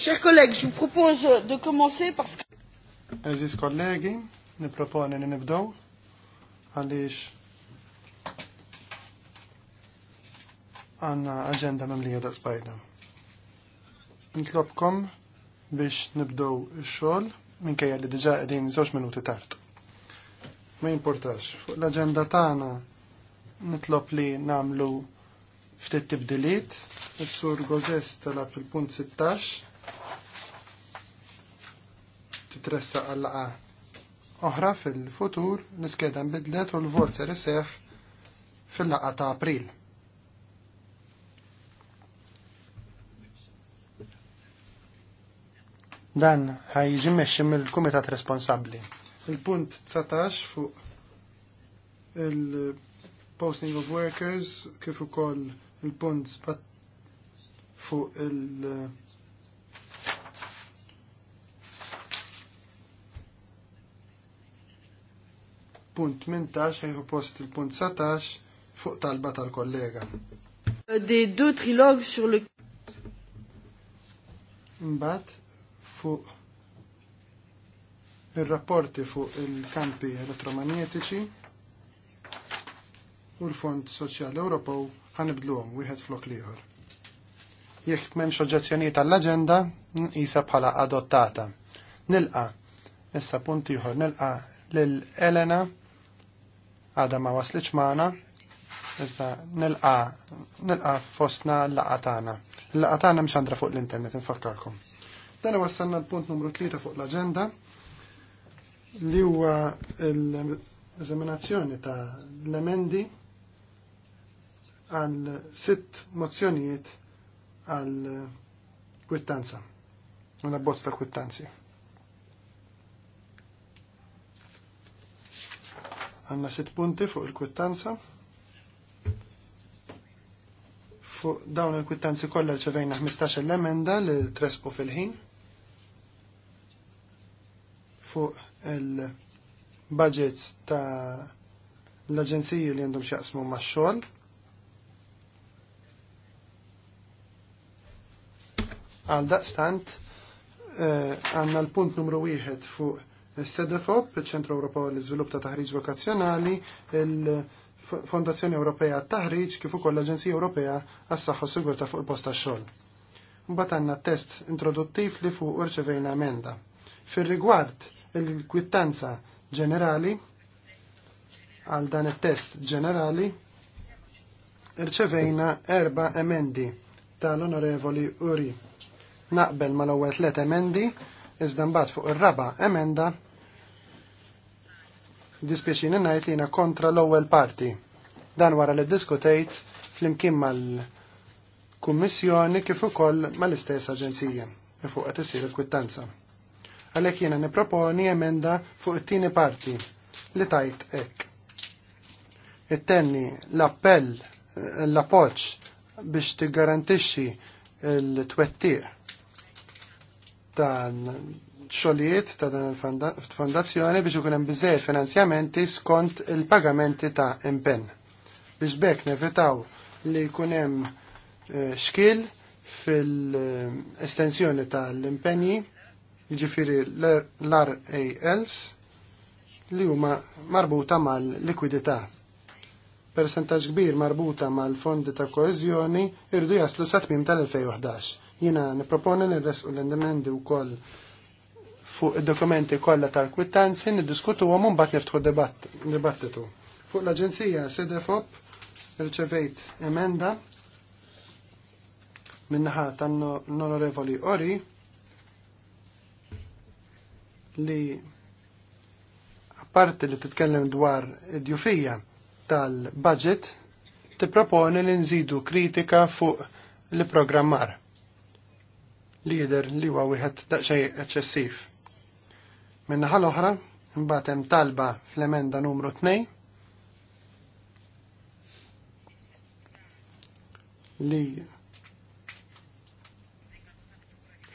Chers collègues, je vous propose de commencer parce que... Aziz kollegi, niproponi li nibdow għaliex għanna agenda memlija da' spajda. Nitlobkom biex nibdow xol minkejja li diġa qegħdin żewġ minuti tard. Ma importax, fuq l-aġenda tagħna nitlob li namlu ftit tibdiliet, is-sur Gozes talab il-punt 16 titressa għallaqa oħra fil-futur l nbidlet u l-vot ser iseħ fil-laqa ta' april. Dan ħajġi meċi mill-kumitat responsabli. Il-punt 19 fuq il-posting of workers kif ukoll il-punt fuq il- il-punt 18 ħejħu post il-punt 17 fuq talba tal-kollega. Di du trilog sur le... Mbat fuq il-rapporti fuq il-kampi elettromagnetiċi u l-Fond Soċjali Ewropew ħanibdluhom wieħed flok liħor. Jekk m'hemmx oġġezzjonijiet għall-aġenda, isa bħala adottata. Nilqa' issa punt ieħor nilqa' lil Elena għada ma waslitx maħna, iżda nilqa, nilqa fostna l-laqatana. L-laqatana mxandra fuq l-internet, nfakkarkom. Dan wassalna l-punt numru 3 fuq l-agenda li huwa l-eżaminazzjoni ta' l-emendi għal sitt mozzjonijiet għal kwittanza, għal abbozz ta' kwittanzi. Għanna sitt punti fuq il-kwittanza. Fuq dawn il-kwittanzi kollha ċevejna 15 l-emenda li tresqu fil-ħin. Fuq il-budgets ta' l-aġenziji li għandhom xjaqsmu ma' xogħol. Għal daqstant eh, għanna l-punt numru wieħed fuq SEDEFOP, il-Ċentru Ewropew l-Iżvilupp ta' Taħriġ Vokazzjonali, il-Fondazzjoni Ewropea taħriġ kif ukoll l-Aġenzija Ewropea għas-Saħħa u Sigurtà fuq il-Post tax-xogħol. Mbagħad għandna test introduttiv li fuq irċevejna emenda. Fir-rigward il-kwittanza ġenerali għal dan it-test ġenerali irċevejna erba' emendi tal-Onorevoli Uri. Naqbel mal-ewwel tliet emendi iżda mbagħad fuq ir-raba' emenda dispjaċini ngħid li kontra l-ewwel parti. Dan wara li ddiskutejt flimkien mal-Kummissjoni kif ukoll mal-istess aġenzija li fuq qed isir il-kwittanza. Għalhekk jiena nipproponi emenda fuq it-tieni parti li tajt hekk. It-tenni l-appell l-appoġġ biex tiggarantixxi l-twettiq xogħlijiet ta' dan il-fondazzjoni biex ikun hemm biżejjed finanzjamenti skont il-pagamenti ta' impenn. Biex bekk nevitaw li jkun hemm eh, xkil fil-estensjoni tal-impenji, jiġifieri l-RALs li huma marbuta mal-likwidità. Persentaġġ kbir marbuta mal-fondi ta' koeżjoni irdu jaslu sa tmim tal-2011. Jiena nipproponi nirresqu l-endemendi wkoll fuq id-dokumenti kollha tal-kwittanzi niddiskutuhom u mbagħad niftħu dibattitu. Fuq l-Aġenzija SEDEFOP irċevejt emenda minnaħa tan-Onorevoli Ori li apparti li titkellem dwar id-djufija tal-budget tipproponi li nżidu kritika fuq l-programmar. Lider li huwa wieħed daqsxejn eċċessiv. Minna l-oħra, mbagħad hemm talba fl-emenda numru 2 li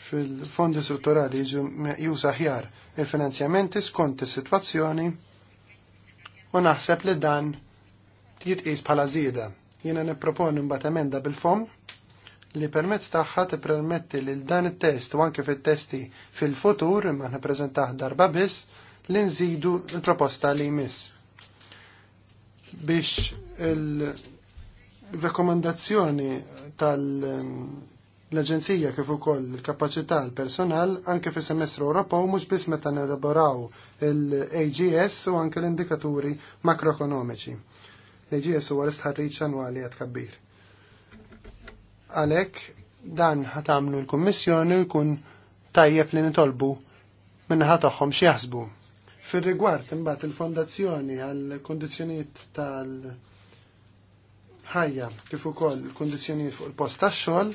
fil-fondi strutturali juża ħjar il-finanzjamenti skont is-sitwazzjoni u naħseb li dan jitqis bħala żieda. Jiena nipproponi mbagħad emenda bil fond li permezz tagħha tippermetti lil dan it-test u anke fit-testi fil-futur imma nippreżentah darba biss li nżidu l-proposta li jmiss. Biex il-rekomandazzjoni tal-Aġenzija kif ukoll il-kapaċità l-personal anke fis semestru Ewropew mhux biss meta nelaboraw il-AGS u anke l-indikaturi makroekonomiċi. L-AGS huwa l-istħarriċ annwali għad kabbir. Għalhekk dan ħatamlu l-Kummissjoni jkun tajjeb li nitolbu minnaħat tagħhom xi jaħsbu. Fir-rigward imbagħad il-fondazzjoni għal kundizzjonijiet tal- ħajja kif ukoll kundizzjonijiet fuq il-post tax-xogħol,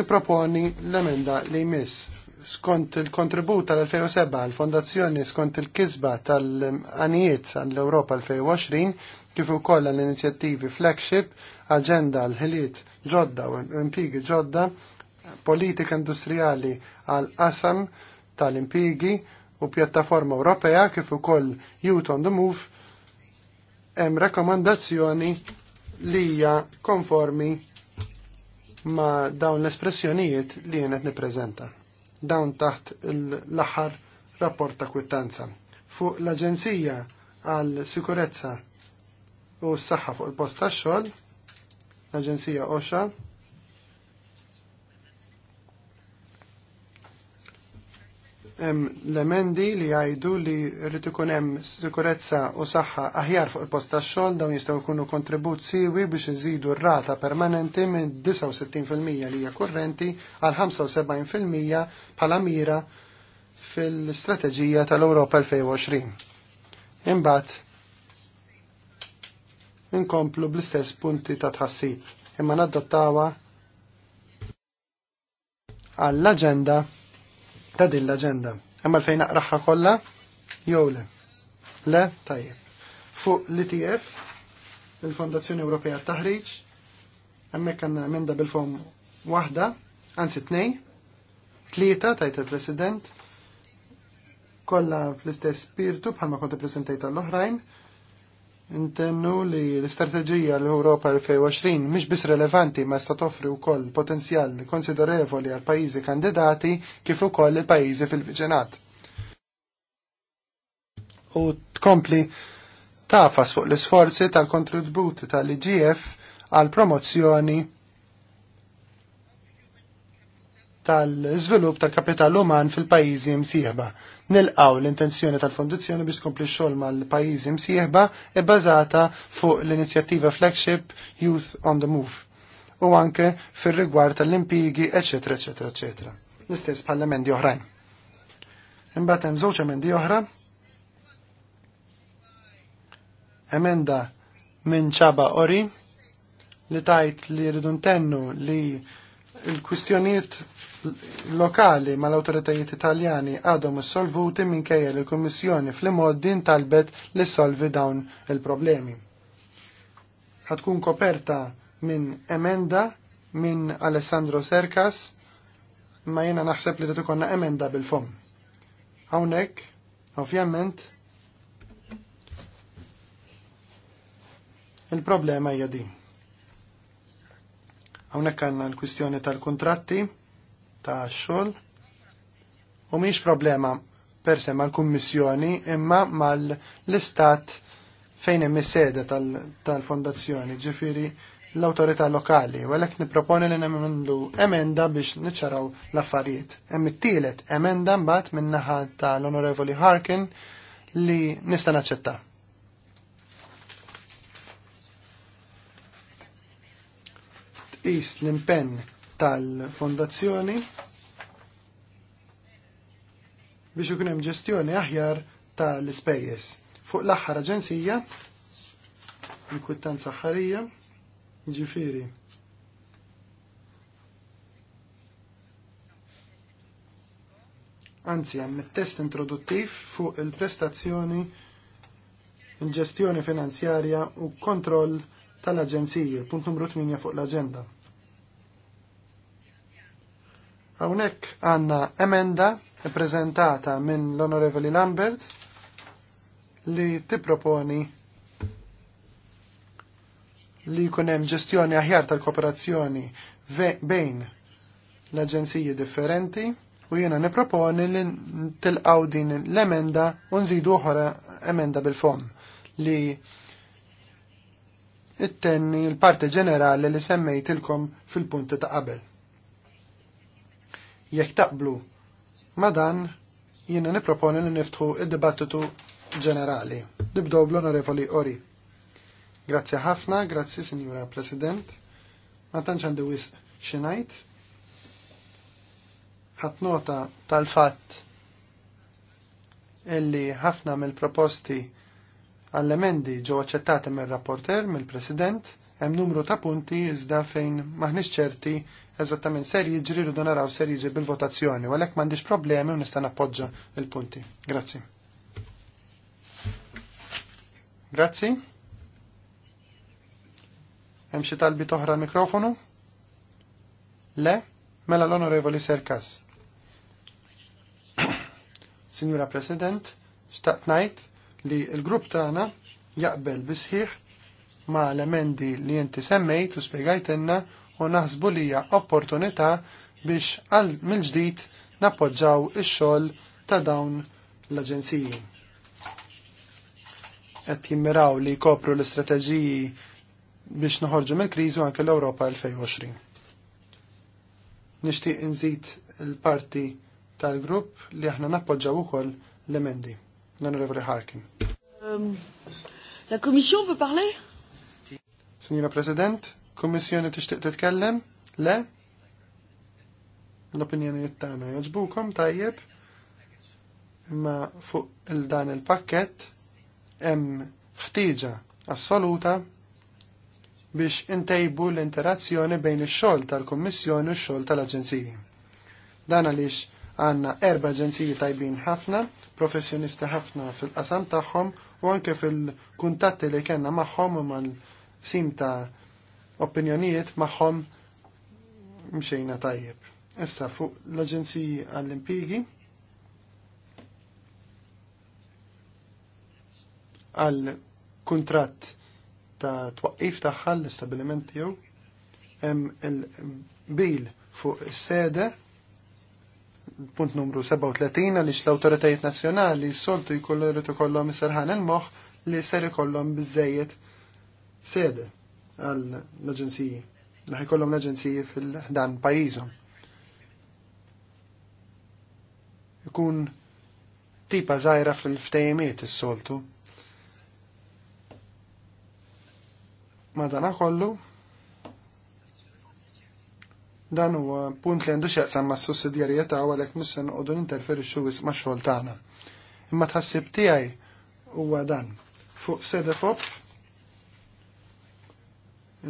niproponi l-emenda li jmiss skont il-kontribut tal-2007 għal-Fondazzjoni skont il-kisba tal-anijiet għall-Europa 2020 kif ukoll l-inizjattivi flagship, agenda l-ħiliet ġodda u impigi ġodda, politika industrijali għal qasam tal-impigi u pjattaforma Ewropea kif ukoll Youth on the Move hemm rakkomandazzjoni li hija konformi ma dawn l-espressjonijiet li jenet nippreżenta. Dawn taħt l-aħħar rapport ta' kwittanza. Fuq l-Aġenzija għal Sikurezza u s-saħħa fuq il-post tax-xogħol, l-Aġenzija OSHA. Hemm l-emendi li jgħidu li rrid ikun hemm sikurezza u saħħa aħjar fuq il-post tax-xogħol dawn jistgħu jkunu kontribut siwi biex nżidu r-rata permanenti minn 69% li hija kurrenti għal 75% bħala mira fil-strateġija tal-Ewropa 2020. Imbagħad Inkomplu bl-istess punti ta' tħassib imma naddattawa għall-agenda ta' din l-agenda. Imma fejn naqraħħa kollha jew le. Le tajjeb. Fuq l-ITF, il-Fondazzjoni Ewropea Taħriġ, hemmhekk għandna emenda bil-fom waħda, anzi tnej, tlieta tajt il-President, kollha fl-istess spirtu bħalma konti ippreżentejta l-oħrajn, intennu li l-istrateġija l-Europa 2020 mhix biss relevanti ma sta toffri wkoll potenzjal konsiderevoli għal pajjiżi kandidati kif ukoll il-pajjiżi fil-viċinat. U tkompli tafas fuq l-isforzi tal-kontributi tal-IGF għal promozzjoni tal-izvilup tal-kapital uman fil pajjiżi msieħba Nilqaw l-intenzjoni tal fondizjoni biex tkompli xogħol mal-pajjiżi msieħba ibbażata e fuq l-inizjattiva flagship Youth on the Move u anke fir-rigward tal-impigi, eċetera, eċetera, eċetera. L-istess bħal oħrajn. Imbagħad hemm żewġ emendi oħra. Emenda minn ċaba ori li tajt li rridu ntennu li il-kwistjonijiet lokali mal awtoritajiet italjani għadhom issolvuti minkejja li l-Kummissjoni fl din ntalbet li solvi dawn il-problemi. Ħatkun koperta minn emenda minn Alessandro Serkas ma jena naħseb li tukonna emenda bil-fom. Hawnhekk, ovvjament, il-problema hija din. Hawnhekk għandna l-kwistjoni tal-kuntratti ta' xogħol u miex problema per ma' mal-kummissjoni imma mal-istat fejn hemm is-sede tal-fondazzjoni, tal ġifieri l-autorità lokali, u għalek niproponi li nemmendu emenda biex niċċaraw l-affarijiet. Hemm it-tielet emenda mbagħad min-naħa tal-Onorevoli Harkin li nista' naċċetta. tqis l-impenn tal-fondazzjoni biex ikun hemm ġestjoni aħjar tal-ispejjeż. Fuq l-aħħar aġenzija, l kwittanza ħarija, ġifiri. Anzi, hemm it-test introduttiv fuq il-prestazzjoni, il-ġestjoni finanzjarja u kontroll tal-Aġenziji, punt numru 8 fuq l-Aġenda. Hawnhekk għandna emenda ppreżentata minn l-Onorevoli Lambert li tipproponi li jkun hemm ġestjoni aħjar tal-kooperazzjoni bejn l-aġenziji differenti u jiena niproponi li tilqaw din l-emenda u nżidu oħra emenda bil-fom li it-tenni l-parti ġenerali li semmejtilkom fil-punti ta' qabel. Jekk taqblu ma dan jiena niproponi li niftħu id-dibattitu ġenerali. Nibdow bl-onorevoli Ori. Grazzi ħafna, grazzi Sinjura President. Ma tantx għandi wisq xinajt. Ħadd nota tal-fatt illi ħafna mill-proposti Għall-emendi ġew aċċettati mill-rapporter mill-President hemm numru ta' punti iżda fejn maħniex ċerti eżattament ser jiġri rridu naraw ser jiġri bil-votazzjoni, u għalhekk m'għandix problemi u nista' nappoġġa l punti Grazzi. Grazzi. Hemm xi talbi toħra l-mikrofonu? Le? Mela l-Onorevoli Serkas. Signora President, xtaqt ngħid li l-grupp tagħna jaqbel bisħiħ ma l-emendi li inti semmejt u spiegajtenna u naħsbu li hija opportunità biex għal mill-ġdid nappoġġaw ix-xogħol ta' dawn l-aġenziji. Qed jimmiraw li jkopru l-istrateġiji biex noħorġu mill-kriżi anke l-Ewropa 2020. Nixtieq inżid il-parti tal-grupp li aħna nappoġġaw ukoll l-emendi l-Onorevole Harkin. Um, la Commission veut parler? Signora President, Kommissjoni tixtieq titkellem? Le? L-opinjoni tagħna jogħġbukom tajjeb. Imma fuq il-dan il-pakket hemm ħtieġa assoluta biex intejbu l-interazzjoni bejn ix-xogħol tal-Kummissjoni u x-xogħol tal-Aġenziji. Dan għaliex Għanna erba ġenziji tajbin ħafna, professjonisti ħafna fil-qasam tagħhom u anke fil-kuntatti li kellna magħhom u mal-sim ta' opinjonijiet magħhom mxejna tajjeb. Issa fuq l-Aġenziji għall-Impigi għal kuntratt ta' twaqqif tagħha l istabilimenti tiegħu hemm il-bil fuq is-sede punt numru 37 għaliex l-awtoritajiet nazzjonali soltu jkollu jrid ikollhom iserħan il-moħħ li ser ikollhom biżejjed sede għal l-aġenziji. Laħ ikollhom l-aġenziji fil dan pajjiżhom. Ikun tipa zaħira fil-ftejmiet is-soltu. Madana kollu, Dan huwa punt li għandu x'jaqsam ma' sussidjarjetà u għalhekk mhux se noqogħdu ninterferixxu wisq ma' xogħol tagħna. Imma tħassib tiegħi huwa dan. Fuq Sedefop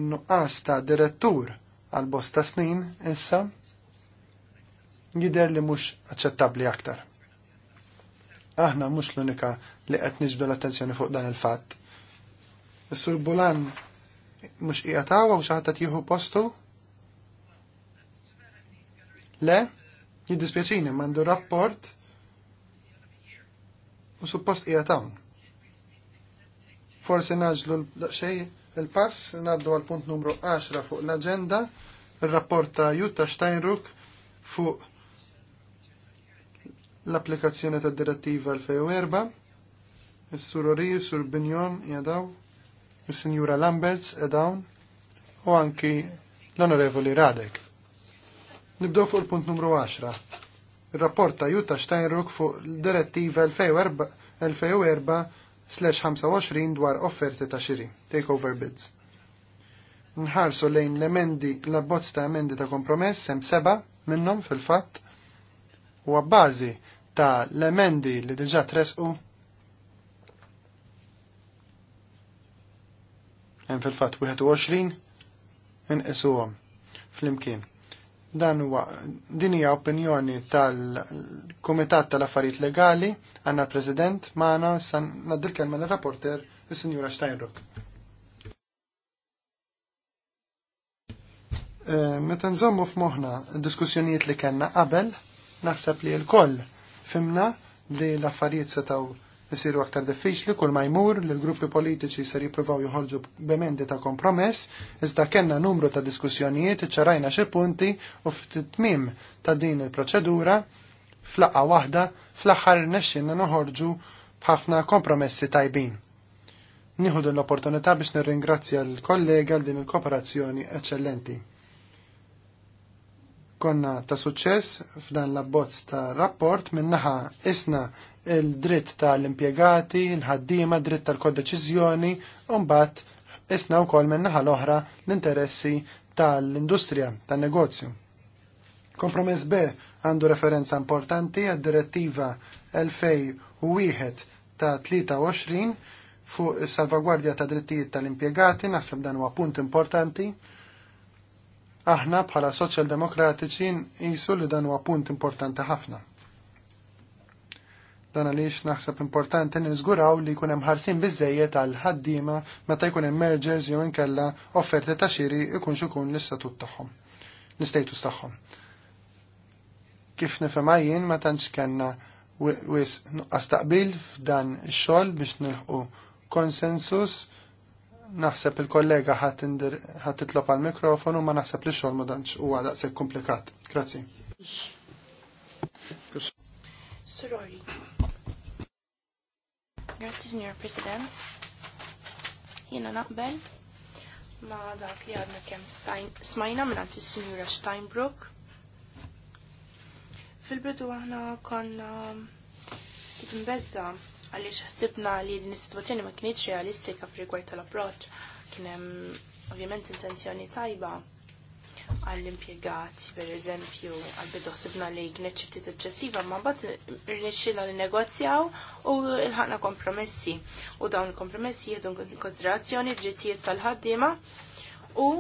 in-nuqqas ta' direttur għal bosta snin issa jidher li mhux aċċettabbli aktar. Aħna mhux l-unika li qed niġbdu l-attenzjoni fuq dan il-fatt. Is-Sur Bulan mhux qiegħed u xi ħadd jieħu postu Le, jiddispjaċini mandu rapport u suppost hija hawn. Forsi naġlu xej il-pass, naddu għal punt numru 10 fuq l-agenda, il-rapport ta' Jutta Steinruck fuq l-applikazzjoni ta' direttiva 2004, il-surori, sur Binjon jadaw, il-Sinjura Lamberts edawn, u anki l-Onorevoli Radek. Nibdow fuq il-punt numru 10. Il-rapport ta' Jutta Steinruck fuq direttiva 2004-25 dwar offerti ta' xiri, takeover bids. Nħarsu lejn l-emendi, l-abbozz ta' emendi ta' kompromess, sem seba minnom fil-fat, u għabbażi ta' l-emendi li diġa tresqu. Hemm fil-fatt 21 inqisuhom fl-imkien. Dan huwa din hija opinjoni tal-Kumitat tal-Affarijiet Legali għandna l-President magħna issa ngħaddil kelma lir-rapporter is-Sinjura Steinruck. Eh, meta nżommu f'moħħna d-diskussjonijiet li kellna qabel, naħseb li l-koll fimna li l-affarijiet setgħu isiru aktar diffiċli kull ma jmur li l-gruppi politiċi ser jippruvaw juħorġu b'emendi ta' kompromess, iżda kellna numru ta' diskussjonijiet iċċarajna xi punti u f'titmim ta' din il-proċedura f'laqqa waħda fl-aħħar nexxinna noħorġu b'ħafna kompromessi tajbin. Nieħu din l-opportunità biex nirringrazzja l-kollega għal din il-kooperazzjoni eċċellenti. Konna ta' suċċess f'dan l-abbozz ta' rapport minnaħa isna il-dritt tal-impjegati, il-ħaddiema, dritt tal impjegati il ħaddiema dritt tal kodeċizjoni u mbagħad isna wkoll kol naħa l-oħra l-interessi tal-industrija, tan-negozju. Kompromess B għandu referenza importanti għad-direttiva 2001 ta' 23 fuq salvagwardja ta' drittijiet tal-impjegati, naħseb dan huwa punt importanti. Aħna bħala soċjal demokratiċi li dan huwa punt importanti ħafna. Dan għaliex naħseb importanti nizguraw li jkun hemm ħarsin biżejjed għal ħaddiema meta jkun hemm mergers jew inkella offerti ta' xiri jkunx ikun l-istatut tagħhom, l-istatus tagħhom. Kif nifhem jien ma tantx kellna wis nuqqas taqbil f'dan ix-xogħol biex nilħqu konsensus naħseb il-kollega ħadd titlob għal mikrofonu ma naħseb li ma mudanċ huwa daqshekk komplikat. Grazzi. Surori. Grazie, signor President. Jena naqbel ma dak li għadna kem smajna minn għanti signora Steinbrook. Fil-bidu għahna konna titimbezza għaliex ħsibna li din is-sitwazzjoni ma kienx realistika f'rigward tal-approċċ kien hemm ovvjament intenzjoni tajba għall-impiegati, per eżempju, għal-bidu ħsibna li kienet xiftit eċċessiva, ma bat rnexxilna li negozjaw u l-ħakna kompromessi. U dawn il-kompromessi jihdu konsiderazzjoni drittijiet tal-ħaddima u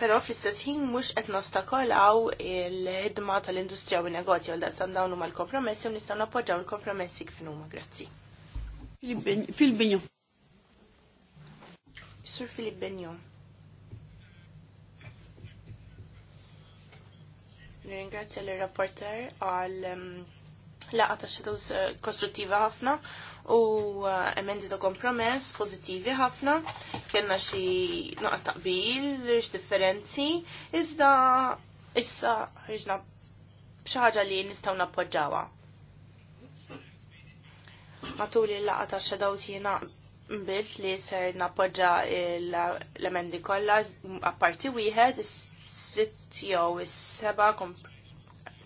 Pero fl-istess ħin mhux qed nostakolaw il-ħidma tal-industrija u negozja għal daqsan dawn huma l-kompromessi u nistgħu nappoġġaw il-kompromessi kif huma grazzi. Filip Benjo. Sur Filip Benjo. Nirringrazzja l-rapporter għal ehm, laqa ta' xedus eh, kostruttiva ħafna u eh, emendi ta' kompromess pozittivi ħafna. Kenna xi bil, taqbil, differenzi, iżda issa ħriġna bxaġa li nistgħu nappoġġawha. Matul il-laqa ta' xedawt jiena mbilt li ser nappoġġa l-emendi kollha apparti wieħed sitt jew is-seba'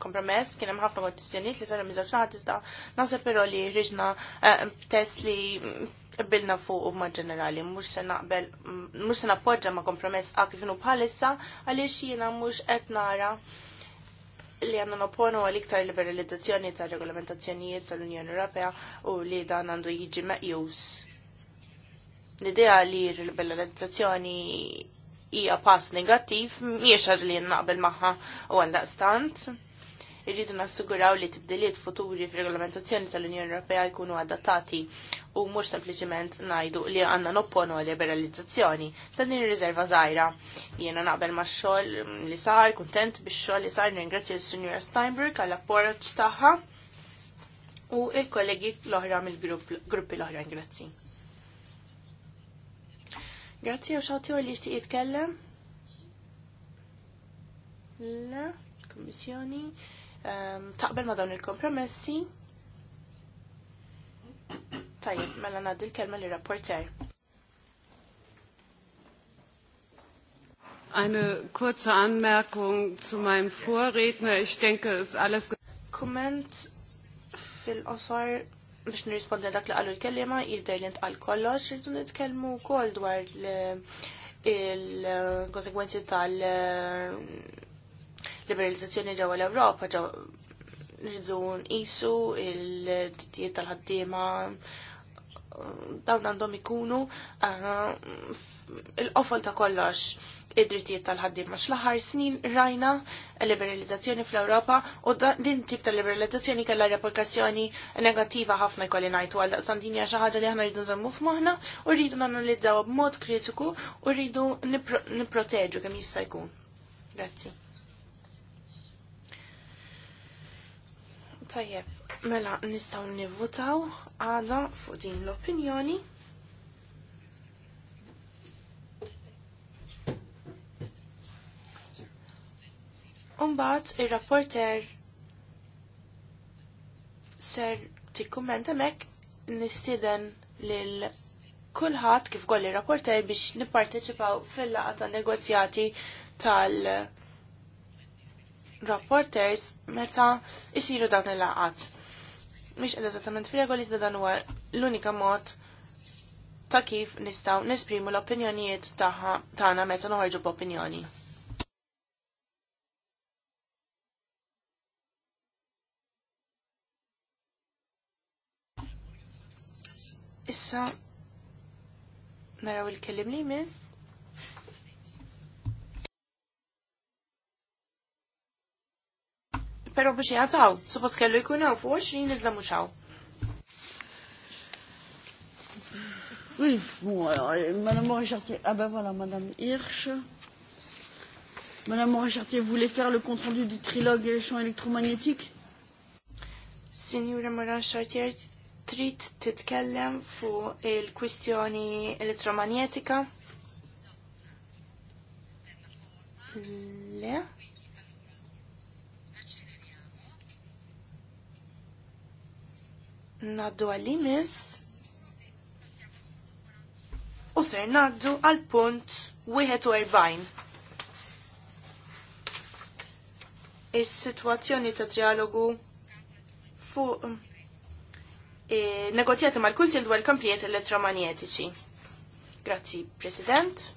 kompromess kien hemm ħafna kwestjonijiet li saru miżgħat iżda naħseb però li riġna eh, test li mm, qbilna fuq ma ġenerali mhux se naqbel mhux se nappoġġa ma' kompromess A kif inhu bħalissa għaliex jiena mhux qed nara li għanna nopponu għal iktar liberalizzazzjoni ta' regolamentazzjonijiet tal-Unjoni Ewropea u li dan għandu jiġi meqjus. L-idea li liberalizzazzjoni hija pass negattiv, miex ħaġa li naqbel magħha u għandaqstant. Irridu nassiguraw li tibdiliet futuri fir-regolamentazzjoni tal-Unjoni Ewropea jkunu adattati u mhux sempliċement ngħidu li għandna nopponu liberalizzazzjoni. Sa din ir-riserva żgħira jiena naqbel max-xogħol li sar, kuntent biex xogħol li sar, ringrazzja s-Sinjura Steinberg għall-appoġġ tagħha u il-kollegi l-oħra mill-gruppi l-oħra, grazzi. Grazzi, u xawtiju li jishtiq jitkellem? Le, kommissjoni. Ehm, taqbel ma dawn il-kompromessi. Tajjeb, mela naddi l-kelma li rapporter. Eine kurze Anmerkung zu meinem Vorredner. Ich denke, es ist alles... Komment fil-qosor biex nirrispondi dak li qalu l-kellima, jidher li ntqal kollox, irdu nitkellmu wkoll dwar il-konsekwenzi tal-liberalizzazzjoni ġewwa l-Ewropa, rridu nqisu il-dittijiet tal-ħaddiema dawn għandhom ikunu il-qofol ta' kollox id-drittijiet tal-ħaddim ma' xlaħar aħħar snin rajna liberalizzazzjoni fl-Ewropa u din tip ta' liberalizzazzjoni kellha replikazzjoni negattiva ħafna jkolli ngħid għal daqsan din hija xi ħaġa li aħna rridu nżommu f'moħħna u rridu nanalizzaw b'mod kritiku u rridu nipproteġu kemm jista' jkun. Grazzi. Tajjeb, mela nistgħu nivvutaw għada fuq din l-opinjoni. Umbat il-rapporter ser kummenta mek nistieden lil kulħadd kif kolli rapporter biex nipparteċipaw fil-laqa ta' negozjati tal rapporters meta isiru dawn il-laqat. Mix qed eżattament fir-regoli ta' dan huwa l-unika mod ta' kif nistgħu nesprimu l-opinjonijiet tagħna meta noħorġu b'opinjoni. Issa naraw il-kellim li miss. Pero biex jgħataw, suppos kellu jkun għaw fuq 20 nizla muxaw. hawn. Oui, euh, Madame Morin-Chartier, ah ben voilà, Madame Hirsch. Madame morin vous voulez faire le compte-rendu du trilogue et les champs électromagnétiques Signora morin trid titkellem fuq il-kwistjoni elettromagnetika? Le? Naddu għal-limis. U ser naddu għal-punt 41. Is-situazzjoni ta' trialogu fuq E, negozjati mal-Kunsil dwar il-kampijiet elettromagnetiċi. Grazzi, President.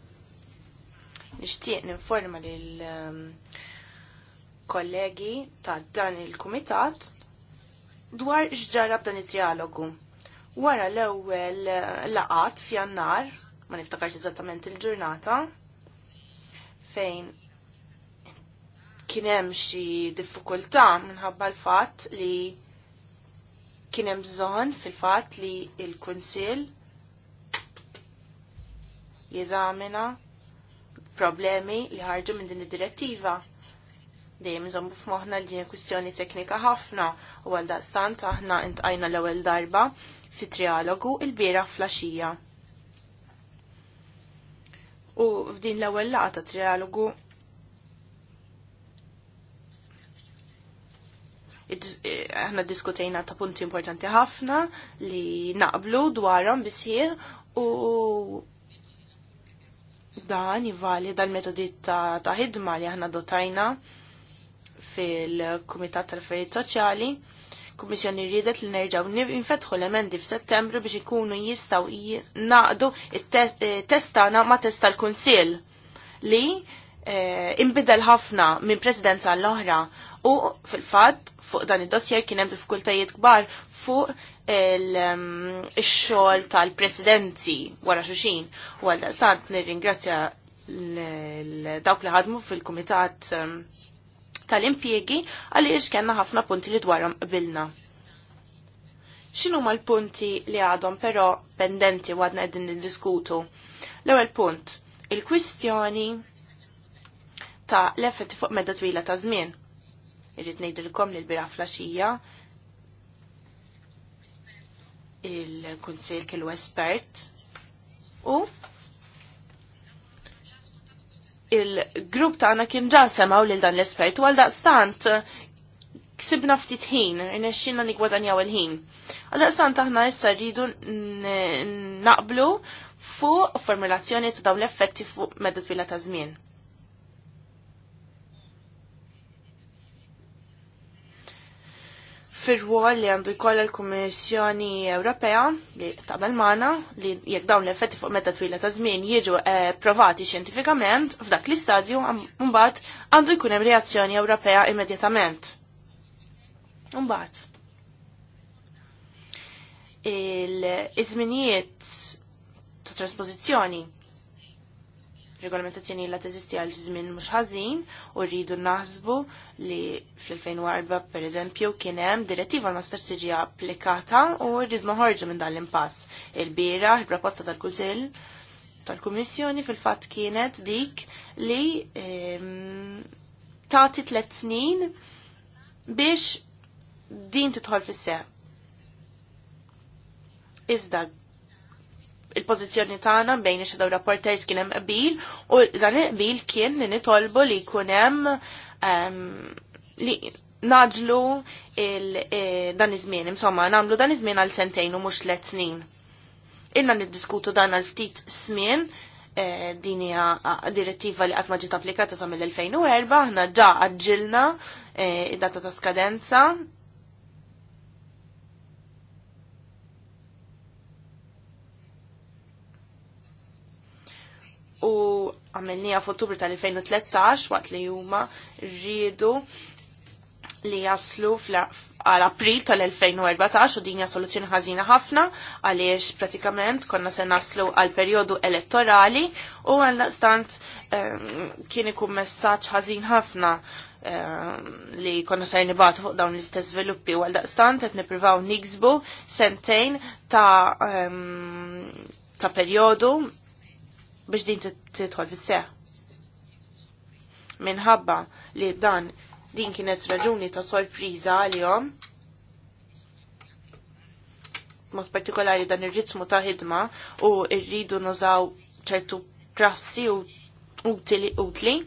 Nixtieq ninforma l ehm, kollegi ta' dan il-Kumitat dwar x'ġarab dan it-trialogu. Wara l-ewwel eh, laqat f'jannar, ma niftakarx eżattament il-ġurnata, fejn kien hemm xi diffikultà minħabba l-fatt li Kien hemm bżonn fil-fatt li l-Kunsill jeżamina problemi li ħarġu minn din id-direttiva. Dejjem iżommu f'moħħna li din kwistjoni teknika ħafna u għal daqstant aħna intqajna l-ewwel darba fi trialogu il-bieraħ flaxija. U f'din l-ewwel laqgħa ta' trialogu Eh, aħna diskutejna ta' punti importanti ħafna li naqblu dwarhom bisħieħ u dan jivali dal-metodi ta', ħidma li aħna dotajna fil-Kumitat tal-Affarijiet Soċjali. Kummissjoni rridet li nerġaw nifetħu l-emendi f'Settembru biex ikunu jistaw naqdu eh, testana ma testa l-Kunsil li eh, imbidel ħafna minn presidenza l-oħra U fil-fatt fuq dan id-dossier kien hemm diffikultajiet kbar fuq il-xogħol um, tal-presidenti wara xuxin. U għal sant nirringrazzja dawk li ħadmu fil-kumitat um, tal-impjegi għaliex kellna ħafna punti li dwarhom qbilna xinu ma l-punti li għadhom pero pendenti għadna għedin diskutu l ewwel punt, il-kwistjoni ta' l-effetti fuq medda twila ta' żmien irrit ngħidilkom li l-bira flaxija il-kunsil kellu espert u il-grupp tagħna kien ġa semgħu lil dan l-espert u għal daqstant ksibna ftit ħin, nexxina nikwadanjaw il-ħin. Għal-daqstan taħna issa rridu naqblu fuq formulazzjoni ta' dawn l-effetti fuq medda twila ta' żmien. fil rwol li għandu jkollha l-Kummissjoni Ewropea li taqbel magħna li jekk dawn l-effetti fuq meta twila ta' żmien jiġu eh, provati xjentifikament f'dak l-istadju mbagħad għandu jkun hemm reazzjoni Ewropea immedjatament. Mbagħad. Il-iżminijiet ta' trasposizzjoni regolamentazzjoni la teżisti għal żmien mhux ħażin u rridu naħsbu li fl-2004 pereżempju kien hemm direttiva ma master tiġi applikata u rridu noħorġu minn dan l-impass. Il-bira, il-proposta tal-Kunsill tal-Kummissjoni fil-fatt kienet dik li ehm, tagħti tliet snin biex din titħol fis se Iżda il-pozizjoni tagħna bejn ix daw rapporters kien hemm qbil u dan il-qbil kien li nitolbu li jkun hemm li naġlu e, dan iż-żmien, insomma, nagħmlu dan iż-żmien għal sentejn u mhux tliet snin. Inna niddiskutu dan għal ftit smien e, din hija direttiva li qatt ma ġiet applikata sa mill-2004, aħna ġa aġġilna e, id-data ta' skadenza u għamilnija f'Ottubru tal-2013 waqt li huma rridu li jaslu għal april tal-2014 u dinja soluzzjoni ħażina ħafna għaliex pratikament konna se naslu għal periodu elettorali u għal stant ehm, kien ikun messaġġ ħażin ħafna ehm, li konna se nibatu fuq dawn l-istess sviluppi u għal stant qed nippruvaw niksbu sentejn ta' ehm, ta' periodu biex din titħol fis-seħ. Minħabba li dan din kienet raġuni ta' sorpriża għalihom. Mod partikolari dan ir-ritmu ta' ħidma u rridu nużaw ċertu prassi u utili utli.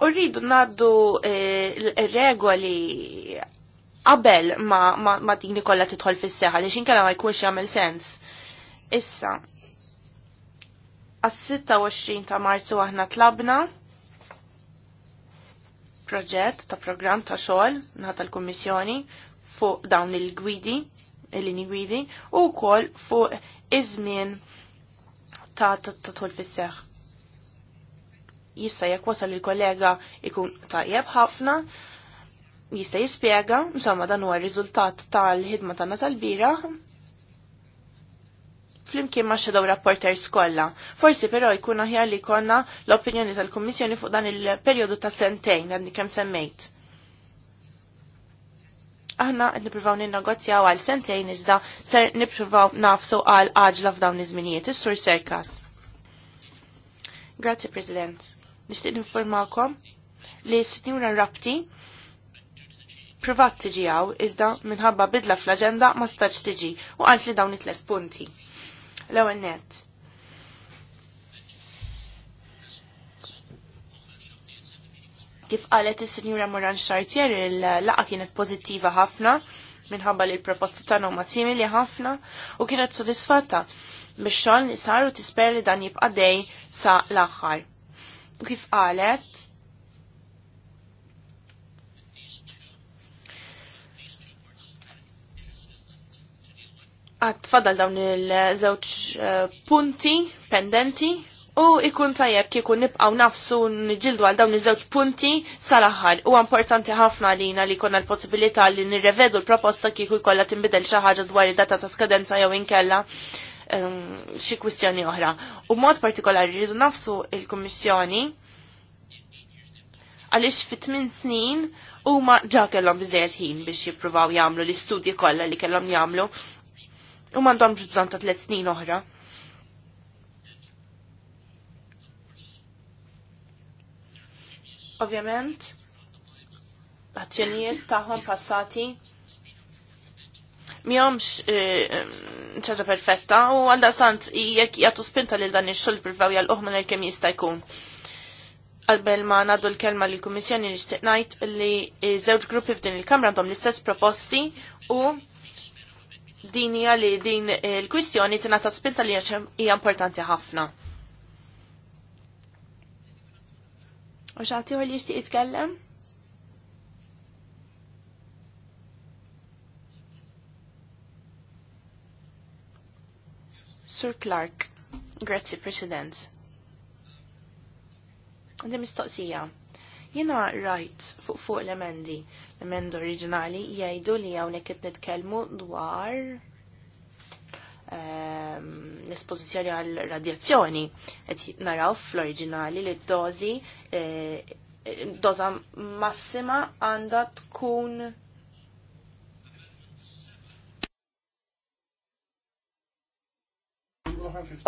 U rridu naddu eh, regoli qabel ma, ma, ma dini kollha tidħol fis-seħħa li xinkella ma jkunx jagħmel sens. Issa, għas-26 ta' Marzu aħna tlabna proġett ta' programm ta' xogħol nata l-Kummissjoni fuq dawn il-gwidi, il-lini gwidi, u wkoll fuq iż-żmien ta' tul fis-seħħ jissa jekk wasal il-kollega ikun tajjeb ħafna jista' jispjega, insomma dan huwa r-riżultat tal-ħidma tagħna tal-bira flimkien ma' xedaw rapporters kollha. Forsi però jkun aħjar li konna l-opinjoni tal-Kummissjoni fuq dan il-perjodu ta' sentejn għandi kemm semmejt. Aħna qed nippruvaw ninnegozjaw għal sentejn iżda ser nippruvaw nafsu għal għaġla f'dawn iż-żminijiet, is-sur Serkas. Grazzi President. Nixtieq informakom li s-Sinjura Rapti Privat tiġi għaw, iżda minħabba bidla fl-agenda ma staċ tiġi u għalt li dawn it-tlet punti. L-ewwel net. Kif qalet is-Sinjura Moran Chartier il-laqa kienet pożittiva ħafna minħabba li l-proposta tagħna huma simili ħafna u kienet sodisfatta biex xogħol li saru tisper li dan jibqa' dej sa l-aħħar. U kif qalet, għad fadal dawn il-żewġ eh, punti pendenti u ikun tajjeb kieku nibqaw nafsu nġildu għal dawn iż-żewġ punti sal-aħħar. U importanti ħafna lina li konna l-possibilità li nirrevedu l-proposta kieku jkollha tinbidel xi ħaġa dwar id-data ta' skadenza jew inkella ehm, xi kwistjoni oħra. U mod partikolari rridu nafsu il-Kummissjoni għaliex fit tmien snin huma ġa kellhom biżejjed ħin biex jippruvaw jagħmlu l-istudji kollha li kellhom jagħmlu u mandomx bżon ta' tliet snin oħra. Ovvjament, azzjonijiet tagħhom passati miħomx eh, mm, ċaġa perfetta u għalda sant jek jgħatu spinta li dan il-xol privaw jgħal-uħman il-kem jista jkun. Għalbel ma nadu l-kelma li l-Komissjoni li najt li żewġ gruppi f'din il-Kamra għandhom l-istess proposti u din hija li din il-kwistjoni ta' spinta li hija importanti ħafna. U xagħti li jixtieq jitkellem? Sir Clark, Grazie President. Għandim istoqsija. Jina rajt fuq fuq l-emendi. l emendi oriġinali jgħidu li hawnhekk qed nitkellmu dwar ehm, l-esposizjoni għal radjazzjoni. Et naraw fl-oriġinali li d-dozi, eh, eh, doza massima għanda tkun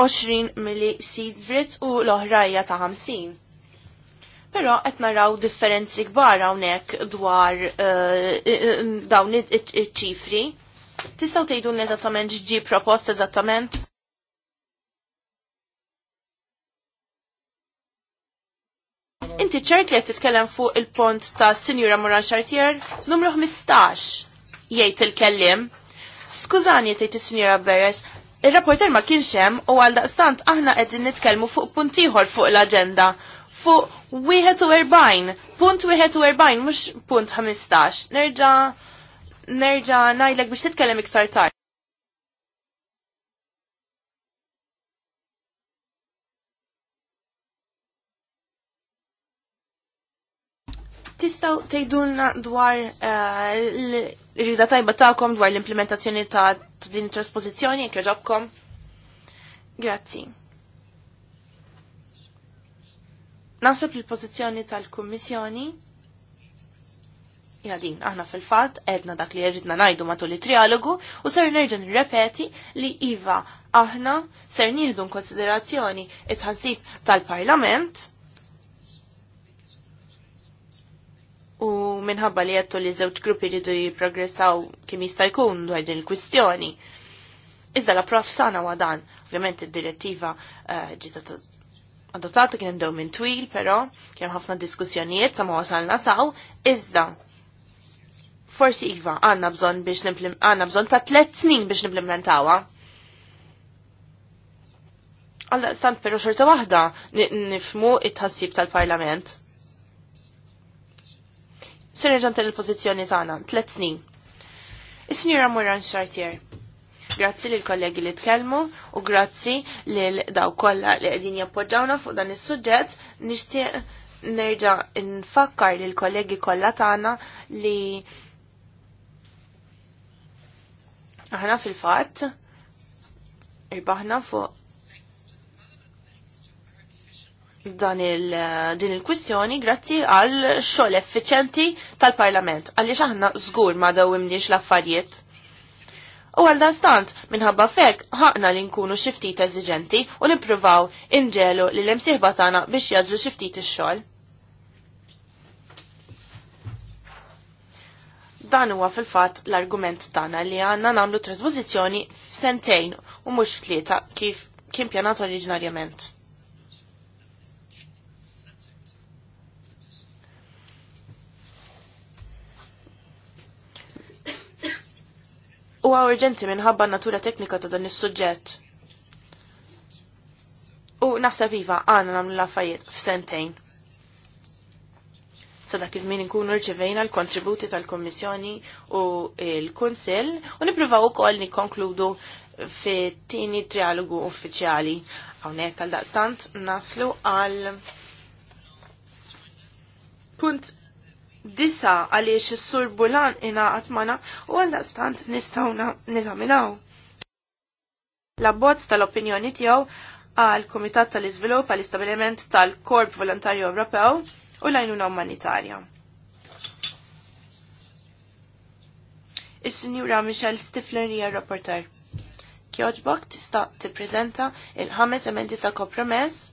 Oxrin milli sidvrit u l-oħrajja ta' 50. Però qed naraw differenzi kbar hawnhekk dwar eh, eh, eh, dawn iċ-ċifri. Tistgħu tgħidulna eżattament x'ġi propost eżattament? Inti ċert li qed titkellem fuq il-pont ta' Sinjura Moran Chartier numru 15 jgħid il-kellim. Skużani tgħid is-Sinjura Beres, ir-rapporter ma kienx hemm u għal daqstant aħna qegħdin nitkellmu fuq punt ieħor fuq l-aġenda fuq 41, punt 41, mux punt 15. Nerġa, nerġa najlek biex titkellem iktar tard. Tistaw tejdulna dwar eh, l-rida tajba ta'kom dwar l-implementazzjoni ta' din trasposizjoni, kħeġobkom. Grazzi. Nasib il-pozizjoni tal-Kummissjoni jadin, aħna fil-fat, edna dak li jirridna najdu matul il-trialogu, u ser nerġan repeti li Iva, aħna ser nieħdu konsiderazzjoni it-ħansib tal-parlament, u minħabba li jettu li żewġ gruppi jridu jiprogressaw kim jista' jkun dwar din il-kwistjoni. Iżda l-approċċ tagħna wa dan, ovvjament id-direttiva eh, ġiet adottata kien hemm minn twil, però kien ħafna diskussjonijiet sa ma wasalna saw, iżda forsi iva għandna bżonn biex għandna bżonn ta' tliet snin biex nimplementawha. Alla stant però xorta waħda nifmu it-ħassib tal-Parlament. Sir ġantel il-pożizzjoni tagħna, tliet snin. Is-Sinjura Moran Chartier Grazzi lil kollegi li tkellmu u grazzi lil daw kollha li qegħdin jappoġġawna fuq dan is-suġġett nixtieq nerġa' nfakkar lil kollegi kollha tagħna li aħna fil-fatt irbaħna fuq dan il, din il-kwistjoni grazzi għal xogħol effiċenti tal-Parlament. Għaliex aħna żgur ma dawimniex l-affarijiet U għal dan stant, minħabba fek, ħakna li nkunu xiftit eżiġenti u nippruvaw inġelu li l-imsieħba tagħna biex jadżu xiftit ix-xogħol. Dan huwa fil-fatt l-argument tagħna li għandna nagħmlu trasposizzjoni f'sentejn u mhux f'tlieta kif kien pjanat oriġinarjament. għaw urġenti minħabba natura teknika ta' dan is-suġġett. U naħseb iva għana nagħmlu l f f'sentejn. Sa dak iż-żmien għal l-kontributi tal-Kommissjoni u l-Kunsill u nippruvaw ukoll nikkonkludu fit-tieni trialogu uffiċjali. Hawnhekk għal daqstant naslu għal punt disa għaliex is-sur Bulan ingħaqad għatmana u stant nistgħu nizaminaw. L-abbozz tal-opinjoni tiegħu għal Kumitat tal-Iżvilupp għal istabiliment tal-Korp Volontarju Ewropew u l-għajnuna umanitarja. Is-Sinjura Michelle Stifler hija rapporter. Kjoġbok tista' tippreżenta il-ħames emendi ta' kompromess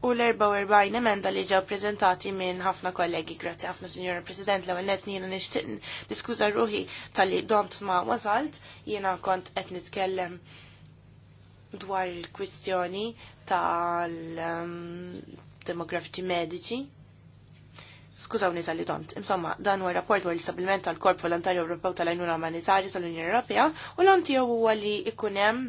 u l-44 emenda li ġew prezentati minn ħafna kollegi, grazzi ħafna Sinjora President, l għennet nina niskuża ruħi tal-li domt ma wasalt, jiena kont qed nitkellem dwar il-kwistjoni tal-demografiċi mediċi. Skużawni tal-li domt. Insomma, dan huwa rapport dwar l-istabilment tal-Korp Volontarju Ewropew tal-Ajnuna Umanitarja tal-Unjoni Ewropea u l-om tiegħu huwa li ikun hemm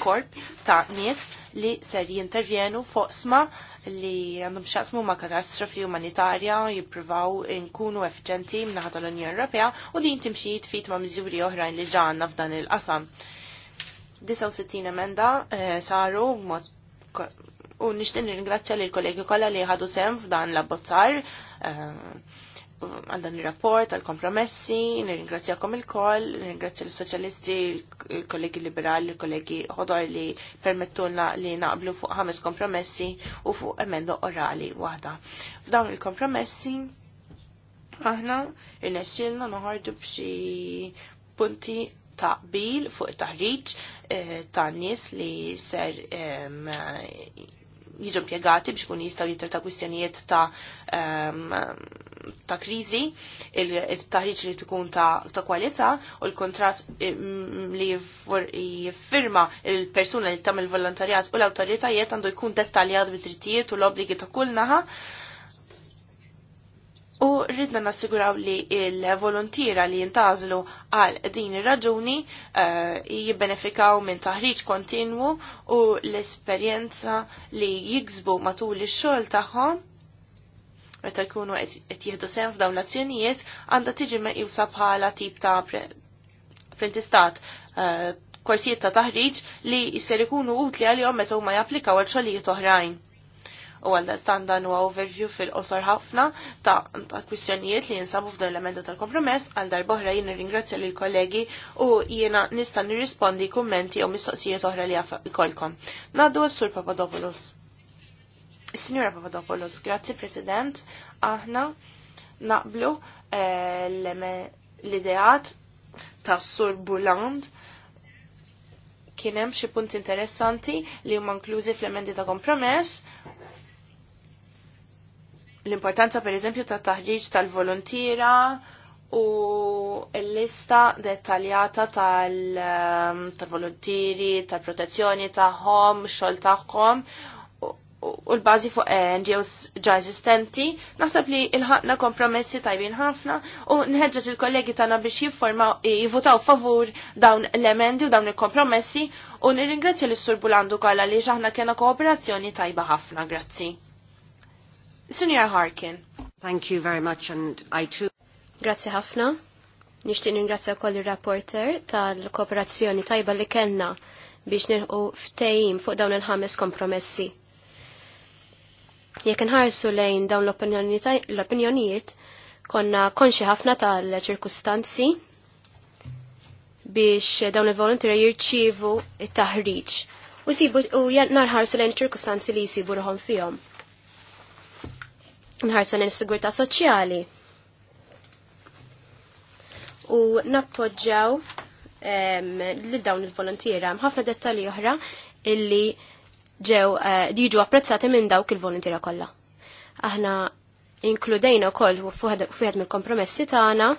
korp ta' nies li ser jintervjenu foqsma li għandhom xaqsmu ma' katastrofi umanitarja jippruvaw nkunu efficienti minnaħat tal-Unjoni Ewropea u din timxi tfit ma' mizuri oħrajn li ġanna f'dan il-qasam. 69 emenda eh, saru u nishtin ringrazzja li l-kollegi kolla li ħadu sem f'dan l-abbozzar eh, għal dan il-rapport, għal kompromessi, nirringrazzjakom il-koll, nirringrazzja l-soċjalisti, il-kollegi liberali, il-kollegi ħodor li permettulna li naqblu fuq ħames kompromessi u fuq emendo orali waħda. F'dawn il-kompromessi, aħna irnexxilna noħorġu b'xi punti ta' bil fuq it-taħriġ eh, ta' nies li ser jiġu pjegati biex kun jistaw jitter ta' kwistjonijiet ta' ehm, ta' krizi, il-taħriġ li tkun ta' kwalità u l-kontrat ehm, li jiffirma il-persuna li tagħmel volontarjat u l-awtoritajiet għandu jkun dettaljat bit-drittijiet u l-obbligi ta' kull naħa u rridna nassiguraw li il-volontira li jintazlu għal din ir-raġuni uh, jibbenefikaw minn taħriġ kontinwu u l-esperjenza li jiksbu matul ix-xogħol tagħhom meta jkunu qed jieħdu sehem f'dawn l-azzjonijiet għandha tiġi meqjusa bħala tip ta' apprentistat eh, korsijiet ta' taħriġ li jsir ikunu utli għalihom meta huma japplikaw għal xogħlijiet oħrajn u għal standan u overview fil-qosor ħafna ta' kwistjonijiet li jinsabu f'dan l-emenda tal-kompromess għal darboħra jien ringrazzja l kollegi u jiena nista' nirrispondi kummenti u mistoqsijiet oħra li jkollkom. Naddu għas-Sur Papadopoulos. Signora Papadopoulos, grazzi President, aħna naqblu eh, l-ideat ta' Sur Buland kien hemm xi punti interessanti li huma inklużi fl-emendi ta' kompromess l-importanza per eżempju ta' taħriġ tal-volontira u l-lista dettaljata ehm, tal-volontiri, tal tal-protezzjoni tagħhom, xogħol tagħhom u l-bazi fuq eh, NGOs ġa esistenti, naħseb li il-ħakna kompromessi tajbin ħafna u nħedġet il-kollegi tagħna biex jiffurmaw jivutaw favur dawn l-emendi u dawn il-kompromessi u nirringrazzja l-Sur Bulandu kolla li ġaħna kena kooperazzjoni tajba ħafna, grazzi. Senior Harkin. Thank you very much and I too. Grazzi ħafna. Nixtieq ningrazzja wkoll ir-rapporter tal-kooperazzjoni tajba li kellna biex nilħu ftejim fuq dawn il-ħames kompromessi. Jekk inħarsu lejn dawn l-opinjonijiet, konna konxi ħafna tal-ċirkustanzi biex dawn il volunteri jirċivu it-taħriġ u narħarsu lejn ċirkustanzi li jisibu ruħom fihom nħarsan l-sigurta soċjali. U nappoġġaw lil dawn il-volontiera ħafna dettalji oħra illi ġew eh, jiġu apprezzati minn dawk il-volontiera kollha. Aħna inkludejna wkoll fuħed mill-kompromessi tagħna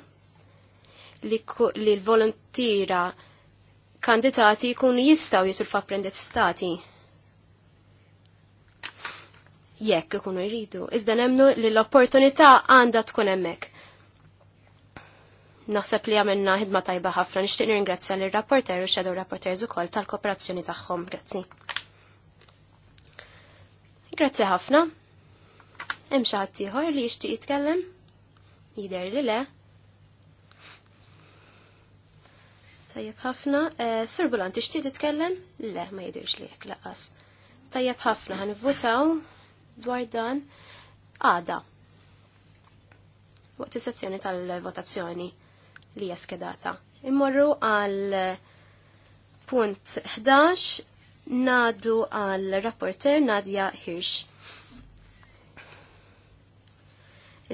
li l-volontiera kandidati jkunu jistgħu jitru prendet stati jekk ikunu jridu. Iżda nemnu li l-opportunità għandha tkun hemmhekk. Naħseb li għamilna ħidma tajba ħafna nixtieq nirringrazzja lir rapporter u shadow rapporters ukoll tal-kooperazzjoni tagħhom. Grazzi. Grazzi ħafna. Hemm xi ħadd ieħor li jixtieq jitkellem? Jidher li le. Tajjeb ħafna. Eh, Sur Bulan, tixtieq titkellem? Le, ma jidirx li jekk laqas. Tajjeb ħafna ħanivvutaw dwar dan għada waqt is-sezzjoni tal-votazzjoni li hija skedata. Immorru għal punt 11 nadu għal rapporter Nadja Hirsch.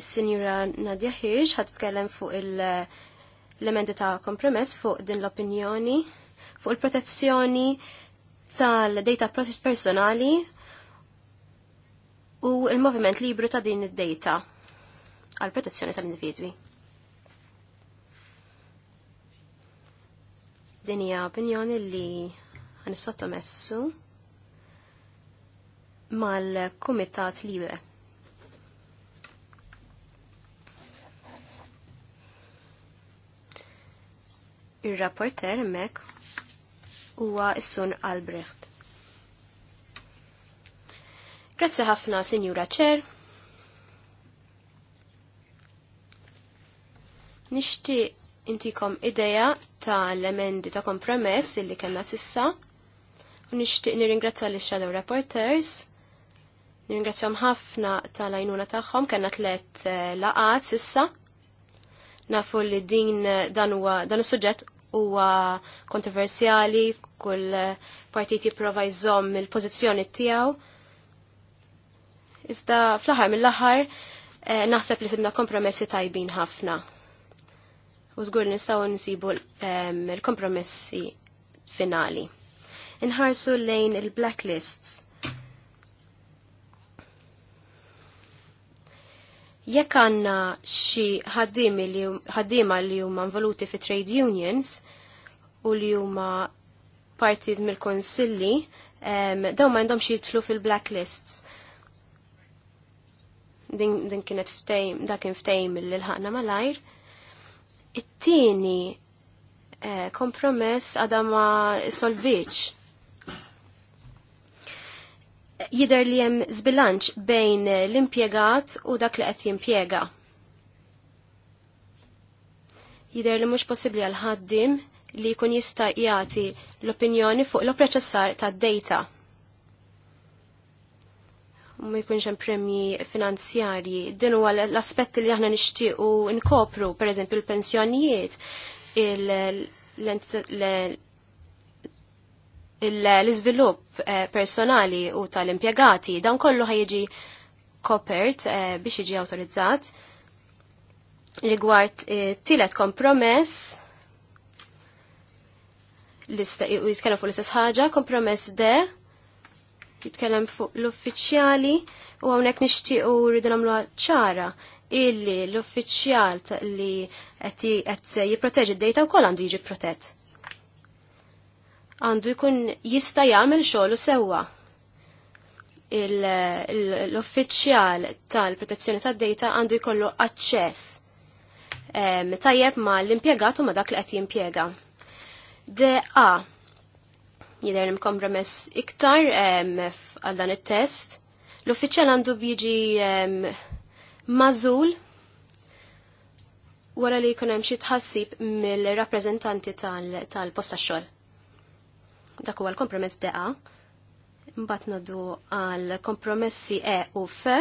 Is-Sinjura Nadja Hirsch ħad titkellem fuq l-elementi ta' kompromess fuq din l-opinjoni fuq il-protezzjoni tal-data process personali u il-moviment libru ta' din id-data għal protezzjoni tal-individwi. Din hija opinjoni li għan sottomessu mal-Kumitat Libe. Ir-rapporter mek huwa is-sun Albrecht. Grazzi ħafna, Sinjura Ċer. Nishti intikom ideja ta' l-emendi ta' kompromess illi kena sissa. U nishtiq nirringrazzja l shadow Reporters. Nirringrazzjom ħafna tal-għajnuna tagħhom kellna tlet eh, laqat sissa. Nafu li din eh, dan huwa dan is-suġġett huwa kontroversjali, kull eh, partit provajżom jżomm il-pożizzjoni tiegħu Iżda fl-aħħar mill-aħħar eh, naħseb li sibna kompromessi tajbin ħafna. U żgur nistgħu nsibu ehm, l-kompromessi finali. Inħarsu lejn il-blacklists. Jekk għandna xi ħaddiema li huma involuti fi trade unions u li huma parti mill-konsilli, ehm, dawn ma għandhomx jitlu fil-blacklists din kienet ftejm, da kien ftejm li l mal malajr. It-tieni eh, kompromess għadama ma solviċ. Jider li jem zbilanċ bejn l-impiegat u dak li qed jimpiega. Jider li mhux possibbli għal ħaddim li jkun jista' jagħti l-opinjoni fuq l-proċessar tad-data ma jkunx hemm premji finanzjarji. Din huwa l-aspetti li aħna nixtiequ nkopru, pereżempju l-pensjonijiet, l-iżvilupp eh, personali u tal-impjegati, dan kollu ħajġi kopert eh, biex jiġi awtorizzat. Rigward eh, tielet kompromess, jitkellem fuq l-istess ħaġa, kompromess de jitkellem fuq l-uffiċjali u għawnek u rridu namlu ċara illi l-uffiċjal li qed jipproteġi d-dejta wkoll għandu jiġi protett. Għandu jkun jista' jagħmel xogħlu sewwa. L-uffiċjal tal-protezzjoni tad-dejta għandu jkollu aċċess tajjeb ma l-impjegat u ma dak li qed jimpjega. DA jider li kompromess iktar għal dan it-test. L-uffiċjal għandu bjiġi mażul wara li jkun hemm xi tħassib mill-rappreżentanti tal-posta xogħol. Dak huwa l-kompromess deqa. Mbagħad nadu għal kompromessi E u F.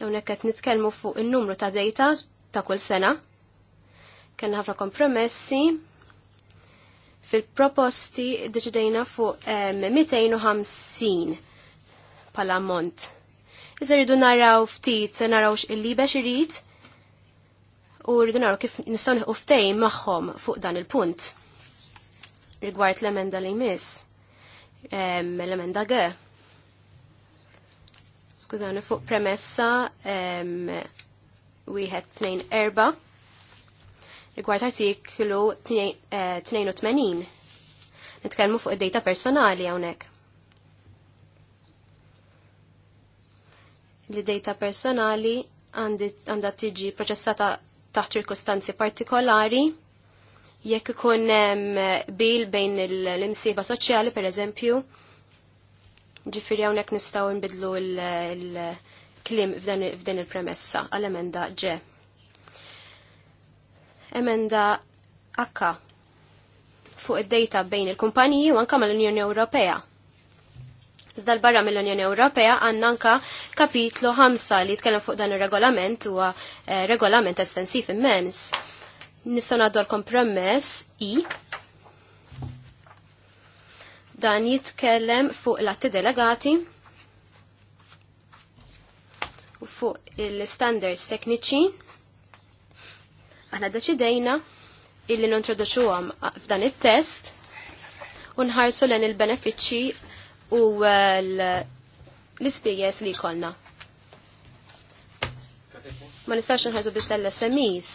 Dawnhekk qed nitkellmu fuq in-numru ta' data ta' kull sena. Kenna ħafna kompromessi Fil-proposti deċidejna fuq 250 pala mont. Iżda rridu naraw ftit, naraw il-liba xirit u rridu naraw kif nistgħu nħu ftejn magħhom fuq dan il-punt. Rigward l-emenda li jmiss. L-emenda G. Skużani fuq premessa wieħed tnejn erba' rigward artiklu 82. Eh, Nitkellmu fuq id-data personali hawnhekk. Li data personali għandha tiġi proċessata taħt ċirkustanzi partikolari jekk ikun eh, bil bejn l-imsiba soċjali per eżempju ġifiri hawnhekk nistgħu nbidlu l-klim f'dan il-premessa għal-emenda ġe emenda akka fuq id-data bejn il-kumpaniji u anka mal-Unjoni Ewropea. Iżda l-barra mill-Unjoni Ewropea għandna anka kapitlu 5 li jitkellem fuq dan ir-regolament huwa eh, regolament estensiv immens. Nistgħu ngħaddu l-kompromess i dan jitkellem fuq l-atti delegati u fuq il-standards tekniċi Aħna deċidejna illi nintroduċuhom f'dan it-test u nħarsu l il-benefiċċji u eh, l-ispejjeż li jkollna. Ma nistax nħarsu biss l-SMEs.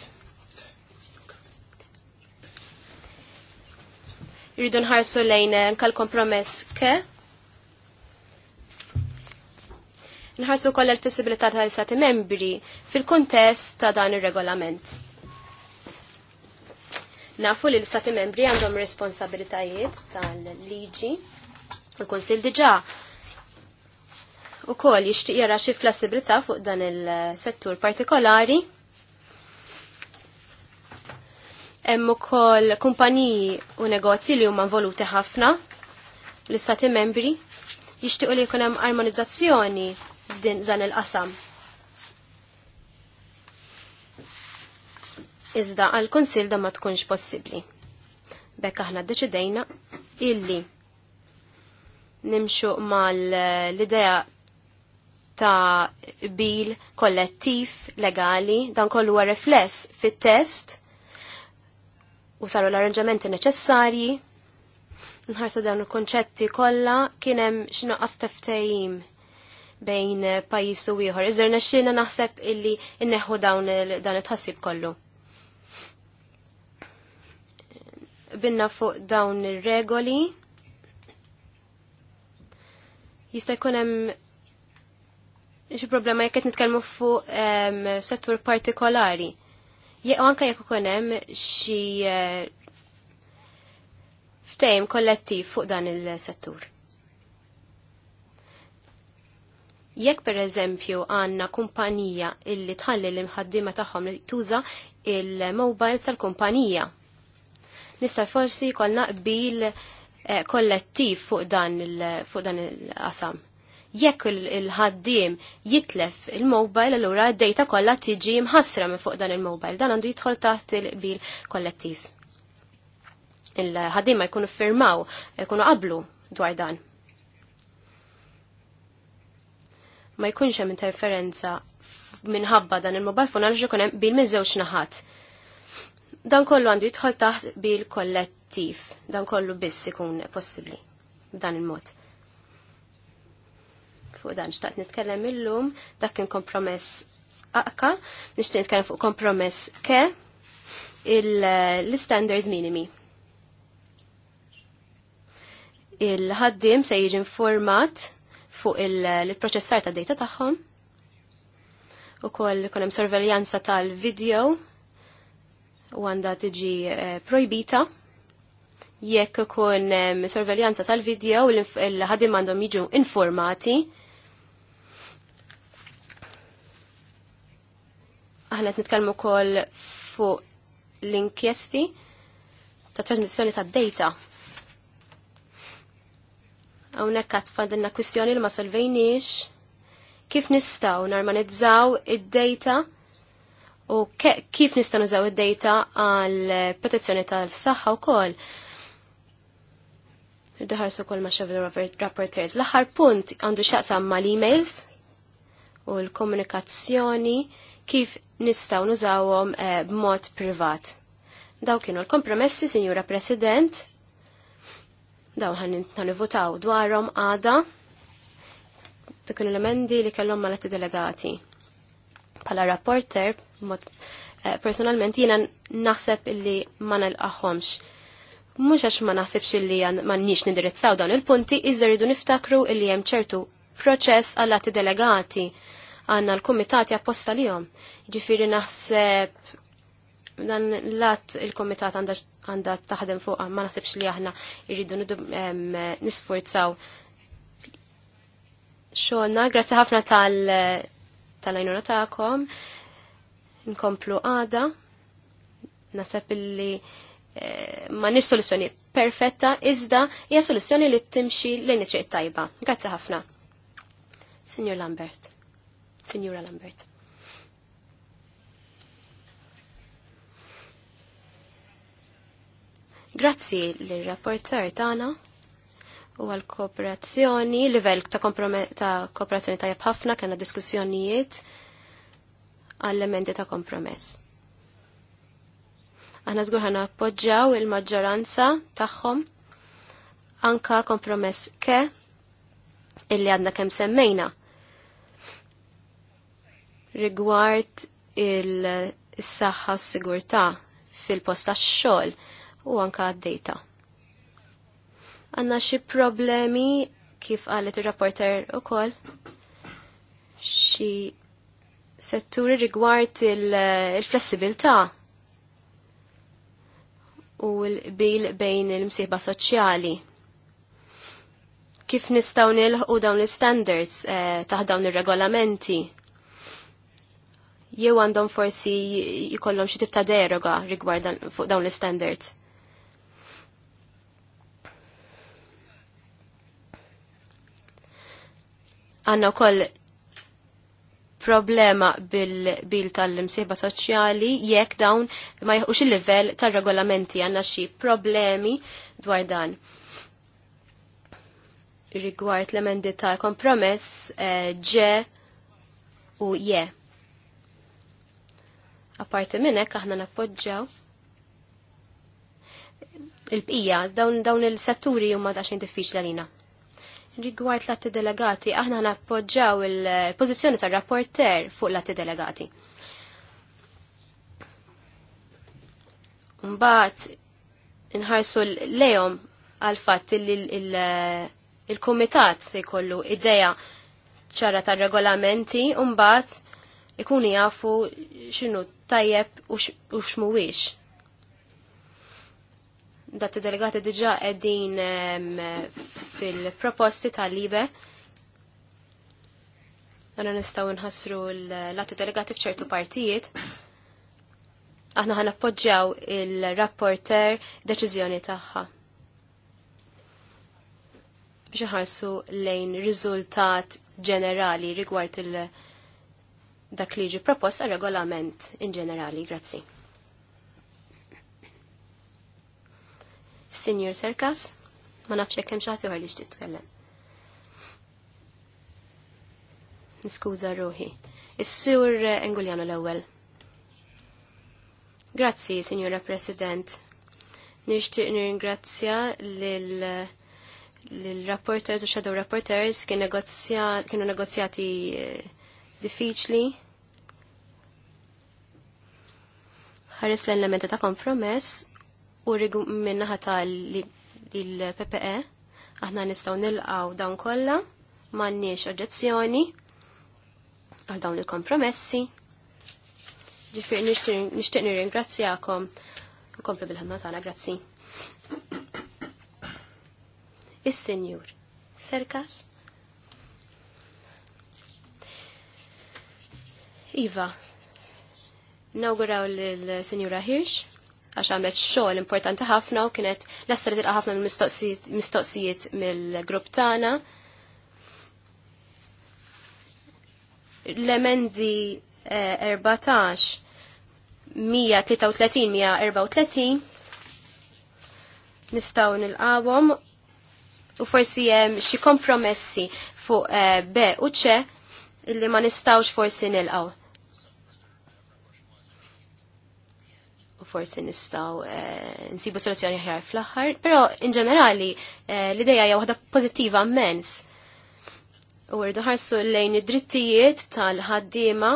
Irridu nħarsu lejn eh, nkal kompromess ke nħarsu koll l-fissibilità tal-istati membri fil-kontest ta' dan ir regolament Nafu li l-Stati membri għandhom responsabilitajiet tal-liġi. u konsil diġa u kol jishtiq jara xi flessibilità fuq dan il-settur partikolari. Emmu ukoll kumpaniji u negozji li huma involuti ħafna l-istati membri jixtiequ li jkun hemm armonizzazzjoni din dan il-qasam. iżda għal konsil da ma tkunx possibli. Bekk aħna deċidejna illi nimxu mal-idea eh, ta' bil kollettiv legali dan kollu huwa fit-test u saru l-arranġamenti neċessarji nħarsu dan il-konċetti kollha kien hemm għastaftajim bejn pajjiż u ieħor. Iżda nexxina naħseb illi inneħħu dawn dan it-tħassib kollu. binna fuq dawn ir-regoli. Jista' jkun hemm xi problema jekk qed nitkellmu fuq settur partikolari. Jew anke jekk ikun hemm xi eh, ftehim kollettiv fuq dan il-settur. Jekk pereżempju għandna kumpanija illi tħalli l-imħaddima tagħhom li tuża il-mobile tal-kumpanija Nista' forsi jkollna qbil eh, kollettiv fuq dan il-qasam. Jekk il-ħaddim jitlef il-mobile, allura d-dejta kollha tiġi mħassra minn fuq dan il-mobile. Dan għandu jidħol taħt il bil kollettiv. Il-ħaddim ma jkunu firmaw, jkunu qablu dwar dan. Ma jkunx hemm interferenza minħabba dan il-mobile phone għaliex ikun hemm bil minn żewġ naħat Dan kollu għandu jitħol taħt bil-kollettiv, dan kollu biss ikun possibli b'dan il-mod. Fuq dan xtaqt nitkellem illum, dak kien kompromess aqqa, nishtin nitkellem fuq kompromess ke il-standards minimi il-ħaddim se jiġi informat fuq il-proċessar ta' data tagħhom. Ukoll ikun hemm sorveljanza tal-video u għandha tiġi eh, projbita jekk ikun eh, sorveljanza tal-video u l-ħadim għandhom jiġu informati. Aħna qed nitkellmu wkoll fuq l-inkjesti ta' trasmissjoni ta' data. Hawnhekk għad fadilna kwistjoni li ma solvejniex kif nistgħu normalizzaw id-data u kif nistgħu nużaw id-data għal protezzjoni tal-saħħa wkoll. Daħar su kol ma' xevlu rapporters. L-aħħar punt għandu xaqsam mal emails u l-komunikazzjoni kif nistgħu nużawhom eh, b'mod privat. Daw kienu l-kompromessi, Sinjura President, daw ħan votaw dwarhom għada dak l emendi li kellhom malati delegati. Pala rapporter, eh, personalment jiena naħseb illi ma nilqahomx. Mhux għax ma naħsibx illi m'għandniex nindirizzaw dawn il-punti, iżda rridu niftakru illi hemm ċertu proċess għall delegati għandna l-kumitati apposta jom. Ġifiri naħseb dan l-att il-komitat għanda taħdem fuq ma naħsebx li aħna irridu nisforzaw Xonna, Grazzi ħafna tal- tal-għajnuna ta'kom. Nkomplu għada. Nasab illi eh, ma nis soluzzjoni perfetta, iżda hija soluzzjoni li timxi lejn it-triq tajba. Grazzi ħafna. Signor Lambert. Signora Lambert. Grazzi l-rapporter tagħna u għal kooperazzjoni, livell ta' kooperazzjoni tajab ħafna, kena diskussjonijiet għall emendi ta' kompromess. Aħna zgur ħana appoġġjaw il-maġġoranza tagħhom anka kompromess ke illi għadna kemm semmejna rigward il-saħħa s-sigurtà fil-post tax-xogħol u anka għad-data għanna xi problemi kif qalet ir-rapporter ukoll xi setturi rigward il-flessibilità u l-bil bejn il-msieħba soċjali. Kif nistaw nilħu dawn l-standards eh, taħ dawn ir-regolamenti? Jew għandhom forsi jkollhom xi tip ta' deroga rigward fuq dawn l-standards? Għanna wkoll problema bil-bil tal-imsieba soċjali jekk dawn ma jħuġ il-livell tal-regolamenti għanna xi problemi dwar dan. Rigward l-emendi tal kompromess ġe eh, u je. Apparti minnek aħna nappoġġaw il-bqija dawn, dawn il-setturi huma diffiċ diffiċli għalina. Rigward l-atti delegati, aħna nappoġġaw il-pozizjoni tar-rapporter fuq l-atti delegati. nħarsu l lejhom għal fatt li il-kumitat se jkollu ideja ċara tar-regolamenti u mbagħad ikunu jafu x'inhu tajjeb u x'mhuwiex dati delegati diġa edin fil-proposti tal-libe. Għana nistaw nħassru l-lati delegati fċertu partijiet. Aħna ħan appoġġjaw il-rapporter deċiżjoni tagħha. Biex ħarsu lejn riżultat ġenerali rigward il- dak li ġi proposta regolament in ġenerali. Grazie. Senior Serkas, ma nafx jekk hemm xi oħra li tkellem. Niskuża ruħi. Is-sur Engoljano l-ewwel. Grazzi, Signora President. Nixtieq nirringrazzja lil l-rapporters u shadow rapporters kienu negozjati eh, diffiċli. Ħares l-elementi ta' kompromess u rigu minnaħat tal-PPE aħna nistaw nilqaw dawn kollha m'għandniex oġġezzjoni għal dawn il-kompromessi. Ġifier nixtieq nirringrazzjakom kompli bil-ħadma tagħna grazzi. Is-Sinjur Serkas. Iva, nawguraw l-Sinjura Hirsch għax għamet xogħol importanti ħafna u kienet l-essa li tilqa' ħafna mill-mistoqsijiet mill-grupp tagħna. L-emendi 14 eh, nistaw nil-qawom u forsi jem xie kompromessi fuq eh, B u C illi ma nistawx forsi nil forsi nistaw eh, nsibu soluzzjoni ħjar fl-aħħar, però in ġenerali eh, l-ideja hija waħda pożittiva immens. U rridu ħarsu lejn id-drittijiet tal-ħaddiema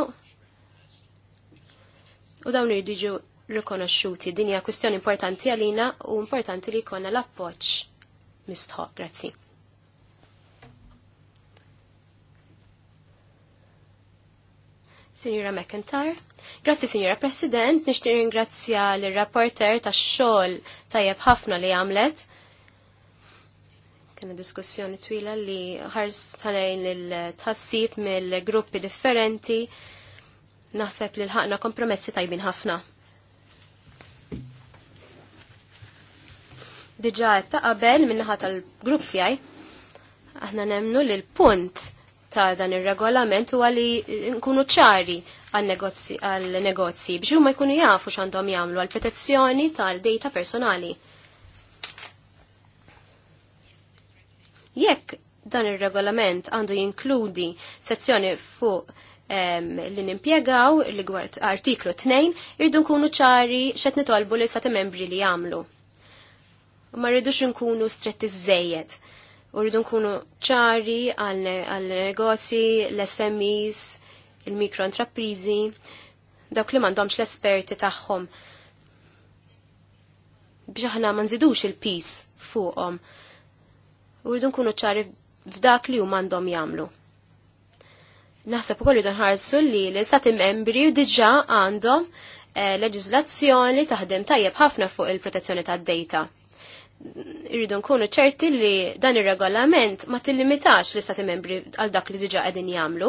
u dawn irridu jiġu rikonoxxuti. Din hija kwistjoni importanti għalina u importanti li jkollna l-appoġġ mistħoq. Grazzi. Signora McIntyre. Grazzi, Signora President. Nishtir ringrazzja l-rapporter ta' xol tajjeb ħafna li għamlet. Kena diskussjoni twila li ħars tħalajn l-tħassib mill-gruppi differenti. Naħseb li l-ħakna kompromessi tajbin ħafna. Diġa ta' qabel minnaħat tal-grupp tijaj. Aħna nemnu l-punt ta' dan ir-regolament huwa li nkunu ċari għal-negozji biex huma jkunu jafu x'għandhom jagħmlu għal protezzjoni tal-data personali. Jekk dan ir-regolament għandu jinkludi sezzjoni fuq li nimpiegaw li gwart artiklu 2 irridu nkunu ċari xed nitolbu li sati membri li jagħmlu. Ma rridux nkunu stretti żejjed Uridu nkunu ċari għal-negozji, l-SMEs, il-mikroentreprizi, dawk li m'għandhomx l-esperti tagħhom. Biex aħna ma nżidux il peace fuqhom. Uridu nkunu ċari f'dak li huma għandhom jagħmlu. Naħseb ukoll li donħarsu li l-istati membri diġà għandhom eh, leġiżlazzjoni taħdem tajjeb ħafna fuq il-protezzjoni tad-data irridu nkunu ċerti li dan ir-regolament ma tillimitax l-istati membri għal dak li diġa qegħdin jagħmlu.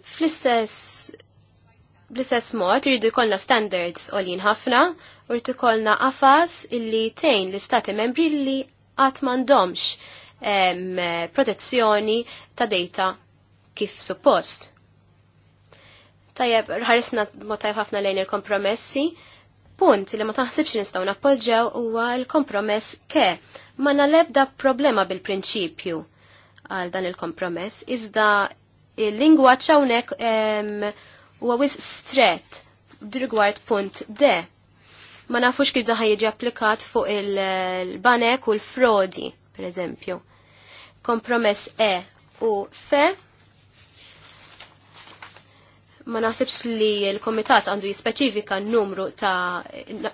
Fl-istess bl-istess mod irridu jkollna standards għolin ħafna u rridu jkollna qafas illi tejn l-istati membri li qatt m'għandhomx protezzjoni ta' data kif suppost. Tajjeb, rħarisna mod tajjeb ħafna lejn il-kompromessi Punt li ma taħsibx nistgħu nappoġġew huwa l-kompromess ke ma nalebda problema bil-prinċipju għal dan il-kompromess iżda il-lingwaġġ hawnhekk huwa wis stret rigward punt D. Ma nafux kif daħħa jiġi applikat fuq il-banek u l-frodi, per eżempju. Kompromess E u fe ma nasibx li l-komitat għandu jispeċifika n-numru ta'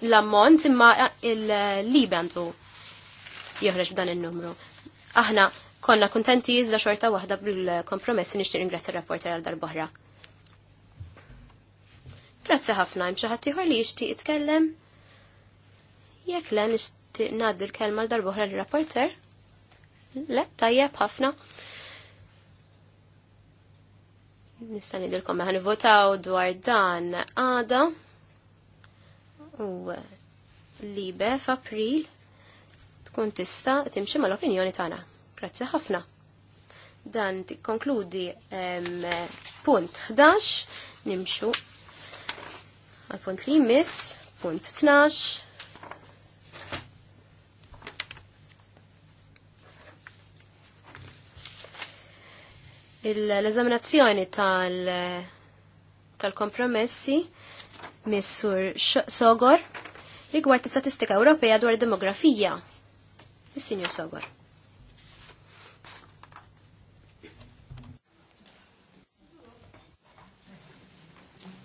l-ammont imma il-lib għandu joħreġ b'dan il-numru. Aħna konna kontenti iżda xorta waħda bil kompromess nixtieq ringrazzja rapporter għal darbohra. Grazzi ħafna, hemm xi ħadd ieħor li jixtieq jitkellem. Jekk le nixtieq ngħaddi l-kelma l darbohra l-rapporter. Le, tajjeb ħafna nista' idilkom meħan votaw dwar dan għada u libe f'April tkun tista timxi mal-opinjoni tagħna. Grazzi ħafna. Dan tikkonkludi punt 11 nimxu għal punt li jmiss, punt 12 l-eżaminazzjoni tal-kompromessi missur Sogor rigward is-statistika Ewropea dwar demografija. Is-Sinjur Sogor.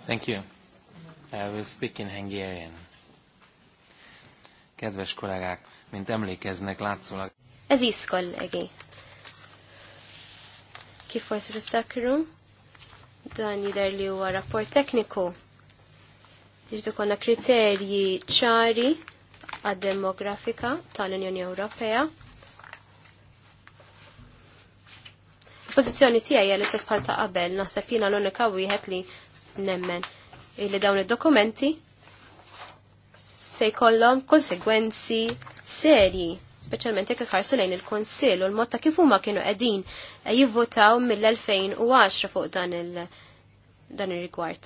Thank you. I will speak in Hungarian. Kedves kollégák, mint emlékeznek, látszólag... Ez is kollégi. Kif forsi tiftakru, dan jidher li huwa rapport tekniku. Jirdu konna kriterji ċari għad-demografika tal-Unjoni Ewropea. Il-pożizzjoni tiegħi hija l-istess bħal ta' qabel, naħseb jiena l-unika wieħed li nemmen li dawn id-dokumenti se jkollhom konsegwenzi serji speċjalment jekk iħarsu lejn il-Kunsill u l-mod ta' kif huma kienu qegħdin eh, jivvotaw mill-2010 fuq dan il- dan ir-rigward.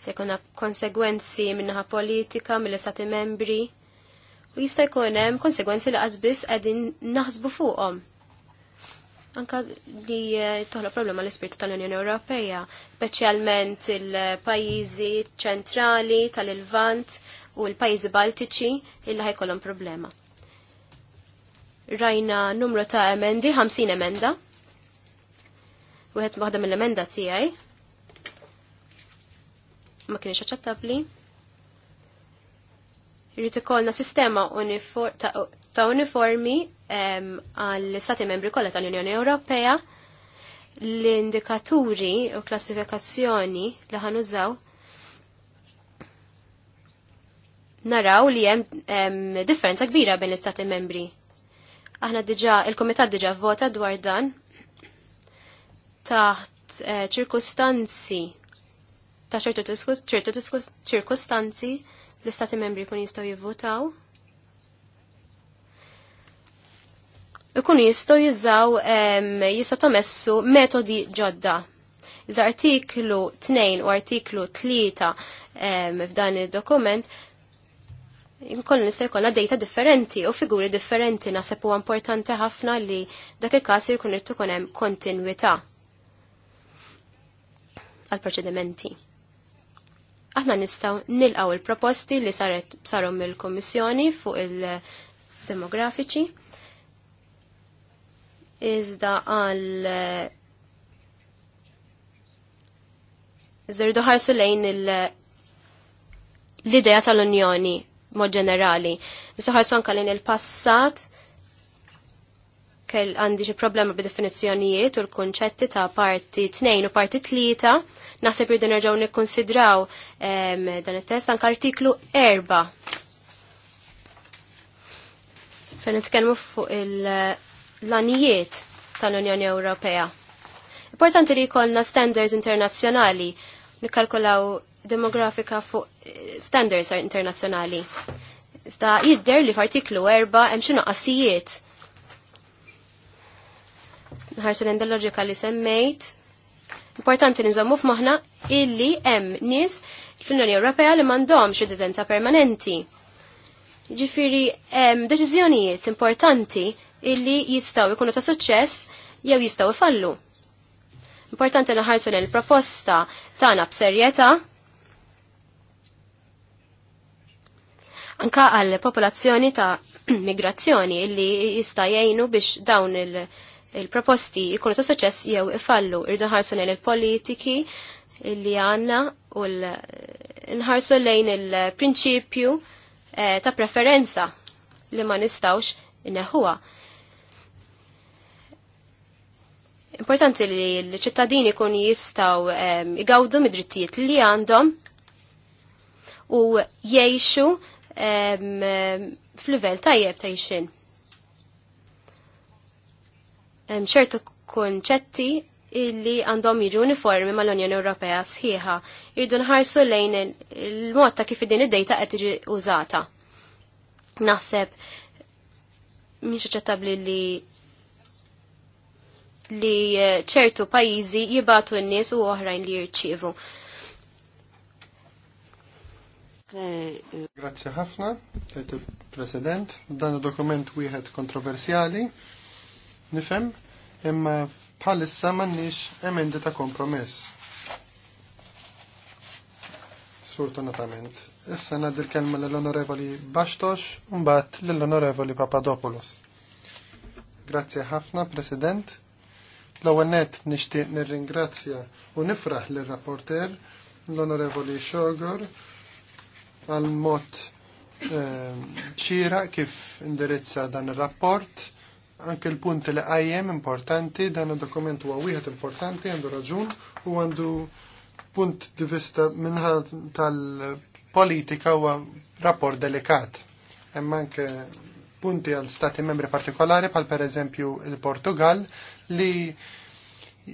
Se jkun konsegwenzi minnaħa politika mill-istati membri u jista' jkun hemm konsegwenzi li qasbis qegħdin naħsbu fuqhom. Anka li eh, toħlo problema l-ispirtu tal-Unjoni Ewropea, speċjalment il-pajjiżi ċentrali tal-Ilvant, u l-pajjiżi Baltiċi illi ħajkollhom problema. Rajna numru ta' emendi, 50 emenda. Wieħed maħdem mill-emenda tiegħi ma kienx aċċettabbli. Irrid ikollna sistema unifor ta' uniformi għall-Stati membri kollha tal-Unjoni Ewropea l-indikaturi u klassifikazzjoni li ħanużaw naraw li hemm differenza kbira bejn l-istati membri. Aħna diġa, il-komitat diġa vota dwar dan taħt eh, ċirkustanzi ta' ċertu ċirkustanzi l-istati membri kun jistaw jivvotaw. Ikun jistaw jizzaw tomessu metodi ġodda. Iżda artiklu 2 u artiklu 3 f'dan il-dokument jinkoll nista' jkollna dejta differenti u figuri differenti naħseb huwa importanti ħafna li dak il-każ jkun irid kun hemm kontinwità għall proċedimenti. Aħna nistgħu nilqgħu il-proposti li saret saru mill-Kummissjoni fuq il-demografiċi. Iżda għal Iżda rridu ħarsu lejn l-idea tal-Unjoni mod ġenerali. Nisoħarsu son kalin il-passat, kell għandi xi problema bi definizzjonijiet u l-kunċetti ta' parti 2 u parti 3, naħseb irdu nerġgħu nikkonsidraw dan it-test anke artiklu 4. Fejn nitkellmu fuq il-lanijiet tal-Unjoni Ewropea. Importanti li jkollna standards internazzjonali nikkalkulaw demografika fuq standards internazzjonali. Iżda jidder li f'artiklu 4 hemm xi noqqasijiet. Ħarsu l loġika li semmejt. Importanti li nżommu f'moħħna illi hemm nies fl-Unjoni Ewropea li m'għandhomx detenza permanenti. Ġifiri, hemm deċiżjonijiet importanti illi jistgħu jkunu ta' suċċess jew jistgħu ifallu. Importanti naħarsu l-proposta tagħna b'serjetà anka għal popolazzjoni ta' migrazzjoni illi jista' jgħinu biex dawn il-proposti il jkunu ta' suċess jew ifallu irdu ħarsu lejn il-politiki illi għanna u nħarsu lejn il-prinċipju eh, ta' preferenza li ma nistawx neħuwa. Importanti li l-ċittadini kun jistaw eh, igawdu eh, mid-drittijiet li għandhom u jiexu f'livell tajjeb ta' jixin. ċertu konċetti illi għandhom jiġu uniformi mal-Unjoni Ewropea sħiħa. Irdu nħarsu lejn il-mod ta' kif din id-dejta qed tiġi użata. Naħseb mhix aċċettabbli li li eh, ċertu pajjiżi jibatu n-nies u oħrajn li jirċievu. Grazie ħafna, President. Dan dokument wieħed kontroversjali, nifhem, imma bħalissa mannix emendi ta' kompromess. Sfortunatament. Issa nad il kelma lill-Onorevoli Bastos, u mbagħad lill-Onorevoli Papadopoulos. Grazie ħafna, President. L-ewwel nett nixtieq nirringrazzja u nifraħ lir-rapporter l-Onorevoli Xogor għal mod ċira ehm, kif indirizza dan ir-rapport. Anke l-punti li qajjem importanti, dan id-dokument huwa wieħed importanti, għandu raġun u għandu punt di vista minħa tal-politika huwa rapport delikat. Hemm anke punti għal stati membri partikolari pal per eżempju il-Portugal li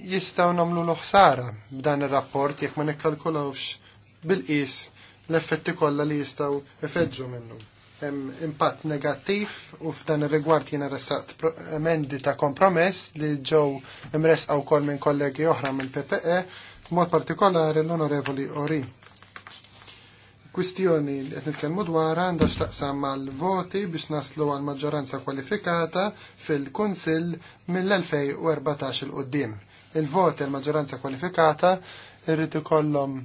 jistaw nomlu l-ħsara b'dan ir-rapport jekk ma nikkalkulawx bil-qis l-effetti kollha li jistgħu ifeġġu minnu. Hemm impatt negattiv u f'dan ir-rigward jiena ressaqt emendi ta' kompromess li ġew imresqa wkoll minn kollegi oħra mill PPE b'mod partikolari l-Onorevoli Ori. Kwistjoni li qed nitkellmu dwar għandha x'taqsam mal-voti biex naslu għal maġġoranza kwalifikata fil-Kunsill mill-2014 il qudiem Il-voti għal maġġoranza kwalifikata irrid ikollhom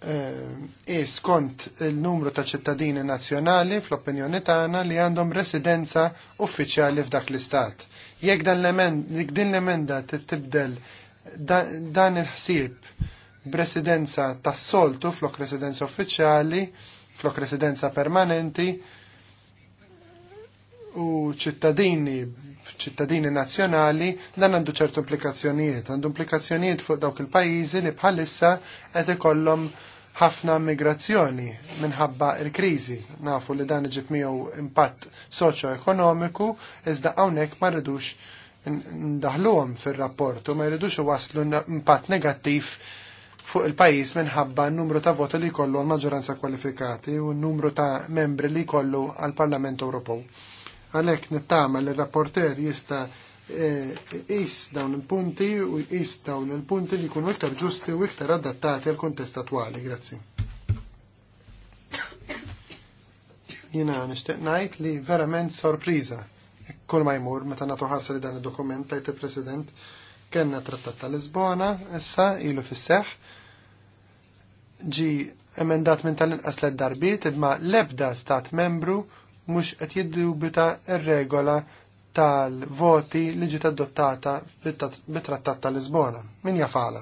Eh, e skont il-numru ta' ċittadini nazzjonali fl-opinjoni tagħna li għandhom residenza uffiċjali f'dak l-istat. Jekk dan din l-emenda tibdel dan il-ħsieb b'residenza tas-soltu flok residenza uffiċjali, flok residenza permanenti, u ċittadini ċittadini nazzjonali dan għandu ċertu implikazzjonijiet. Għandu implikazzjonijiet fuq dawk il-pajjiżi li bħalissa qed ikollhom ħafna migrazzjoni minħabba il-kriżi. Nafu li dan iġib miegħu impatt soċjo-ekonomiku iżda hawnhekk ma rridux ndaħluhom fir-rapport u ma jridux waslu impatt negattiv fuq il-pajis minħabba n-numru ta' voti li kollu għal-maġġoranza kwalifikati u n-numru ta' membri li kollu għal-Parlament Ewropew. Għalhekk nittama li rapporter jista' jis e, dawn il-punti u jis dawn il-punti li jkunu iktar ġusti u iktar adattati għal kuntest attwali. Grazzi. Jina nixtieq ngħid li verament sorpriża kull ma jmur meta nagħtu ħarsa li dan id-dokument tajt il-President kellna trattat tal Lisbona issa ilu fis ġi emendat minn tal-inqas l darbiet imma l-ebda stat membru mhux qed jiddubita r-regola tal-voti li ġiet adottata bit-Trattat tal-Lisbona. Min jafala?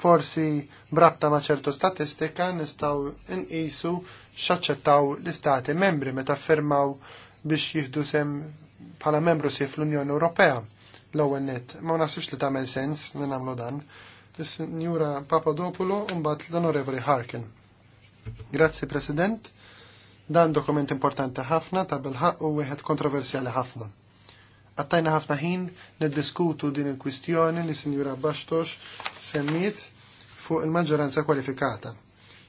Forsi brabta ma' ċertu statistika nistgħu nqisu x'aċċettaw l-istati membri meta firmaw biex jieħdu sem bħala membru sif l-Unjoni Ewropea l-ewwel nett. Ma naħsibx li tagħmel sens li nagħmlu dan. Is-Sinjura Papadopulo u mbagħad l-Onorevoli Harkin. Grazzi President. Dan dokument importanti ħafna ta' bil-ħaq u wieħed kontroversjali ħafna. Għattajna ħafna ħin niddiskutu din il-kwistjoni li Sinjura Baxtox semmit fuq il-maġġoranza kwalifikata.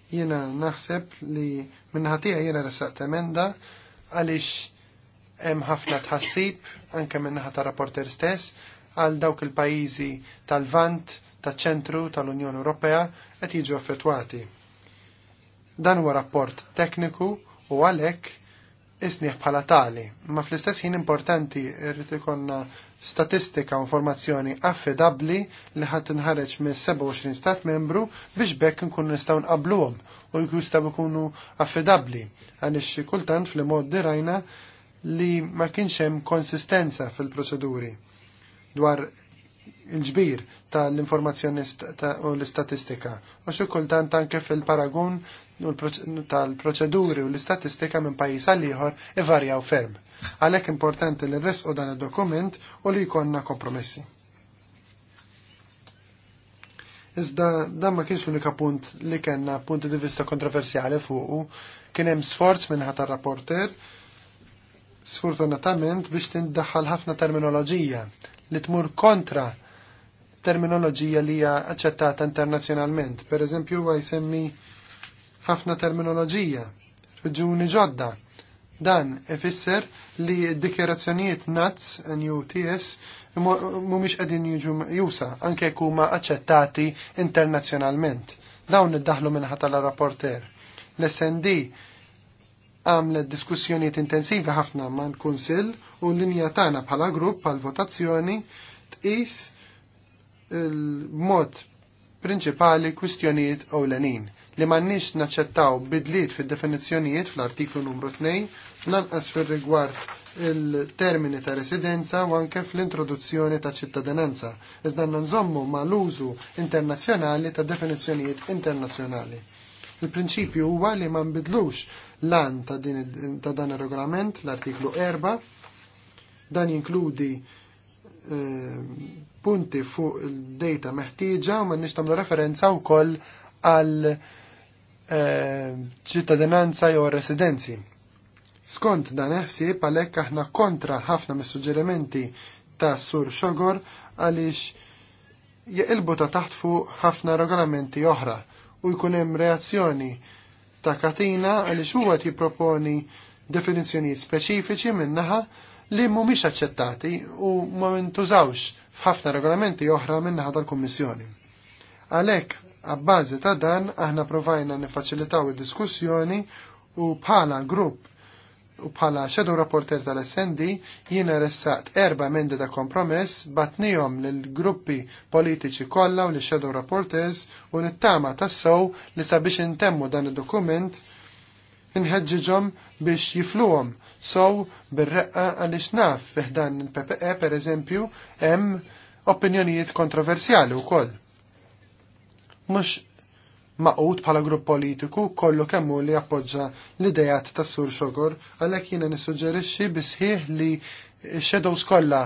Jiena naħseb li minnaħatija jiena ressaqt emenda għaliex hemm ħafna tħassib anke minnaħa ta' rapporter stess għal dawk il-pajjiżi tal-Vant, tal-ċentru tal-Unjoni Ewropea qed jiġu affettwati. Dan huwa rapport tekniku u għalhekk isniħ bħala tali. Ma fl-istess ħin importanti rrid ikonna statistika u informazzjoni affidabli li ħadd inħareġ minn 27 stat membru biex bekk nkunu nistgħu nqabbluhom u jistgħu jkunu affidabbli għaliex kultant fl mod dirajna li ma kienx hemm konsistenza fil-proċeduri dwar il-ġbir tal-informazzjoni u l-istatistika. U xi kultant anke fil-paragun tal-proċeduri u l-istatistika minn pajjiż għal ieħor ivarjaw ferm. Għalhekk importanti li u dan id-dokument u li jkollna kompromessi. Iżda dan ma kienx l-unika punt li kellna punti di vista kontroversjali fuq kien hemm sforz minn ħata rapporter sfortunatament biex tindaħħal ħafna terminoloġija li tmur kontra terminoloġija li hija aċċettata internazzjonalment. Per eżempju, huwa jsemmi ħafna terminoloġija, reġuni ġodda. Dan ifisser li d-dikjerazzjonijiet NATS, NUTS, mumiex qegħdin jiġu jusa, anke huma aċċettati internazzjonalment. Dawn iddaħlu minħa l rapporter L-SND għamlet diskussjonijiet intensivi ħafna man kunsil kunsill u l-linja tagħna bħala grupp għal votazzjoni tqis il-mod prinċipali kwistjonijiet ewlenin li m'għandniex naċċettaw bidliet fil definizzjonijiet fl-artiklu numru 2 lanqas fir-rigward il-termini ta' residenza u anke fl-introduzzjoni ta' ċittadinanza, iżda nżommu ma' l-użu internazzjonali ta' definizzjonijiet internazzjonali. Il-prinċipju huwa li ma nbidlux lan ta', din, ta dan ir-regolament l-artiklu 4 dan jinkludi eh, punti fuq il-data meħtieġa u ma nix tamlu referenza wkoll għal Eh, ċittadinanza jew residenzi. Skont dan eħsib għalhekk aħna kontra ħafna mis-suġġerimenti ta' Sur Xogor għaliex jeqilbu ta' taħt fuq ħafna regolamenti oħra u jkun hemm reazzjoni ta' katina għaliex huwa jipproponi definizzjonijiet speċifiċi minnaħa li mhumiex aċċettati u ma ntużawx f'ħafna regolamenti oħra minnaħa tal-Kummissjoni. Għalhekk Abbażi ta' dan aħna provajna nifacilitaw id-diskussjoni u bħala grupp u bħala xedu rapporter tal-SND jina ressaqt erba emendi ta' kompromess batnijom l-gruppi politiċi kollha u l-xedu rapporters u nittama sow li sabiex intemmu dan id-dokument inħedġiġom biex jifluhom sow bir-reqqa għaliex naf fiħdan il-PPE per eżempju hemm opinjonijiet kontroversjali wkoll mhux maqut bħala grupp politiku kollu kemmu li appoġġa l-idejat ta' Sur Xogor, għalhekk jiena nissuġġerixxi bisħih li xedows shadows kollha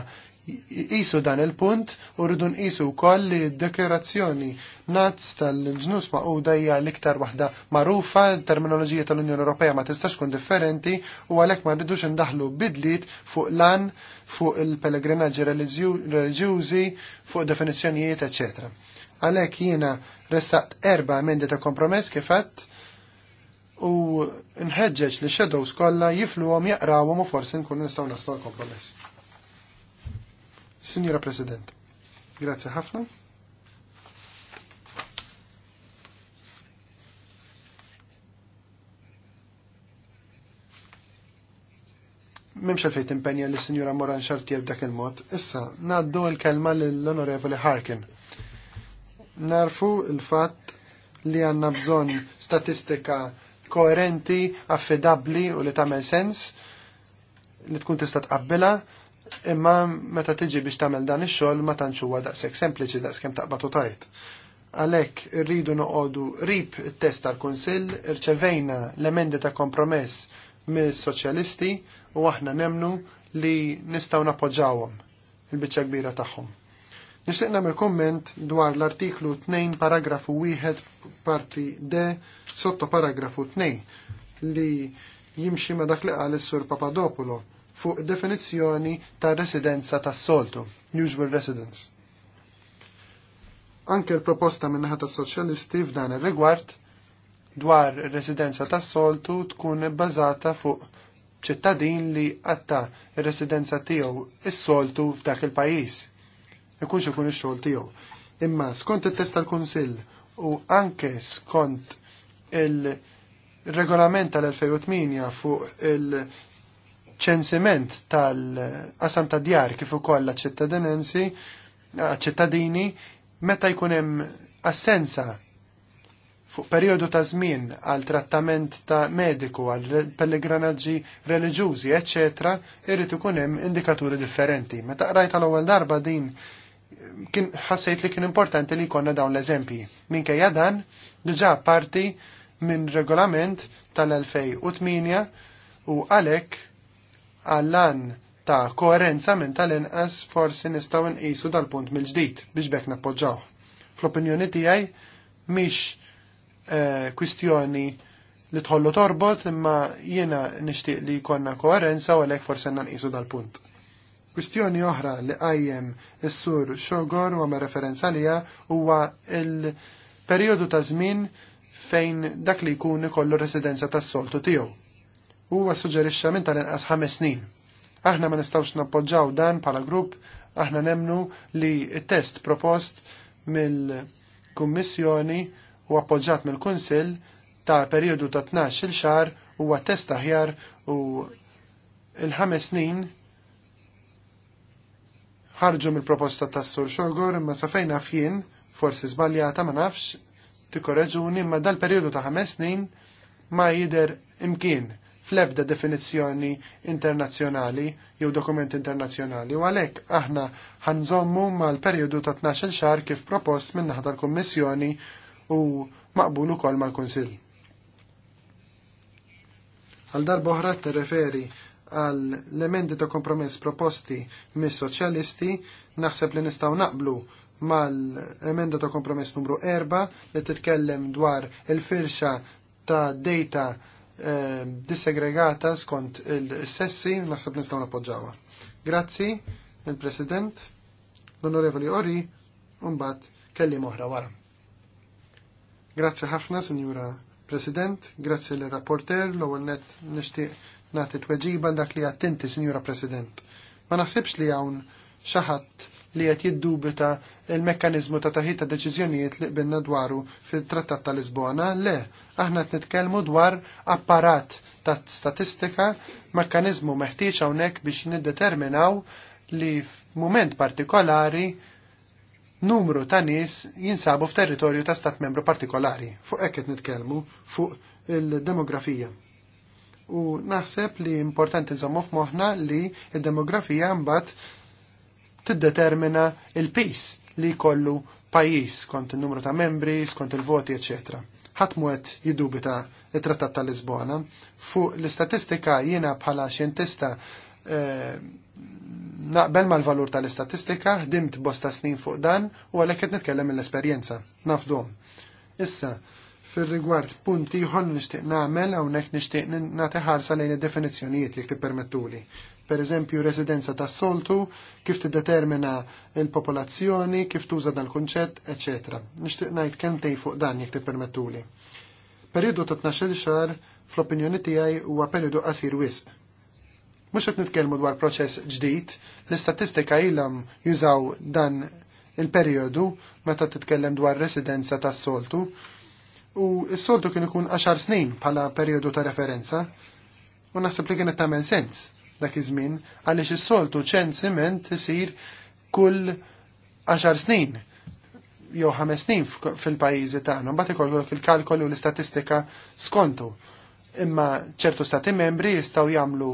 jisu dan il-punt u rridu nqisu wkoll li d-dekorazzjoni nazz tal-ġnus maquda hija l-iktar waħda magħrufa, terminoloġija tal-Unjoni Ewropea ma tistax tkun differenti u għalhekk ma rridux indaħlu bidliet fuq lan fuq il-pellegrinaġġi reliġjużi, fuq definizzjonijiet, eccetera. Għalhekk jiena ressaqt erba emendi ta' kompromess kifat u nħeġġeġ li shadows kollha jifluhom jaqrawhom u forsi nkunu nistgħu naslu l-kompromess. Signora President, grazie ħafna. memx għalfejt impenja li Sinjura Moran Xartier b'dak il-mod, issa naddu l kelma l-Onorevoli Harkin narfu il-fatt li għanna bżon statistika koerenti, affidabli u li tagħmel sens li tkun tista' tqabbilha, imma meta tiġi biex tagħmel dan ix-xogħol ma tantx huwa daqshekk sempliċi daqskemm taqbad u tajt. Għalhekk irridu noqogħdu rib it-test tal-Kunsill, irċevejna l-emendi ta' kompromess mis-soċjalisti u aħna nemnu li nistgħu nappoġġawhom il-biċċa kbira tagħhom. Nixtieq nagħmel komment dwar l-artiklu 2 paragrafu 1 parti D sotto paragrafu 2 li jimxi ma dak li qal is-Sur Papadopolo fuq definizzjoni ta' residenza tas-soltu, usual residence. Anke l-proposta minnaħa ta' soċjalisti f'dan ir-rigward dwar residenza tas-soltu tkun bbażata fuq ċittadin li għatta residenza tiegħu is-soltu f'dak il-pajjiż ikunx ikun ix-xogħol tiegħu. Imma skont it-test tal-Kunsill u anke skont il-regolament tal-2008 fuq il-ċensiment tal-qasam ta' djar kif ukoll ċittadinanzi ċittadini meta jkun hemm assenza fuq periodu ta' żmien għal trattament ta' mediku, għal pellegrinaġġi reliġjużi, eċċetra, irid ikun hemm indikaturi differenti. Meta qrajt għal ewwel darba din kien ħassejt li kien importanti li konna dawn l-eżempji. Minkejja dan, diġa' parti minn regolament tal-2008 u għalek għallan ta' koerenza minn tal-inqas forsi nistaw nqisu dal-punt mill-ġdid biex bekk nappoġġaw. Fl-opinjoni tiegħi mhix eh, kwistjoni li tħollu torbot imma jiena nixtieq li jkollna koerenza u għalhekk forsi nqisu dal-punt. Kwistjoni oħra li għajjem is-sur Xogor u għamma referenza għalija huwa il-perjodu ta' żmien fejn dak li jkun ikollu residenza tas-soltu tiegħu. Huwa suġġerixxa minn tal-inqas ħames snin. Aħna ma nistgħux nappoġġaw dan bħala grupp, aħna nemnu li t-test propost mill-Kummissjoni u appoġġat mill-Kunsill ta' perjodu ta' 12 il xar huwa test aħjar u il-ħames snin ħarġu mill-proposta tas-sur xogor imma sa fjien, forsi żbaljata ma nafx, tikkoreġuni imma dal periodu ta' ħames snin ma jider imkien fl-ebda definizzjoni internazzjonali jew dokument internazzjonali u għalhekk aħna ħanżommu mal-perjodu ta' 12 xahar kif propost minn naħa tal-Kummissjoni u maqbul ukoll mal-Kunsill. Għal darba oħra t-referi għal l-emendi ta' kompromess proposti mis soċjalisti naħseb li nistaw naqblu mal-emenda ta' kompromess numru 4 li titkellem dwar il-firxa ta' data eh, disegregata skont il-sessi naħseb li nistaw napoġġawa. Grazzi, il-President, l-Onorevoli Ori, unbat kelli moħra wara. Grazzi ħafna, Signora President, grazzi l-rapporter, l-ewwel net nixtieq nagħti tweġiba dak li għattinti, Sinjura President. Ma naħsibx li hawn xi ħadd li qed jiddubita il mekkanizmu ta' taħid ta' deċiżjonijiet li qbilna dwaru fil-Trattat ta' Lisbona, le, aħna t nitkellmu dwar apparat ta' statistika, mekkaniżmu meħtieġ hawnhekk biex niddeterminaw li f'mument partikolari numru ta' nies jinsabu f'territorju ta' stat membru partikolari. Fuq hekk qed nitkellmu fuq il-demografija u naħseb li importanti zammuf f'moħħna li il demografija mbagħad tiddetermina il-pis li jkollu pajjiż kont il-numru ta' membri, skont il-voti, eċċetera. Ħadd jidubi ta' it-Trattat ta' Lisbona. Fuq l-istatistika jiena bħala xjentista eh, naqbel mal-valur tal-istatistika, dimt bosta snin fuq dan u għalhekk qed nitkellem mill-esperjenza, nafdom. Issa, Fil-rigward punti ħol nishtiq namel għaw nek nishtiq nati ħarsa lejn id-definizzjonijiet jek permettuli. Per eżempju, residenza ta' soltu, kif tiddetermina il-popolazzjoni, kif tuża dan kunċett, ecc. Nishtiq najt tej fuq dan jek permettuli. Periodu ta' 12 xar, fl-opinjoni tiegħi huwa periodu qasir wisq. Mux qed nitkellmu dwar proċess ġdid, l-istatistika ilhom jużaw dan il-perjodu meta titkellem dwar residenza tas-soltu, u s-soltu kien ikun 10 snin bħala periodu ta' referenza u naħseb li kienet tagħmel sens dak iż-żmien għaliex is-soltu ċen isir kull 10 snin jew 5 snin fil-pajjiżi tagħna, mbagħad ikollok il u l-istatistika skontu. Imma ċertu stati membri jistgħu jagħmlu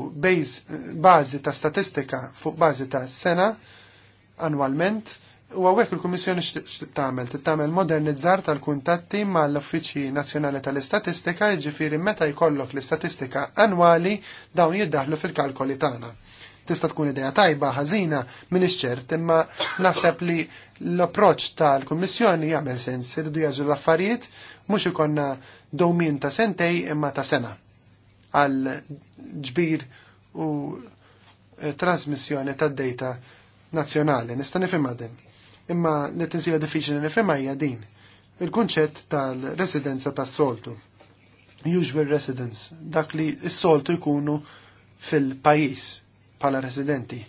bażi ta' statistika fuq bażi ta' sena annwalment U għawek il-Komissjoni x tittamel t modernizzar tal-kuntatti ma l-Uffiċi Nazjonali tal-Istatistika, ġifiri meta jkollok l-istatistika annwali dawn jiddaħlu fil-kalkoli tagħna. Tista' tkun idea tajba, ħażina, minn ċert, imma naħseb li l-approċ tal-Kummissjoni jagħmel sens irridu jaġu l-affarijiet mhux ikonna dowmin ta' sentej imma ta' sena għal ġbir u eh, trasmissjoni tad-data nazzjonali. Nista' nifhimha imma li tinsira diffiċli nifhimha hija din. Il-kunċett tal-residenza tas-soltu. Usual residence, dak li s-soltu jkunu fil-pajis bħala residenti.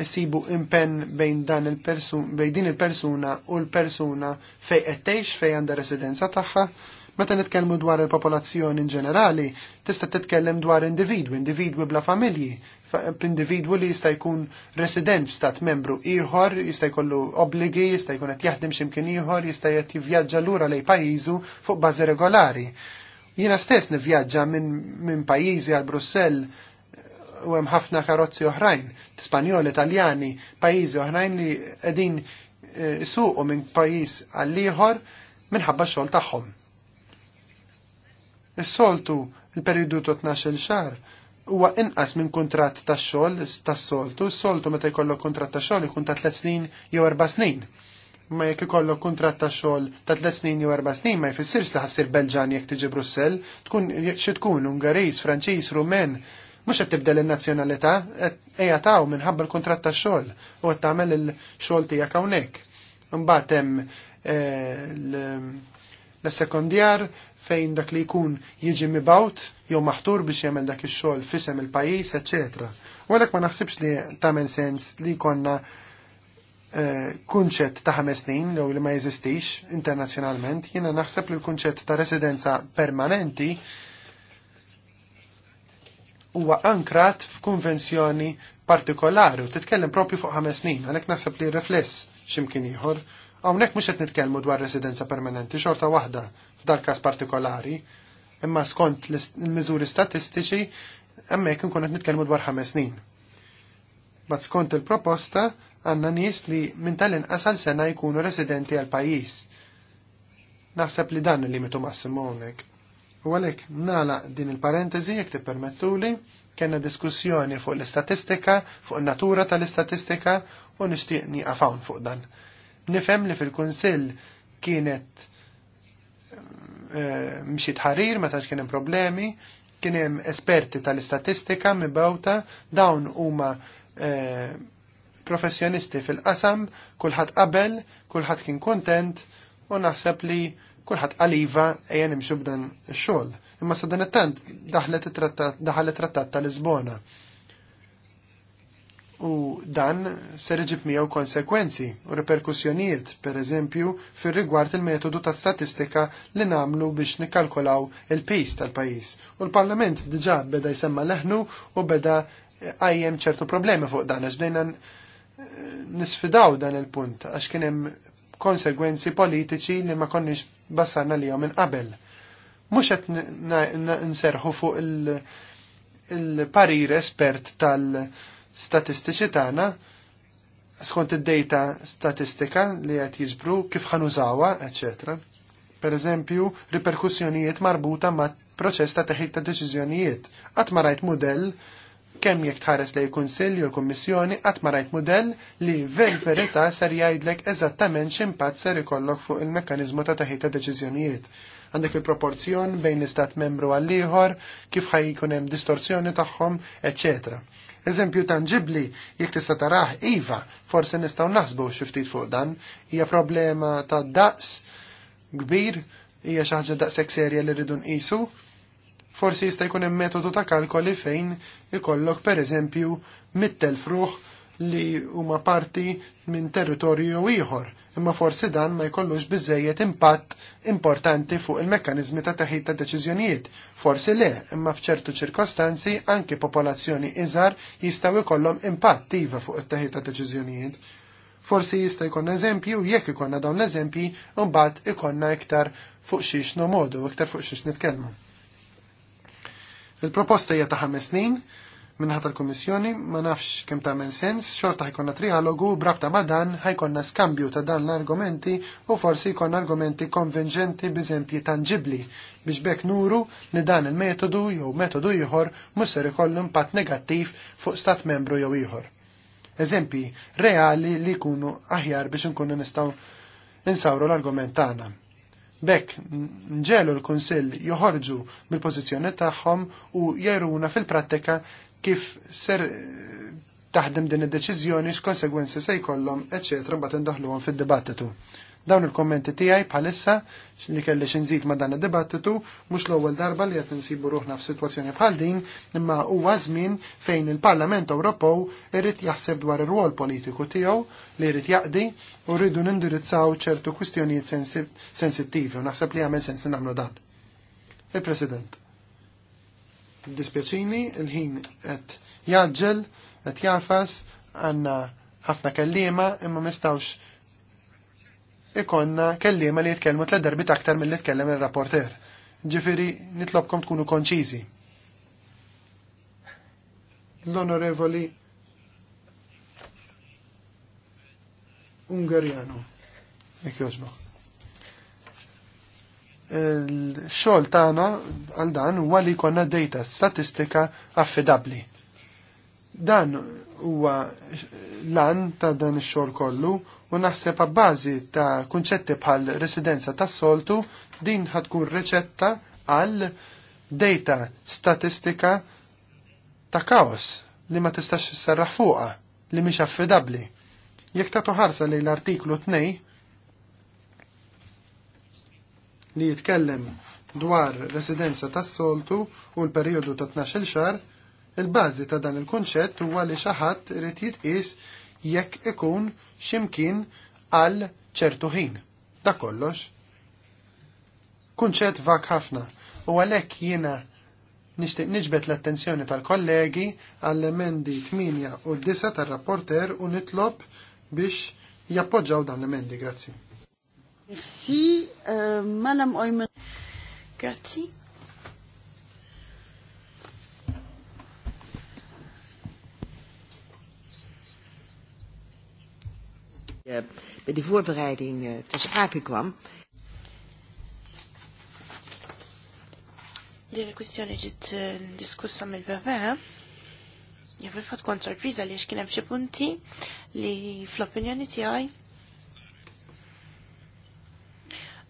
Issibu impenn bejn dan il-persuna bejn din il-persuna u l-persuna fej qed tgħix fej għandha residenza tagħha Meta nitkellmu dwar il-popolazzjoni in ġenerali, tista' titkellem dwar individwi, individwi bla familji, f'individwu li jista' jkun resident f'stat membru ieħor, jista' jkollu obbligi, jista' jkun qed jaħdem x'imkien ieħor, jista' qed jivvjaġġa lura lejn pajjiżu fuq bażi regolari. Jiena stess nivvjaġġa minn min pajjiżi għal Brussell u hemm ħafna karozzi oħrajn, Spanjoli, Italjani, pajjiżi oħrajn li qegħdin eh, isuqu minn pajjiż għal ieħor minħabba x-xogħol tagħhom. Is-soltu il-periodu ta' 12 xahar huwa inqas minn kuntratt tax-xogħol tas-soltu, s-soltu meta jkollok kuntratt ta' xogħol ikun ta' tliet snin jew erba' snin. Ma jekk ikollok kuntratt tax-xogħol ta' tliet snin jew erba' snin ma jfissirx li ħassir Belġan jekk tiġi Brussell, tkun xi tkun Ungariż, Franċiż, Rumen, mhux qed tibdel in-nazzjonalità, qed ejja taw minħabba l-kuntratt tax-xogħol u qed tagħmel il-xogħol tiegħek hawnhekk. Imbagħad hemm eh, l-sekondjar, fejn dak li jkun jiġi mibawt jew maħtur biex jagħmel dak ix-xogħol fisem il-pajjiż, eċetera. Walek ma naħsibx li tagħmel sens li konna eh, kunċett ta' ħames snin jew li ma jeżistix internazzjonalment, jiena naħseb li l-kunċett ta' residenza permanenti huwa ankrat f'konvenzjoni partikolari u titkellem propju fuq ħames snin, għalhekk naħseb li rifless x'imkien ieħor Hawnhekk mhux qed nitkellmu dwar residenza permanenti xorta waħda f'dal każ partikolari, imma skont l miżuri statistiċi hemmhekk inkun qed nitkellmu dwar ħames snin. Bad skont il-proposta għandna nis li minn tal in għal sena jkunu residenti għal pajjiż. Naħseb li dan il-limitu massimu hawnhekk. U għalhekk nagħlaq din il-parentesi jekk tippermettuli kena diskussjoni fuq l-istatistika, fuq natura tal-istatistika u nishtiqni għafawn fuq dan. Nifhem li fil-Kunsill kienet eh, mxi tħarir, ma tax kien hemm problemi, kien hemm esperti tal-istatistika bawta, dawn huma eh, professjonisti fil-qasam, kulħadd qabel, kulħadd kien kontent u naħseb li kulħadd qaliva ejja nimxu b'dan ix-xogħol. Imma sa dan tant daħlet trattat tal-Lisbona u dan ser iġib miegħu konsekwenzi u reperkussjonijiet, per eżempju, fir rigward il-metodu ta' statistika li namlu biex nikkalkolaw il-pejs tal-pajis. U l-Parlament diġà beda jsemma leħnu u beda għajjem ċertu problemi fuq dan għax dejna nisfidaw dan il-punt għax kien hemm konsegwenzi politiċi li ma konniex bassarna li minn qabel. Mhux qed nserħu fuq il-parir espert tal- statistiċi tagħna skont id-data statistika li qed jiġbru kif ħanużawha, eċetera. Per eżempju, riperkussjonijiet marbuta ma' proċess ta' teħid ta' deċiżjonijiet. Qatt ma rajt mudell kemm jekk tħares lej kunsill jew kummissjoni qatt ma rajt mudell li ver verità ser jgħidlek eżattament x'impatt ser ikollok fuq il-mekkaniżmu ta' teħid ta' deċiżjonijiet għandek il-proporzjon bejn l-istat membru għall-ieħor, kif ħajkun hemm distorzjoni tagħhom, eċetera. Eżempju tangibli jekk tista' taraħ iva, forsi nistgħu naħsbu xiftit ftit fuq dan, hija problema ta' daqs kbir, hija xi ħaġa daqshekk serja li rridu nqisu. Forsi jista' jkun hemm metodu ta' kalkoli fejn ikollok pereżempju mittel fruħ li huma parti minn territorju ieħor imma forsi dan ma jkollux biżejjed impatt importanti fuq il-mekkanizmi ta' taħid ta' deċiżjonijiet. Forsi le, imma f'ċertu ċirkostanzi anki popolazzjoni iżar jistgħu jkollhom impatt iva fuq it-taħid ta' deċiżjonijiet. Forsi jista' jkun eżempju jekk ikonna dawn l-eżempji mbagħad ikonna iktar fuq xiex nomodu, iktar fuq xiex nitkellmu. Il-proposta hija ta' ħames snin, minħat tal-Kummissjoni ma nafx kemm men sens, xorta ħajkonna trialogu brabta ma dan ħajkonna skambju ta' dan l-argumenti u forsi kon argumenti konvinġenti biżempji tangibli biex bekk nuru li dan il-metodu jew metodu ieħor mhux ser ikollu impatt negattiv fuq stat membru jew ieħor. Eżempji reali li jkunu aħjar biex nkunu nistgħu insawru l-argument tagħna. Bekk nġelu l-Kunsill joħorġu mill-pożizzjoni tagħhom u jeruna fil-prattika kif ser eh, taħdem din id-deċiżjoni x'konsegwenzi se jkollhom, bat mbagħad indaħluhom fid-dibattitu. Dawn il-kommenti tiegħi bħalissa li kelli xinżid ma' dan id-dibattitu mhux l-ewwel darba li qed insibu ruħna f'sitwazzjoni bħal din, imma huwa żmien fejn il-Parlament Ewropew irid jaħseb dwar ir-rwol politiku tiegħu li jrid jaqdi u rridu nindirizzaw ċertu kwistjonijiet sensittivi u naħseb li għamel sensi nagħmlu dan. Il-President dispjaċini, il-ħin qed jaġġel, qed jafas, għandna ħafna kellima imma mistawx ikonna kellima li jitkellmu tled darbit aktar mill-li tkellem il-rapporter. Ġifiri, nitlobkom tkunu konċiżi. L-onorevoli Ungarjano. Ekk l-xogħol tagħna għal dan huwa li jkollna data statistika affidabbli. Dan huwa lan ta' dan ix-xogħol kollu u naħseb bażi ta' kunċetti bħal residenza tas soltu din ħatkun reċetta għal data statistika ta' kaos li ma tistax sarraħ fuqa li mhix affidabbli. Jekk ta' toħarsa lejn l-artiklu 2 li jitkellem dwar residenza tas-soltu u l-perjodu ta' 12 xar, il-bażi ta' dan il-kunċett huwa li xi ħadd irid jitqies jekk ikun ximkien għal ċertu ħin. Da kollox. Kunċett vak ħafna u għalhekk jiena nixtieq niġbet l-attenzjoni tal-kollegi għall-emendi 8 u 9 tar-rapporter u nitlob biex jappoġġaw dan l-emendi. Grazzi. Merci, uh, Madame Oyman. Grazie. Eh, bij de voorbereiding eh, ter sprake kwam. Din il-kwistjoni ġiet eh, diskussa mill-BVE. Ja fil-fatt kont sorpriża li geen hemm xi punti li fl-opinjoni tiegħi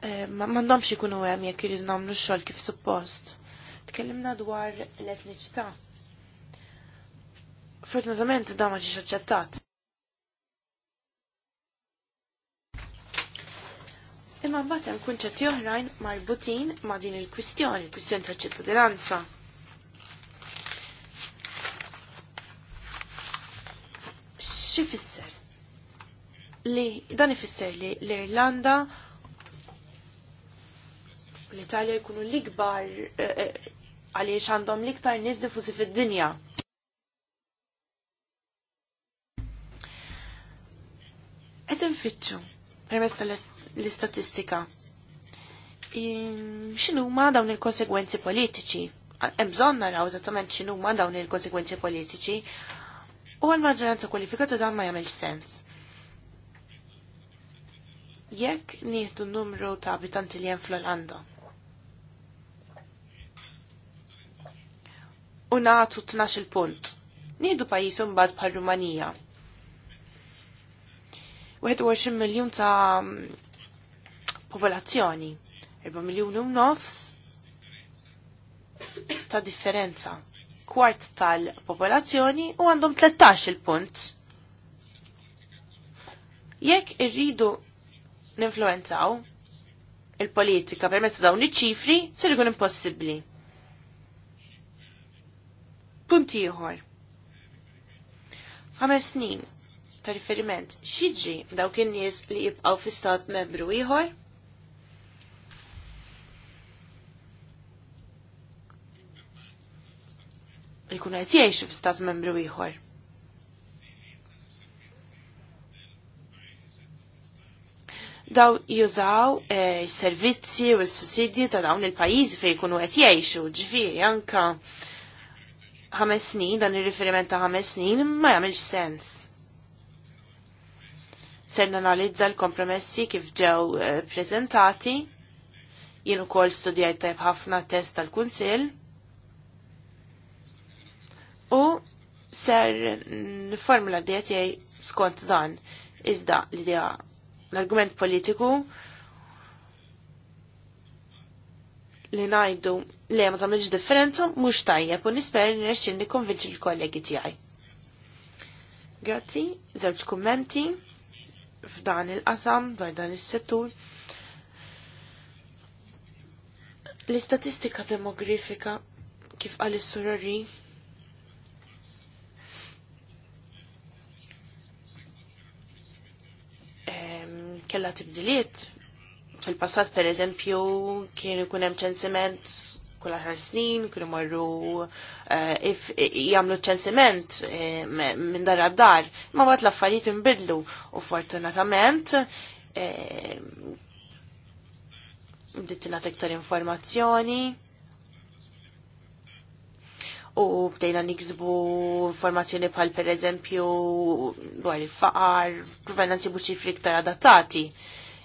Eh, m'għandhomx ikunu hemm jekk iridu nagħmlu xogħol kif suppost. Tkellimna dwar l-etniċità. Fortunatament dan ma ġiex aċċettat. Imma mbagħad hemm kunċetti oħrajn marbutin ma' din il-kwistjoni, il-kwistjoni ta' ċittadinanza. Xi fisser? Li dan ifisser li l-Irlanda l-Italja jkunu l-ikbar eh, eh, għaliex għandhom l-iktar nies diffużi fid-dinja. Qed infittxu permezz tal-istatistika x'inhuma dawn il-konsegwenzi politiċi hemm bżonn naraw eżattament x'inhuma dawn il-konsegwenzi politiċi u għall maġġoranza kwalifikata dan ma jagħmel sens. Jekk nieħdu numru ta' abitanti li hemm fl-Olanda. u nagħtu 12 punt. Nieħdu pajjiż imbagħad bħal Rumanija. 21 miljun ta' mm, popolazzjoni, 4 miljon u nofs ta' differenza. Kwart tal-popolazzjoni u għandhom 13 il-punt. Jekk irridu ninfluenzaw il-politika permezz dawn iċ-ċifri, sirgun impossibli. impossibbli. Punti jħor. Ħames snin ta' riferiment xieġi dawk in-nies li jibqgħu fi stat membru ieħor? Ikunu qed jgħixu fi stat membru ieħor. daw jużaw eh, s-servizzi u s-sussidji ta' dawn il-pajizi fej kunu qed jgħixu, ġifieri anka ħames snin, dan il referiment ta' ħames snin, ma jagħmilx sens. Ser nanalizza l-kompromessi kif ġew eh, prezentati, jien ukoll studjajt tajb ħafna test tal-Kunsill, u ser n-formula diet skont dan, iżda l-idea l-argument politiku li najdu le ma tamilx differenza mhux tajjeb u nisper nirexxin nikkonvinċi l-kollegi tiegħi. Grazzi, żewġ kummenti f'dan il-qasam dwar dan is-settur. L-istatistika demografika kif qal is-surari kella tibdiliet. Fil-passat per eżempju kien ikun hemm ċensiment kull ħar snin, kull marru eh, jagħmlu ċensiment eh, minn dar dar ma bat l-affarijiet imbidlu u fortunatament eh, bdiet tingħat iktar informazzjoni u bdejna nikzbu informazzjoni bħal per eżempju dwar il-faqar, provenanzi nsibu ċifri iktar adattati.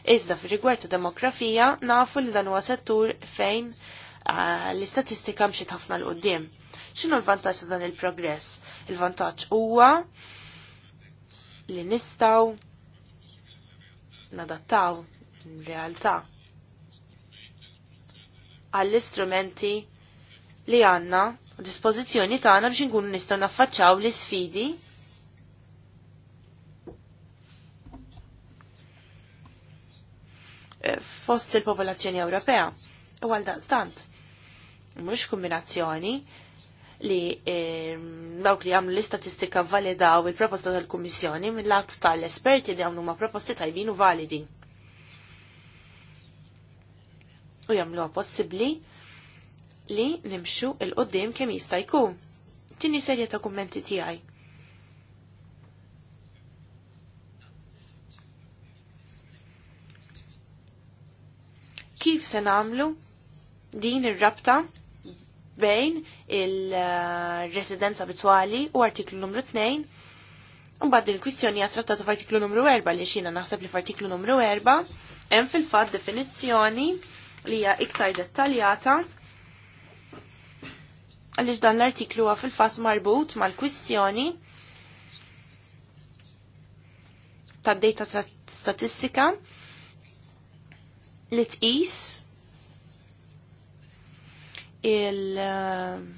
Iżda fir rigward ta' demografija nafu li dan huwa settur fejn Ah, l-istatistika mxiet ħafna l-qoddim. ċinu l-vantaċ ta' dan il-progress? Il-vantaċ huwa li nistaw nadattaw realtà għall-istrumenti li għanna dispozizjoni tagħna biex nkunu nistgħu naffaċċaw l-isfidi eh, fost il-popolazzjoni Ewropea. U għal daqstant, mux kombinazzjoni li ehm, dawk li għamlu l-istatistika validaw il-proposta tal-Kummissjoni mill-att tal-esperti li għamlu ma' proposti tajbin u validi. U jamlu possibbli li nimxu il-qoddim kemm jista' jkun. Tini serje ta' kummenti tiegħi. Kif se nagħmlu din ir-rabta bejn il-residenza abitwali u artiklu numru 2 Mbagħad il-kwistjoni hija trattata f'artiklu numru 4 li xina naħseb li f'artiklu numru 4 hemm fil-fatt definizzjoni li hija iktar dettaljata għaliex dan l-artiklu huwa fil-fatt marbut mal-kwistjoni tad-data statistika li tqis il-vot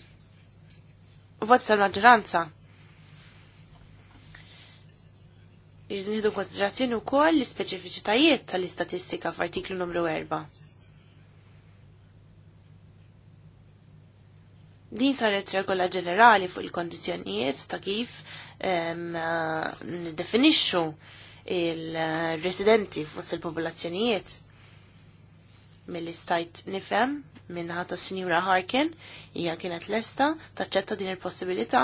eh, tal-maġġoranza. Iġdin ħidu konsiderazzjoni u koll l-speċifiċitajiet tal-istatistika f'artiklu numru 4. Din saret regola ġenerali fuq il-kondizjonijiet ta' kif eh, nidefinixxu il-residenti fost il-popolazzjonijiet mill-istajt nifem minnaħat tas Sinjura Harkin, hija kienet lesta taċċetta din il-possibilità.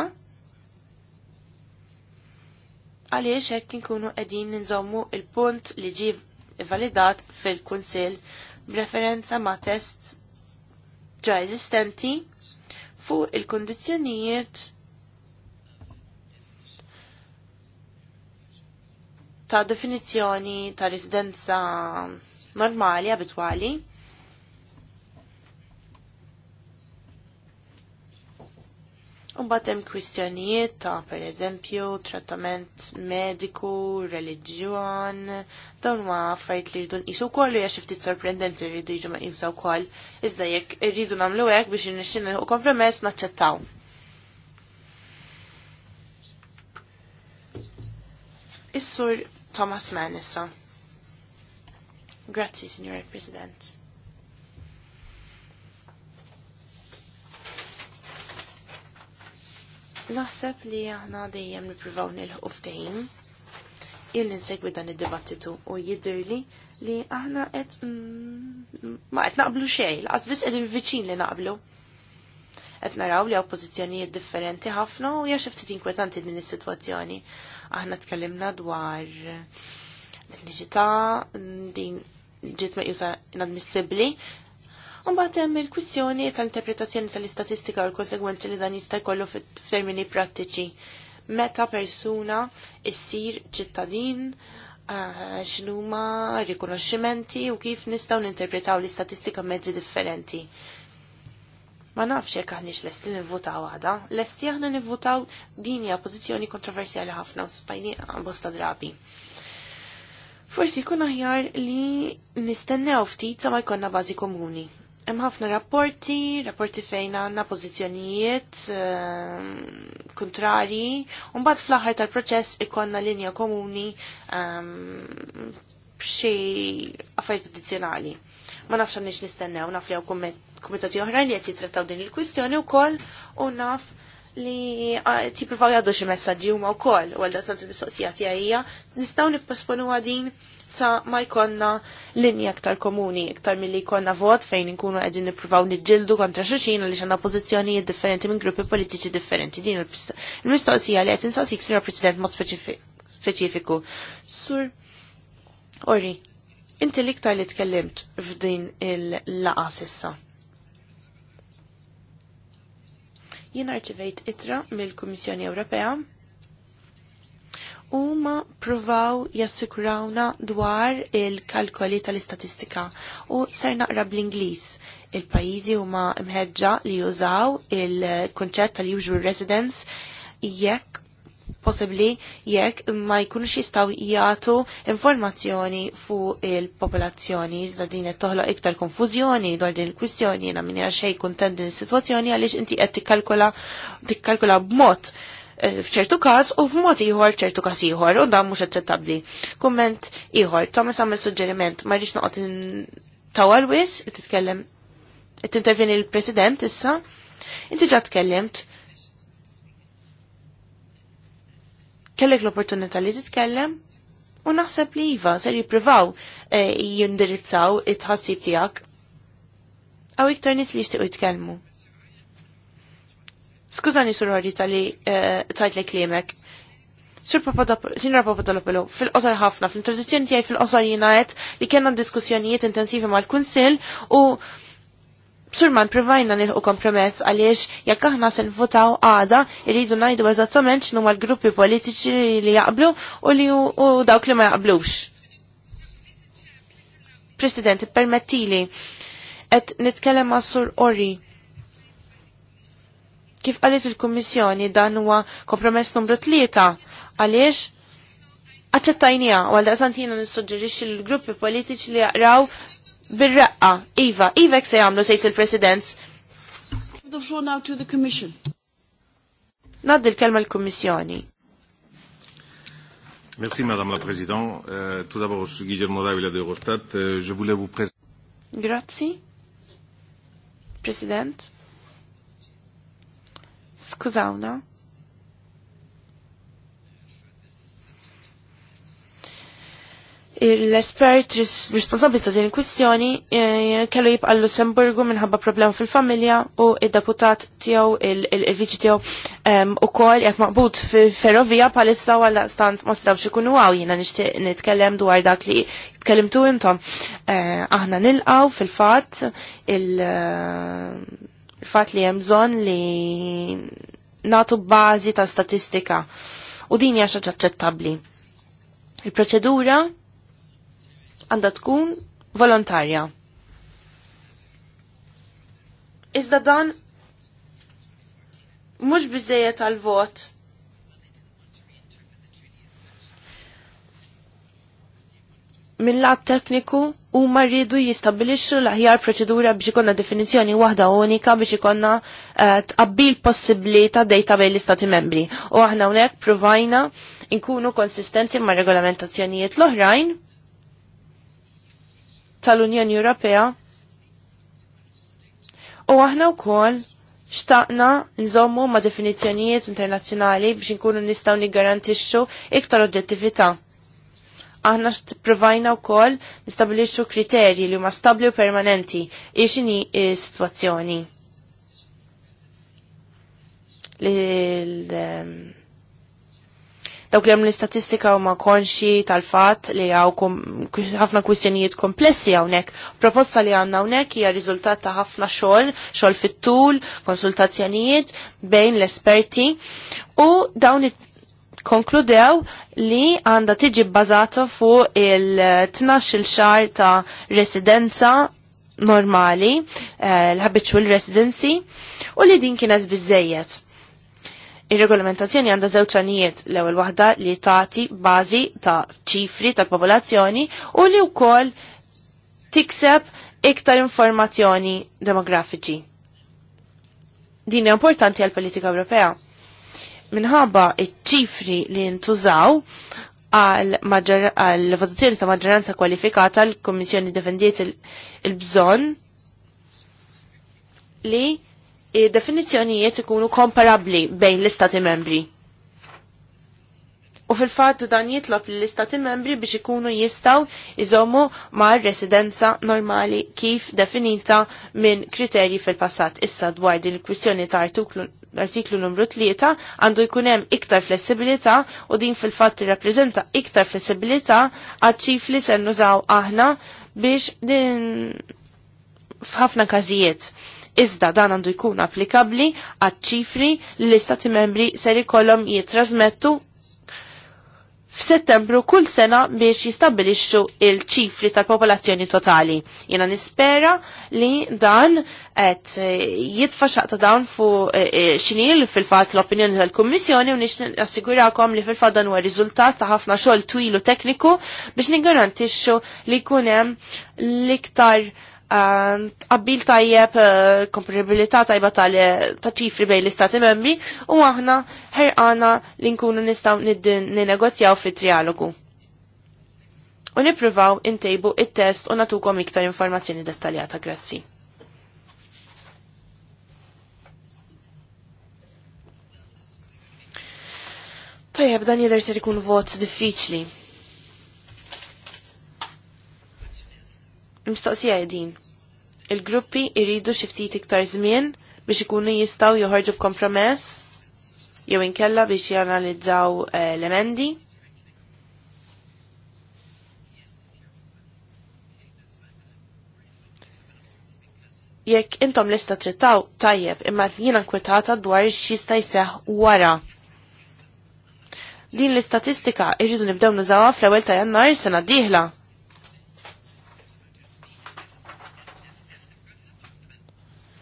Għaliex hekk inkunu qegħdin ninżommu il-punt li ġie validat fil-Kunsill b'referenza ma' test ġa eżistenti fuq il-kondizzjonijiet ta' definizjoni ta' residenza normali, abitwali, Umbat hemm kwistjonijiet ta' pereżempju trattament mediku, reliġjon, dawn ma affarijiet li rridu nqisu wkoll u hija xi ftit sorprendenti li rridu jiġu meqisa wkoll. Iżda jekk irridu nagħmlu hekk biex nixxinna u kompromess naċċettaw. Is-sur Thomas Mann issa. Grazzi, Signor President. Naħseb li aħna dejjem nippruvaw nilħu ftehim jien insegwi dan id-dibattitu u jidhirli li aħna qed mm, ma qed naqblu xejn, laqas biss qegħdin viċin li naqblu. Qed naraw li hawn pożizzjonijiet differenti ħafna u hija xi ftit inkwetanti din is-sitwazzjoni. Aħna tkellimna dwar l-liġità din ġiet meqjusa inadmissibbli Mbagħad hemm il-kwistjoni tal-interpretazzjoni tal-istatistika u l-konsegwenzi li dan jista' jkollu f'termini prattiċi. Meta persuna issir ċittadin eh, x'numa rikonoxximenti u kif nistgħu ninterpretaw l-istatistika mezzi differenti. Ma nafx jekk aħniex lesti nivvutaw għada, lesti aħna nivvutaw din hija pożizzjoni kontroversjali ħafna u spajni bosta drabi. Forsi kun aħjar li nistennew ftit sa ma jkollna bażi komuni. Hemm ħafna rapporti, rapporti fejn għandna pożizzjonijiet ehm, kontrari, u mbagħad fl-aħħar tal-proċess ikonna linja komuni ehm, b'xi affarijiet addizzjonali. Ma nafx għandix nistennew naf li hawn kumitati oħrajn li qed jitrattaw din il-kwistjoni wkoll u naf li provaw jaddu xi messaġġi huma wkoll u għalda tant il-mistoqsija tiegħija nistgħu nipposponu għadin sa ma jkollna linja aktar komuni, aktar milli jkollna vot fejn inkunu qegħdin nippruvaw niġġieldu kontra xulxin għaliex għandna pożizzjonijiet differenti minn gruppi politiċi differenti. Din il-mistoqsija li qed insaqsik sur President mod speċifiku. Sur Ori, inti l-iktar li tkellimt f'din il-laqa sissa Jien arċivejt itra mill-Kummissjoni Ewropea u ma provaw jassikurawna dwar il-kalkoli tal-istatistika u ser naqra bl-Inglis. Il-pajizi huma mħeġġa li jużaw il-konċett tal-usual residence jekk possibbli jekk ma jkunux jistgħu jagħtu informazzjoni fuq il-popolazzjoni iżda din qed iktar konfużjoni dwar din il-kwistjoni jena minn xejn kontent din is-sitwazzjoni għaliex inti qed tikkalkula tikkalkula b'mod eh, f'ċertu każ u f'mod ieħor ċertu każ ieħor u da mhux aċċettabbli. Kumment ieħor, Thomas għamel suġġeriment ma rridx noqgħod tawal wis titkellem qed intervjeni l-President issa. Inti ġa tkellimt kellek l-opportunità li titkellem u naħseb li iva ser jiprivaw eh, jindirizzaw it-ħassib tijak għaw iktar nis li jishtiqu jitkellmu. Skużani Sur tal-li eh, tajt li klimek. Sur Sinra Papadopolo, fil-qosar ħafna, fil-introduzzjoni tijaj fil-qosar jina li kena diskussjonijiet intensivi mal-Kunsil u Surman provajna nilħu kompromess għaliex jekk aħna se nvotaw għada irridu ngħidu eżattament x'nu l-gruppi politiċi li jaqblu u li u dawk li ma jaqblux. President, permettili, qed nitkellem ma' Sur Ori. Kif qalet il-Kummissjoni dan huwa kompromess numru tlieta għaliex aċċettajnija u għal daqsantina nissuġġerixxi l-gruppi politiċi li jaqraw bil-raqqa, Iva, Iva se jamlu sejt il-President. The floor now to the Commission. Naddi l-kelma l-Kommissjoni. Merci Madame la Présidente. Uh, tout d'abord, je suis Guillermo Davila de Eurostat. Uh, je voulais vous présenter. Grazie. Scusa, Skużawna. l-espert responsabli ta' din kwistjoni eh, kellu jibqa' Lussemburgu minħabba problem fil-familja u id-deputat tiegħu il-viċi tiegħu ehm, ukoll qed maqbud ferrovija palissa walla stant ma stawx ikunu għaw jiena nixtieq nitkellem dwar dak li tkellimtu intom. Eh, aħna nilqaw fil-fatt eh, il-fatt li hemm bżonn li natu bażi ta' statistika u din hija xi Il-proċedura għanda tkun volontarja. Iżda dan mhux biżejjed għal vot mill-lat tekniku u marridu jistabilixxu l-aħjar proċedura biex ikonna definizjoni waħda unika biex ikonna eh, tqabbil possibbli ta' dejta bejn l-istati membri. U aħna hawnhekk provajna nkunu konsistenti ma' regolamentazzjonijiet l-oħrajn tal-Unjoni Ewropea u aħna wkoll xtaqna nżommu ma' definizzjonijiet internazzjonali biex inkunu nistgħu niggarantixxu iktar oġġettività. Aħna provajna wkoll nistabilixxu kriterji li huma stabbli u permanenti ixini is-sitwazzjoni dawk li l-istatistika u ma konxi tal-fat li għaw ħafna kwistjonijiet komplessi għawnek. Proposta li għanna għawnek hija riżultat ta' ħafna xol, xol fit-tul, konsultazzjonijiet bejn l-esperti u dawn konkludew li għanda tiġi bbażata fuq il-12 il xar ta' residenza normali, eh, l-habitual residency, u li din kienet bizzejiet Ir-regolamentazzjoni għandha żewġ għanijiet l-ewwel waħda li tagħti bażi ta' ċifri tal-popolazzjoni u li wkoll tikseb iktar informazzjoni demografiċi. Din hija importanti għall politika Ewropea. Minħabba iċ-ċifri li ntużaw għal votazzjoni ta' maġġoranza kwalifikata l kummissjoni defendiet il-bżonn li id-definizzjonijiet ikunu komparabli bejn l-istati membri. U fil-fatt dan jitlob l-istati membri biex ikunu jistaw iżommu ma' residenza normali kif definita minn kriterji fil-passat. Issa dwar din il-kwistjoni ta' l-artiklu numru 3 għandu jkun hemm iktar flessibilità u din fil-fatt rappresenta iktar flessibilità għad-ċif li se nużaw aħna biex din f'ħafna każijiet Iżda dan għandu jkun applikabli għat-ċifri li l-istati membri seri kolom jitrasmettu f'Settembru kull sena biex jistabilixxu il-ċifri tal-popolazzjoni totali. Jena nispera li dan qed eh, jitfa xaqta dan fuq eh, eh, xinil fil-fatt l-opinjoni tal-Kummissjoni u nix assigurakom li fil fat dan huwa riżultat ta' ħafna xogħol twilu tekniku biex niggarantixxu li jkun hemm l-iktar tqabbil tajjeb eh, komparabilità tajba ta' ċifri bejn l-istati membri u aħna ħerqana li nkunu nistaw ninegozjaw fit trialogu U nippruvaw intejbu it-test u natukom iktar informazzjoni dettaljata, grazzi. Tajjeb, dan jidher se ikun vot diffiċli. mistoqsija din. Il-gruppi iridu xiftit iktar żmien biex ikunu jistaw joħorġu b'kompromess jew inkella biex janalizzaw eh, l-emendi. Jekk intom lista trittaw, tajjeb, imma jiena kwetata dwar xista' jseħ wara. Din l-istatistika irridu nibdew nużawha fl-ewwel ta' jannar sena d-dieħla.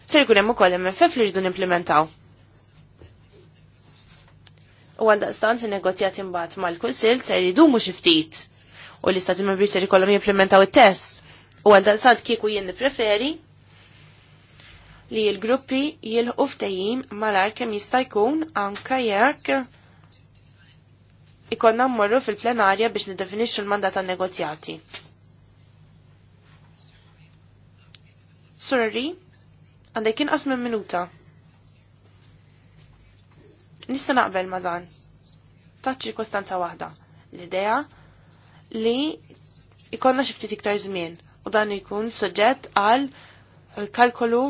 ser jkun hemm ukoll MFF li rridu nimplementaw. U għaldaqstant in-negozjati mbagħad mal-Kunsill ser jidumu xi ftit u l-Istati Membri ser jkollhom jimplementaw it-test. U għaldaqstant kieku jien nippreferi li l-gruppi jilħu ftehim malar kemm jista' jkun anke jekk ikonna mmorru fil-plenarja biex nidefinixxu l-mandat tan-negozjati. Sorry, għandek inqas minn minuta. Nista naqbel ma dan. Taċ ċirkostanza waħda. L-idea li ikonna xi ftit iktar żmien u dan jkun soġġett għal kalkolu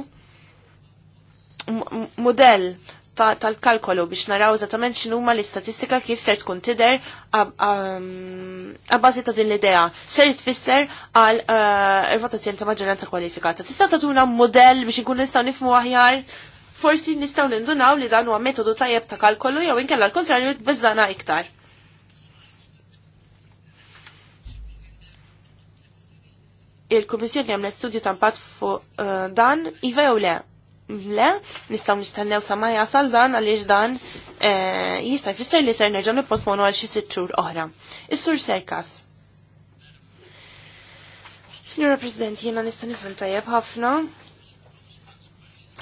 modell tal-kalkolu biex naraw eżattament x'inhuma l-istatistika kif ser tkun tidher għabbażi ta' din l-idea. Ser tfisser għal eh, votazzjoni ta' maġġoranza kwalifikata. Tista' tagħtuna modell biex inkun nistgħu nifhmu aħjar forsi nistgħu nindunaw li dan huwa metodu tajjeb ta' kalkolu jew inkella l-kontrarju tbiżana iktar. il-Kummissjoni għamlet studju tampat fuq eh, dan, iva jew le, Le, nistaw nistennew sa ma jasal dan għaliex dan eh, jista' jfisser li ser nerġa' nipposponu għal xi sitt xhur oħra. Is-sur Serkas. Signora President, jiena nista' nifhem tajjeb ħafna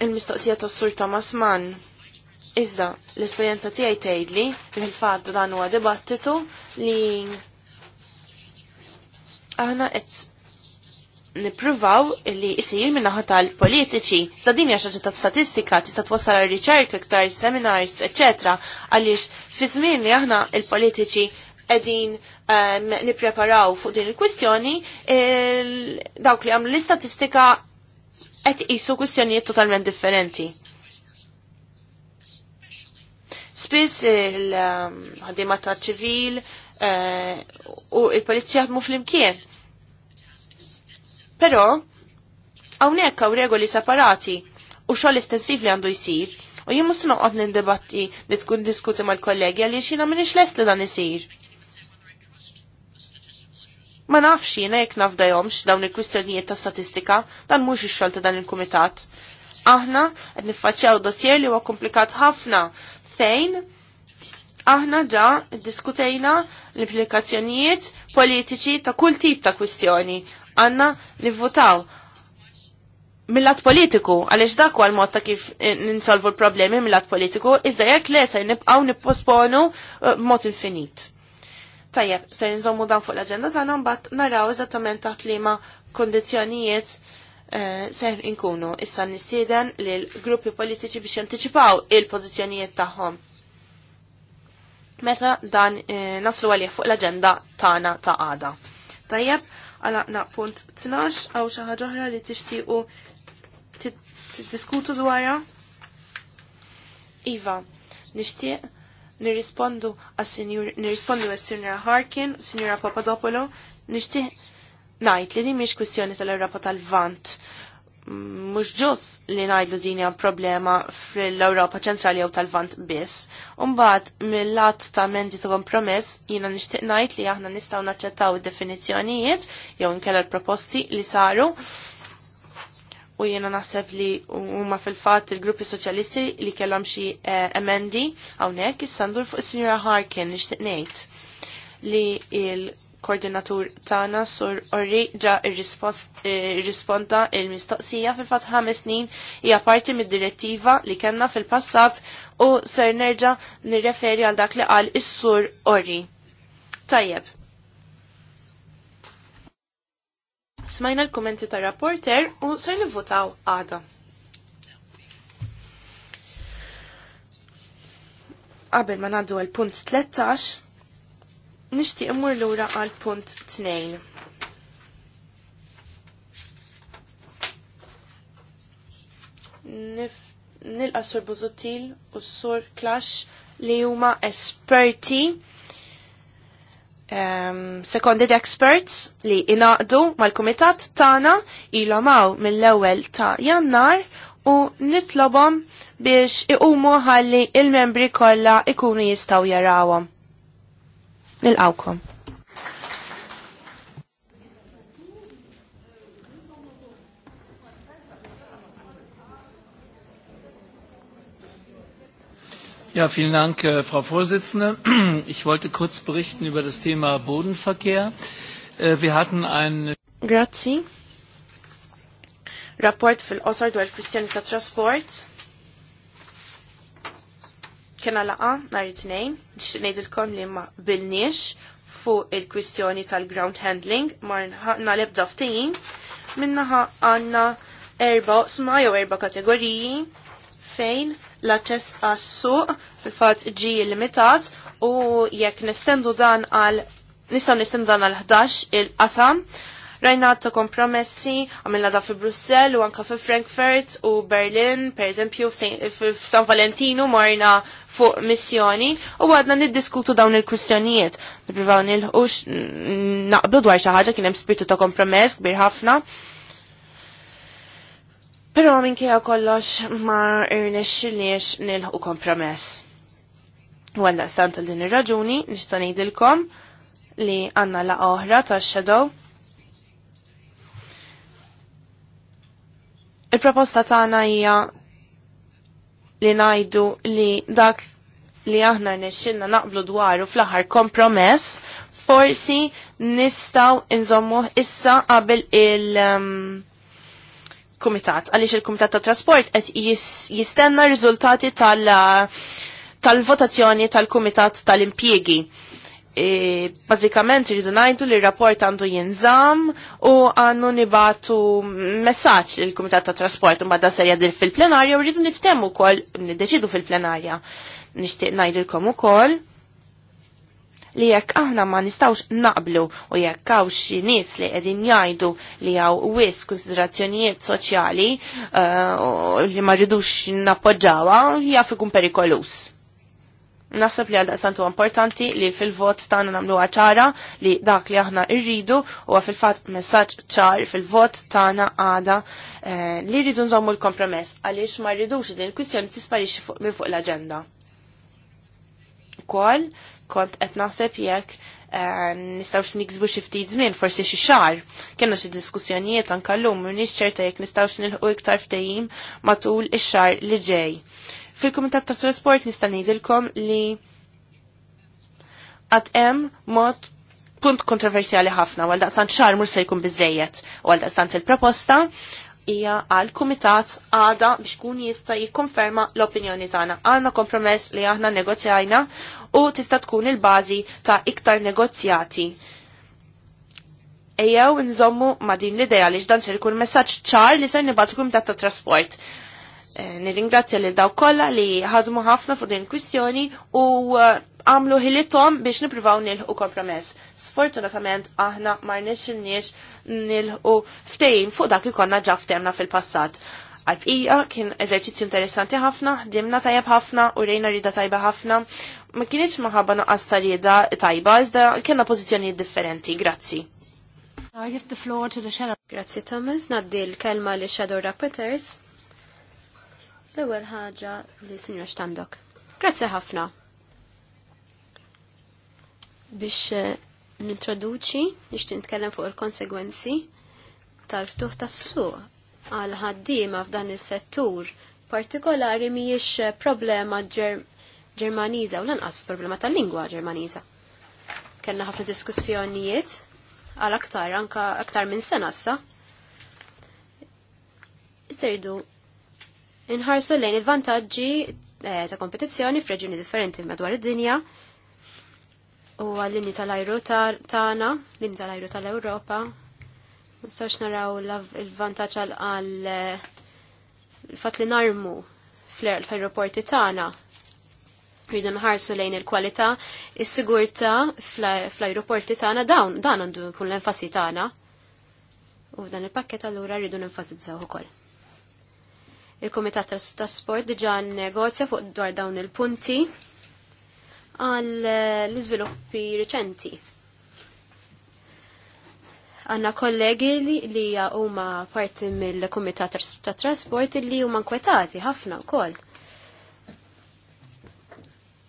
il-mistoqsija tas-sur Thomas Mann. Iżda, l-esperienza tiegħi tgħidli li fil-fatt dan huwa dibattitu li aħna qed nipruvaw li jisir minnaħa tal-politiċi. Sadin hija xaġa statistika tista' twassal għal riċerka iktar seminars, etc. għaliex fi żmien li aħna il-politiċi qegħdin ehm, nippreparaw fuq din il-kwistjoni dawk li għamlu l-istatistika qed jisu kwistjonijiet totalment differenti. Spiss il-ħaddiema ehm, ta' ċivil eh, u il-polizija jaħdmu fl-imkien Però hawnhekk hawn regoli separati u xogħol estensiv li għandu jsir u jien mhux noqgħod debatti li tkun diskuti mal-kollegi għaliex xina m'iniex lest li dan isir. Ma nafx jiena jekk jomx dawn il-kwistjonijiet ta' statistika dan mhux ix-xogħol ta' dan il-kumitat. Aħna qed niffaċċjaw dossier li huwa komplikat ħafna fejn aħna ġa diskutejna l-implikazzjonijiet politiċi ta' kull tip ta' kwistjoni għanna nivvotaw mill-lat politiku, għalix dak għal mod ta' kif ninsolvu l-problemi mill-lat politiku, iżda jekk le se nibqaw nipposponu eh, mod infinit. Tajjeb, se nżommu dan fuq l-agenda non bat naraw eżattament taħt ma kondizjonijiet eh, se inkunu. Issa nistieden l gruppi politiċi biex jantiċipaw il-pożizzjonijiet tagħhom. Meta dan eh, naslu għalih fuq l-agenda tagħna ta' għada. Tajjeb, għalaqna punt 12 għaw xi ħaġa oħra li tixtiequ tiddiskutu dwarha. Iva, nixtieq nirrispondu għas senjur nirrispondu għas-sinjura Harkin, senjura Papadopolo, nixtieq ngħid li din mhix kwistjoni tal europa tal-Vant mux ġus li najdu dini għan problema fil-Europa ċentrali jew tal-Vant biss. Umbat, mill-lat ta' mendi ta' kompromess, jina nishtiq najt li aħna nistaw naċċettaw definizjonijiet jew nkella l-proposti li saru u jiena naħseb li huma fil-fatt il-gruppi soċjalisti li kellhom xi eh, emendi hawnhekk is-sandur fuq is-Sinjura Harkin nixtieq ngħid li il- koordinatur tana sur orri ġa irrisponda il-mistoqsija fil-fat ħames snin hija parti mid-direttiva li kellna fil-passat u ser nerġa' nirreferi għal dak li qal is-sur orri. Tajjeb. Smajna l-kommenti ta' rapporter u ser nivvotaw għada. Qabel ma naddu għal punt 13, Nishtiq imur lura għal punt 2. Nilqa s-sur Buzutil u s-sur Klash li huma esperti um, seconded experts li inaqdu mal-komitat tana ilomaw mill-ewel ta' jannar u nitlobom biex iqumu ħalli il-membri kolla ikunu jistaw jarawom. Nilqawkom. Ja, vielen Dank, äh, Frau Vorsitzende. Ich wollte kurz berichten über das Thema Bodenverkehr. Äh, wir hatten ein... Grazie. Rapport für qosor dwar Transport. Kena laqa nar it-tnejn, ngħidilkom li ma bilniex fuq il-kwistjoni tal-ground handling, mar nħaqna lebda ftehim, minnaħa għanna erba sma jew erba kategoriji fejn l-aċċess għas-suq fil-fatt ġi limitat u jekk nistendu dan għal nistgħu nistendu dan għal 11 il-qasam Rajna ta' kompromessi, għamilna da' fi Brussel u anka fi Frankfurt u Berlin, per eżempju f'San Valentino morna fuq missjoni u għadna niddiskutu dawn il-kwistjonijiet. nil nilħux naqblu dwar xi ħaġa kien hemm spiritu ta' kompromess kbir ħafna. Pero minn kija kollox ma irnex liex nilħu kompromess. Għalla stant din ir-raġuni nista' ngħidilkom li għandna la' oħra tax-shadow Il-proposta tagħna hija li ngħidu li dak li aħna nixxilna naqblu dwaru fl-aħħar kompromess forsi nistaw inżommuh issa qabel il- um, kumitat, għaliex il-kumitat ta' trasport qed jistenna r riżultati tal- tal-votazzjoni tal-kumitat tal-impjiegi. E, Bazzikament irridu ngħidu li rapport għandu jinżam u għandu nibatu messaġġ il kumitat ta' Trasport u bada serja dil fil-plenarja u rridu niftemu ukoll niddeċidu fil-plenarja. Nixtieq ngħidilkom ukoll li jekk aħna ma nistawx naqblu u jekk hawn xi nies li qegħdin jgħidu li hawn wis konsiderazzjonijiet soċjali uh, li ma rridux nappoġġawha jaf ikun perikolus. Naħseb li għaldaq santu importanti li fil-vot tagħna namlu ċara li dak li aħna irridu u fil fatt messaġġ ċar fil-vot tagħna għada eh, li rridu nżommu l-kompromess għaliex ma rridux din il kwistjoni tisparixxi minn fuq l-aġenda. Kol kont qed naħseb jekk eh, nistawx nikzbu xi ftit żmien forsi xi xahar. Kienna xi diskussjonijiet anke llum m'iniex ċerta jekk nistgħux nilħu iktar ftehim matul ix-xahar li ġej. Fil-Kumitat ta' Trasport nista' ngħidilkom li għad hemm mod punt kontroversjali ħafna għal daqstant xar mur se jkun biżejjed u għal daqstant il-proposta hija għal kumitat għada biex kun jista' jikkonferma l-opinjoni tagħna. Għandna kompromess li aħna negozjajna u tista' tkun il-bażi ta' iktar negozjati. Ejjew nżommu ma' din l-idea li x'dan se jkun messaġġ ċar li se nibgħatu kumitat ta' trasport. Eh, nirringrazzja li daw kollha li ħadmu ħafna fuq din kwistjoni u eh, għamlu ħilitom biex nipruvaw nilħu kompromess. Sfortunatament aħna ma nix nilħu ftejn fuq dak li konna ġa ftemna fil-passat. Għal-bqija kien eżerċizzju interessanti ħafna, dimna tajab ħafna u rejna rida tajba ħafna. Ma kienieċ maħabba naqas ta' rida tajba, iżda kienna pozizjoni differenti. Grazzi. I give the floor to the shadow. Grazzi Thomas, naddi l-kelma li shadow rapporteurs l-ewwel ħaġa li Sinjor Xtandok. Grazzi ħafna. Biex eh, nintroduċi, nixtieq nitkellem fuq il-konsegwenzi tal-ftuħ tas-suq għal ħaddiema f'dan is-settur partikolari mhijiex eh, problema Ġermaniża u lanqas problema tal-lingwa Ġermaniża. Kenna ħafna diskussjonijiet għal aktar, anka aktar minn sena issa. Isserdu inħarsu lejn il-vantaġġi eh, ta' kompetizzjoni f'reġjuni differenti madwar id-dinja u għall-linji tal-ajru tagħna, linji tal-ajru tal-Ewropa. Nistax naraw il-vantaġġ għal eh, fatt li narmu fl-aeroporti tagħna. Rridu nħarsu lejn il-kwalità, is-sigurtà fl-aeroporti tagħna dawn dan għandu jkun l-enfasi tagħna. U dan il-pakket allura rridu nenfasizzaw ukoll. Il-Komitat tas-Sport diġa negozja fuq dwar dawn il-punti għal eh, l-iżviluppi riċenti. Għanna kollegi li huma parti mill-Komitat tat Trasport li huma nkwetati ħafna wkoll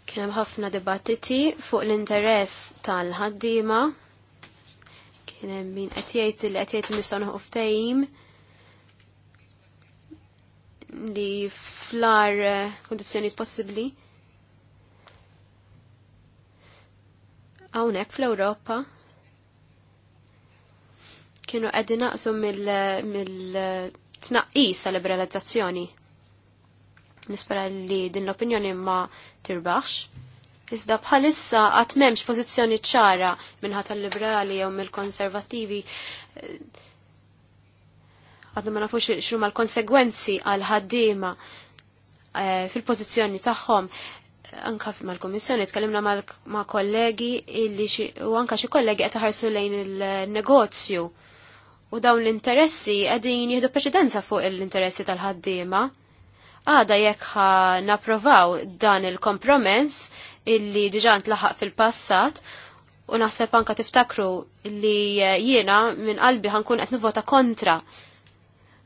kien hemm ħafna dibattiti fuq l-interess tal-ħaddiema. Kien hemm min qed jgħid li qed jgħid nistgħu noħu li flar eh, kondizjoni possibli. Hawnhekk fl-Ewropa kienu qegħdin naqsu mill-tnaqqis eh, tal-liberalizzazzjoni. Nispera li din l-opinjoni ma tirbaħx. Iżda bħalissa qatt m'hemmx pożizzjoni ċara minnħat tal-liberali jew mill-konservattivi eh, għadna ma nafux xinu ma l-konsegwenzi għal-ħaddima eh, fil-pozizjoni tagħhom anka mal-Komissjoni tkellimna ma' kollegi illi u anka xi kollegi qed lejn il-negozju u dawn l-interessi qegħdin jieħdu preċedenza fuq l-interessi tal-ħaddiema. Għada jekk ħa napprovaw dan il-kompromess illi diġà ntlaħaq fil-passat u naħseb anka tiftakru li jiena minn qalbi ħankun qed nivota kontra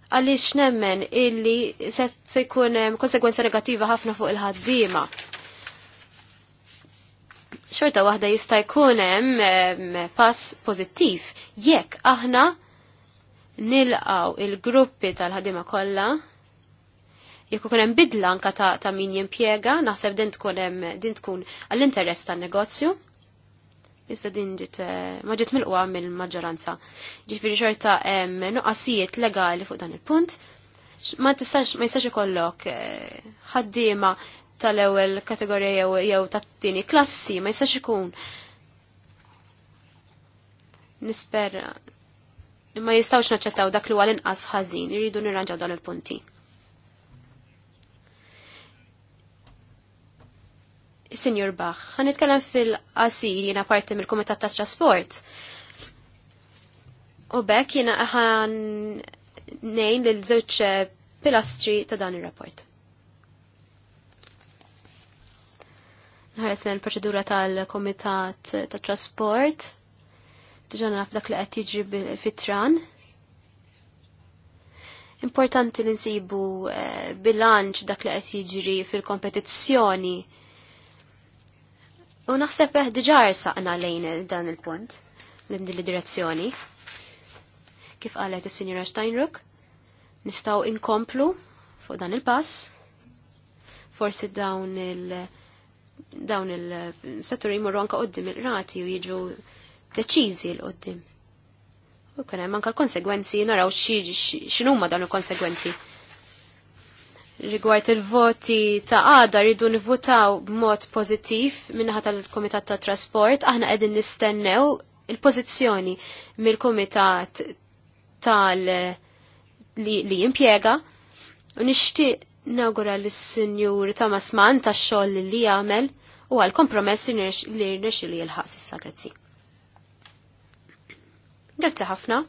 għaliex nemmen illi se jkun eh, konsegwenza negattiva ħafna fuq il ħaddima Xorta waħda jista' jkun hemm eh, pass pożittiv jekk aħna nilqaw il-gruppi tal ħaddima kollha jekk ikun hemm bidla anka ta', ta min jimpjega, naħseb din tkun eh, din tkun għall-interess tan-negozju. Iżda din ġiet eh, ma ġiet qwa mill-maġġoranza. Ġifiri xorta nuqqasijiet legali fuq dan il-punt. Ma tistax ma jistax ikollok eh, ħaddiema tal-ewwel kategorija jew tat-tieni klassi ma jistax ikun. nisper ma jistgħux naċċettaw dak li huwa l-inqas ħażin, iridu nirranġaw dan il-punti. Signor Bach, għan fil-qasir jina parti mill-Komitat ta' Trasport. U bekk jina għan nejn l-żewġ pilastri ta' dan il-rapport. Nħarresna l-proċedura tal-Komitat ta' Trasport. Diġan naf dak li qed jiġri fit-tran. Importanti li nsibu eh, bilanċ dak li qed jiġri fil-kompetizzjoni U naħseb eħ eh, diġar saqna lejn dan il-punt, lejn din direzzjoni. Kif qalet is-Sinjura Steinruck, nistgħu inkomplu fuq dan il-pass. Forsi dawn il- dawn il-setturi jmorru anka qoddim il-rati u jiġu deċiżi l-qoddim. U kien hemm anke l-konsegwenzi naraw x'inhuma dawn il-konsegwenzi rigward il-voti ta' għada rridu nivutaw b'mod pozittiv minnaħat tal-Komitat ta' Trasport, aħna qegħdin nistennew il-pożizzjoni mill-Komitat tal li, li impiega u nixtieq nawgura l-Sinjur Thomas Mann ta' xogħol li jagħmel u għal kompromess li nirxi li jilħaq sissa grazzi. Grazzi ħafna.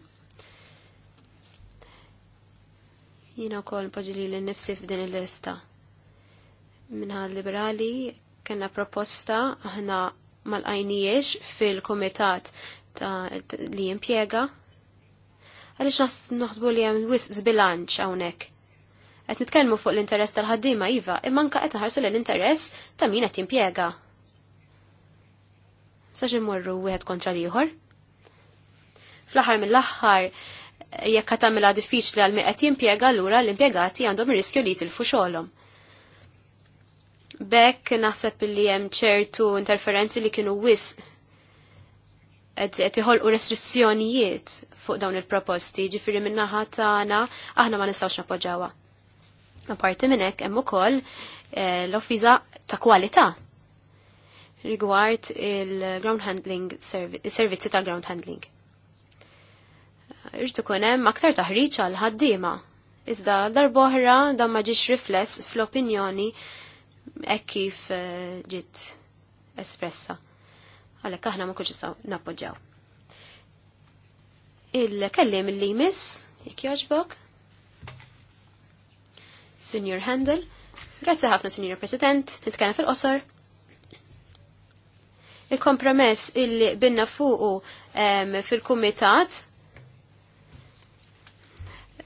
Jina kol poġili li nifsi f'din il-lista. Minna liberali kena proposta aħna mal-għajnijiex fil-komitat li jimpiega. Għalix naħsbu li jem wis zbilanċ għawnek. Għet nitkelmu fuq l-interess tal-ħaddima, Iva, ka' għet naħarsu l-interess ta' min għet jimpiega. Saġi morru għet kontra liħor. Fl-ħar mill-ħar, jekk tagħmilha diffiċli għal qed jimpjega allura l-impjegati għandhom il riskju li jitilfu xogħolhom. Bekk naħseb li hemm ċertu interferenzi li kienu wis qed iħolqu restrizzjonijiet fuq dawn il-proposti, ġifiri min-naħa tagħna aħna ma nistgħux nappoġġawha. Apparti minn hekk hemm ukoll eh, l-offiża ta' kwalità rigward il-ground handling servizzi tal-ground handling irrid ikun hemm aktar taħriġ għal ħaddiema. Iżda darboħra dan ma ġiex rifless fl-opinjoni hekk kif eh, ġiet espressa. Għalhekk aħna ma kunx nappoġġjaw. Il-kellim li jmiss, jekk jogħġbok. Senior Handel. Grazzi ħafna, Senior President, nitkellem fil-qosor. Il-kompromess li binna fuqu fil-kumitat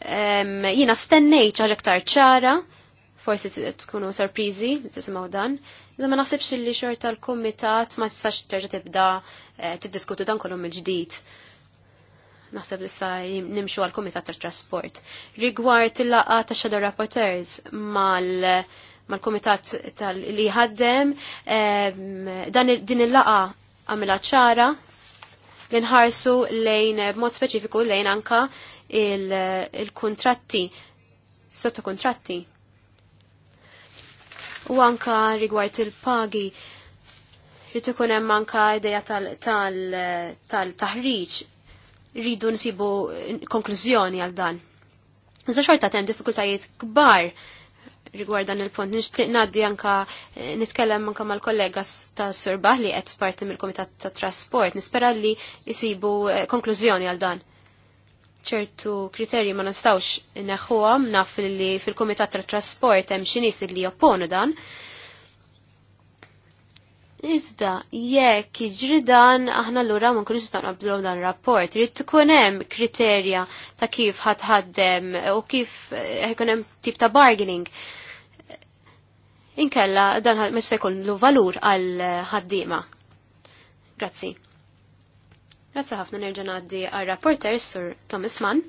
jina stennejt ċaġa ktar ċara, forsi tkunu sorprizi li tisimaw dan, iżda ma naħsibx li xorta tal komitat ma tistax terġa tibda eh, tiddiskutu dan kollu mill-ġdid. Naħseb issa nimxu għal komitat tal trasport. Rigward il-laqa ta' shadow rapporteurs mal mal-komitat tal-li ħaddem, dan din il-laqa għamela ċara li nħarsu lejn mod speċifiku lejn anka il-kontratti, il sottokontratti. U anka rigward il-pagi, rritu ikun hemm anka ideja tal-taħriġ rridu nsibu konklużjoni għal dan. Iżda xorta hemm diffikultajiet kbar rigward dan il-punt. Nixtieq ngħaddi anka eh, nitkellem anka mal-kollega ta' Sur Bahli qed parti mill-Kumitat ta' Trasport. Nispera li jsibu eh, konklużjoni għal dan ċertu kriterji ma nistawx neħuhom naf li fil-Kumitat tat-Trasport hemm xi nies li jopponu dan. Iżda, jekk jiġri dan aħna l-ura ma nkunux nistgħu naqblu dan rapport. Rid tkun hemm kriterja ta' kif ħadħaddem u kif ikun eh, hemm tip ta' bargaining. Inkella dan mhux se jkun lu valur għal ħaddiema. Grazzi. Grazzi ħafna nerġa' ngħaddi għar-rapporter Sur Thomas Mann.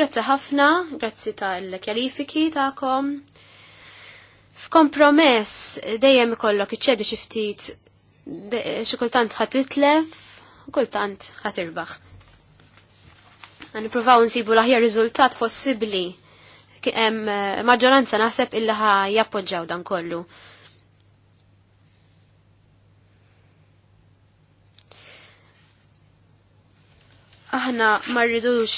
Grazzi ħafna, grazzi tal kjalifiki tagħkom. F'kompromess dejjem ikollok iċċedi xi ftit xi kultant ħadd titlef, kultant ħadd irbaħ. Nipruvaw nsibu l-aħjar riżultat possibbli maġġoranza naħseb illi ħa jappoġġaw dan kollu. aħna ma rridux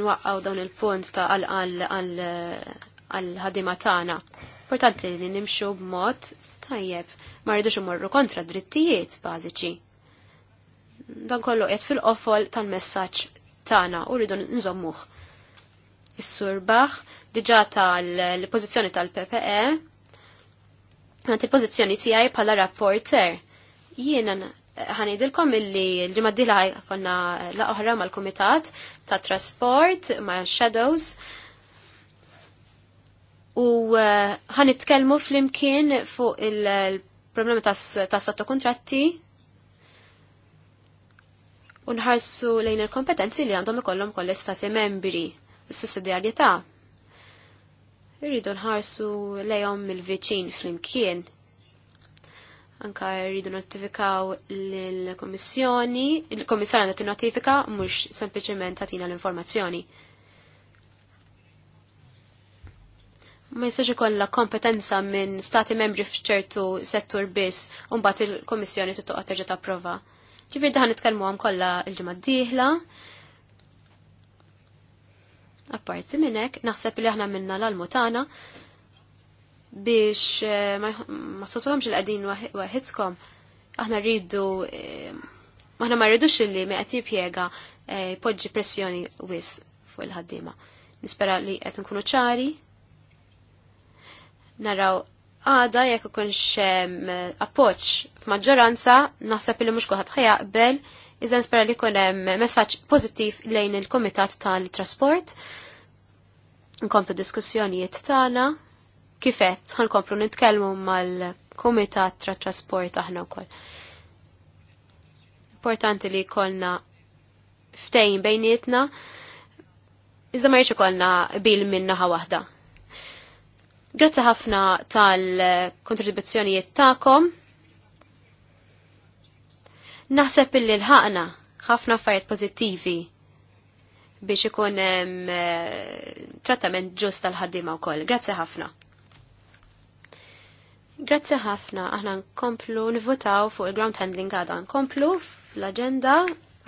nwaqqaw dawn il-punt ta' għal-ħadima tagħna. Importanti li nimxu b'mod tajjeb, ma rridux imorru kontra drittijiet bażiċi. Dan kollu qed fil-qofol tal-messaġġ tagħna u rridu nżommuh. Is-surbaħ diġà tal-pożizzjoni tal-PPE għanti pożizzjoni tiegħi bħala rapporter. Jiena ħanidilkom illi l ġimaddila konna la oħra mal-Komitat ta' Trasport ma' Shadows u eh, ħanitkelmu fl-imkien fuq il-problemi ta' sottokontratti u nħarsu lejn il-kompetenzi li għandhom ikollhom koll istati membri s-sussidjarjetà. Irridu nħarsu lejhom il-viċin fl-imkien Anka rridu notifikaw l-Komissjoni, il-Komissjoni għandha notifika mux sempliciment għatina l-informazzjoni. Ma jistax ikollha kompetenza minn stati membri f'ċertu settur biss u mbagħad il-Komissjoni tittoqgħod terġa' tapprova. Ġifieri daħan nitkellmuhom kollha l-ġimgħa d-dieħla. Apparti minn hekk, naħseb li aħna minna l-almutana biex eh, ma sosuħomx il-qadin waħidkom. Aħna rridu, eh, aħna ma rridux me għati pjega eh, poġġi pressjoni wis fuq il-ħaddima. Nispera li qed nkunu ċari. Naraw għada jekk ikunx appoġġ f'maġġoranza naħseb li mhux kulħadd bel, iżda nispera li jkun hemm messaġġ pożittiv lejn il-Kumitat tal-Trasport. Nkomplu diskussjonijiet tagħna Kifet, ħankomplu nitkellmu mal-Kumitat tra Trasport aħna wkoll. Importanti li kolna ftejn bejnietna, iżda ma kolna bil minnaħa waħda. Grazzi ħafna tal-kontribuzzjonijiet ta'kom. Naħseb illi l-ħaqna ħafna fajt pozittivi biex ikun eh, trattament ġust tal-ħaddima wkoll. Grazzi ħafna. Grazzi ħafna, aħna nkomplu nivvotaw fuq il-ground handling għada. Nkomplu fl-agenda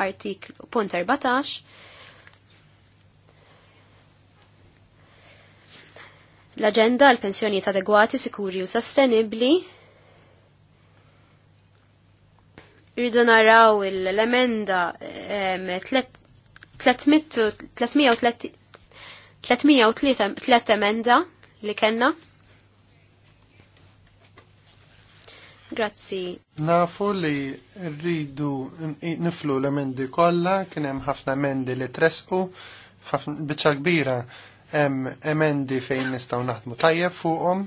artiklu punt 14 l-agenda għal pensjonijiet adegwati, sikuri u sostenibli. Rridu naraw l-emenda 303 emenda li kena. Grazzi. Nafu li rridu niflu l-emendi kollha, kien hemm ħafna emendi li tresqu, biċċa kbira hemm emendi fejn nistgħu naħdmu tajjeb fuqhom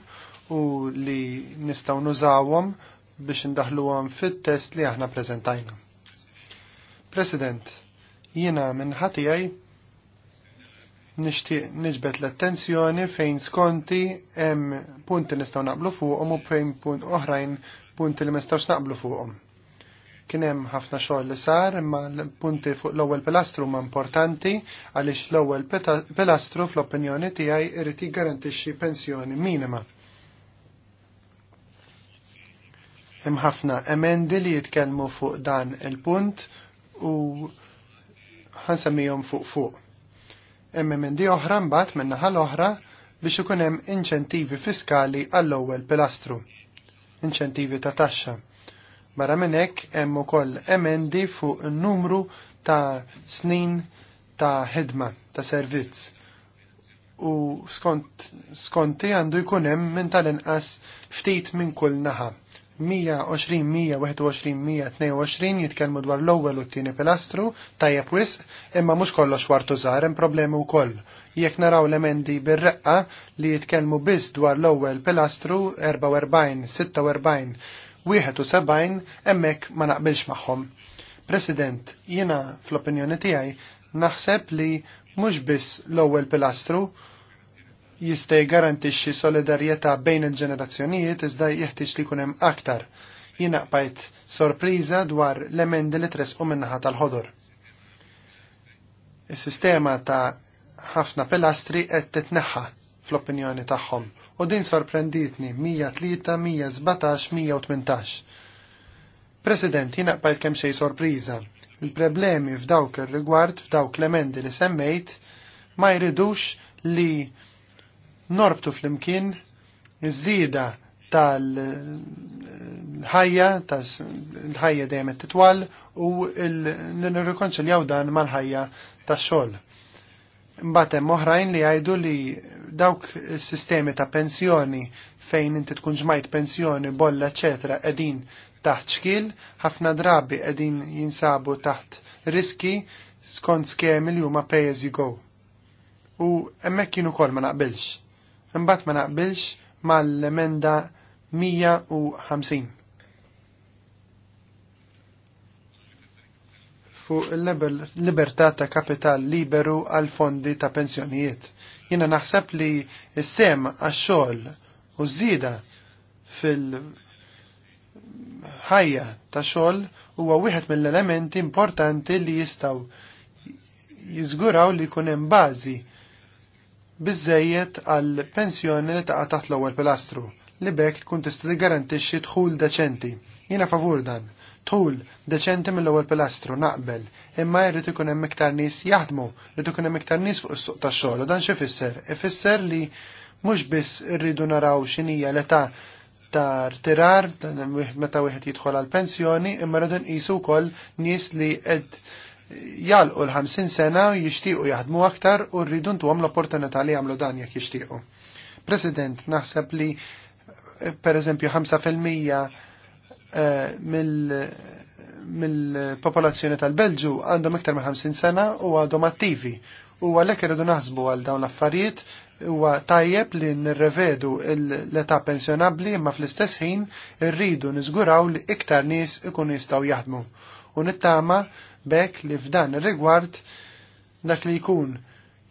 u li nistgħu nużawhom biex indaħluhom fit-test li aħna preżentajna. President, jiena minn ħatijaj nixtieq niġbet l-attenzjoni fejn skonti hemm punti nistgħu naqblu fuqhom u fejn punt oħrajn punti li mistax naqblu fuqhom. Kien hemm ħafna xogħol li sar, imma l-punti fuq l-ewwel pilastru huma importanti għaliex l-ewwel pilastru fl-opinjoni tiegħi irid jiggarantixxi pensjoni minima. Hemm ħafna emendi li jitkellmu fuq dan il-punt u ħansemmihom fuq fuq. Hemm emendi oħra mbagħad minn naħa l-oħra biex ikun hemm inċentivi fiskali għall-ewwel pilastru inċentivi ta' taxxa. Barra minn hekk hemm ukoll emendi fuq numru ta' snin ta' ħidma ta' servizz. U skont skonti għandu jkun hemm minn tal-inqas ftit minn kull naħa 120-121-122 jitkellmu dwar l-ewwel u t-tieni pilastru tajjeb wisq, imma mhux kollox wartu żgħar hemm problemi wkoll. Jekk naraw l-emendi bir-reqqa li jitkellmu biss dwar l-ewwel pilastru 44, 46, 71 hemmhekk ma naqbilx magħhom. President, jiena fl-opinjoni tiegħi naħseb li mhux biss l-ewwel pilastru jista' jgarantixxi solidarjetà bejn il-ġenerazzjonijiet iżda jeħtieġ li jkun hemm aktar. Jiena qbajt sorpriża dwar l-emendi li tresqu minnaħa tal-ħodor. Is-sistema ta' ħafna pilastri qed titneħħa fl-opinjoni tagħhom u din sorprenditni 103, 117, 118. President, jina qbajt kemm xej sorpriża. Il-problemi f'dawk ir-rigward f'dawk l-emendi li semmejt ma jridux li norbtu fl-imkien iż żieda tal-ħajja, tal-ħajja dejjem titwal u nirrikonċiljaw dan mal-ħajja tax-xogħol. Imbagħad hemm oħrajn li jgħidu li dawk is-sistemi ta' pensjoni fejn inti tkun ġmajt pensjoni, bolla, eċetera, qegħdin taħt xkil, ħafna drabi qegħdin jinsabu taħt riski skont skemi li huma pay as you go. U hemmhekk kien ukoll ma naqbilx imbagħad ma naqbilx mal-emenda 150. fuq il-libertà ta' kapital liberu għal fondi ta' pensjonijiet. Jina naħseb li s-sem għax-xogħol u zida fil-ħajja ta' xogħol huwa wieħed mill-elementi importanti li jistgħu jiżguraw li jkun hemm bażi biżejjed għal pensjoni li taqa' taħt l-ewwel pilastru li bekk tkun tista' tigarantixxi dħul deċenti. Jiena favur dan. Dħul deċenti mill-ewwel pilastru naqbel, imma jrid ikun hemm iktar nies jaħdmu, jrid ikun hemm iktar nies fuq is-suq tax-xogħol u dan x'ifisser? Ifisser li mhux biss irridu naraw x'inhija l-età ta' tirar, meta wieħed jidħol għal pensjoni, imma rridu nqisu wkoll nies li qed jalqu l-50 sena jixtiequ jaħdmu aktar u rridu ntuhom l-opportunità li jagħmlu dan jekk jixtiequ. President, naħseb li eh, per eżempju 5% eh, mill mill-popolazzjoni tal-Belġu għandhom iktar minn 50 sena u għadhom attivi. U għalhekk irridu naħsbu għal dawn l-affarijiet huwa tajjeb li nirrevedu l-età pensjonabbli imma fl-istess ħin rridu niżguraw li iktar nies ikun jistgħu jaħdmu. U nittama bekk li f'dan ir-rigward dak li jkun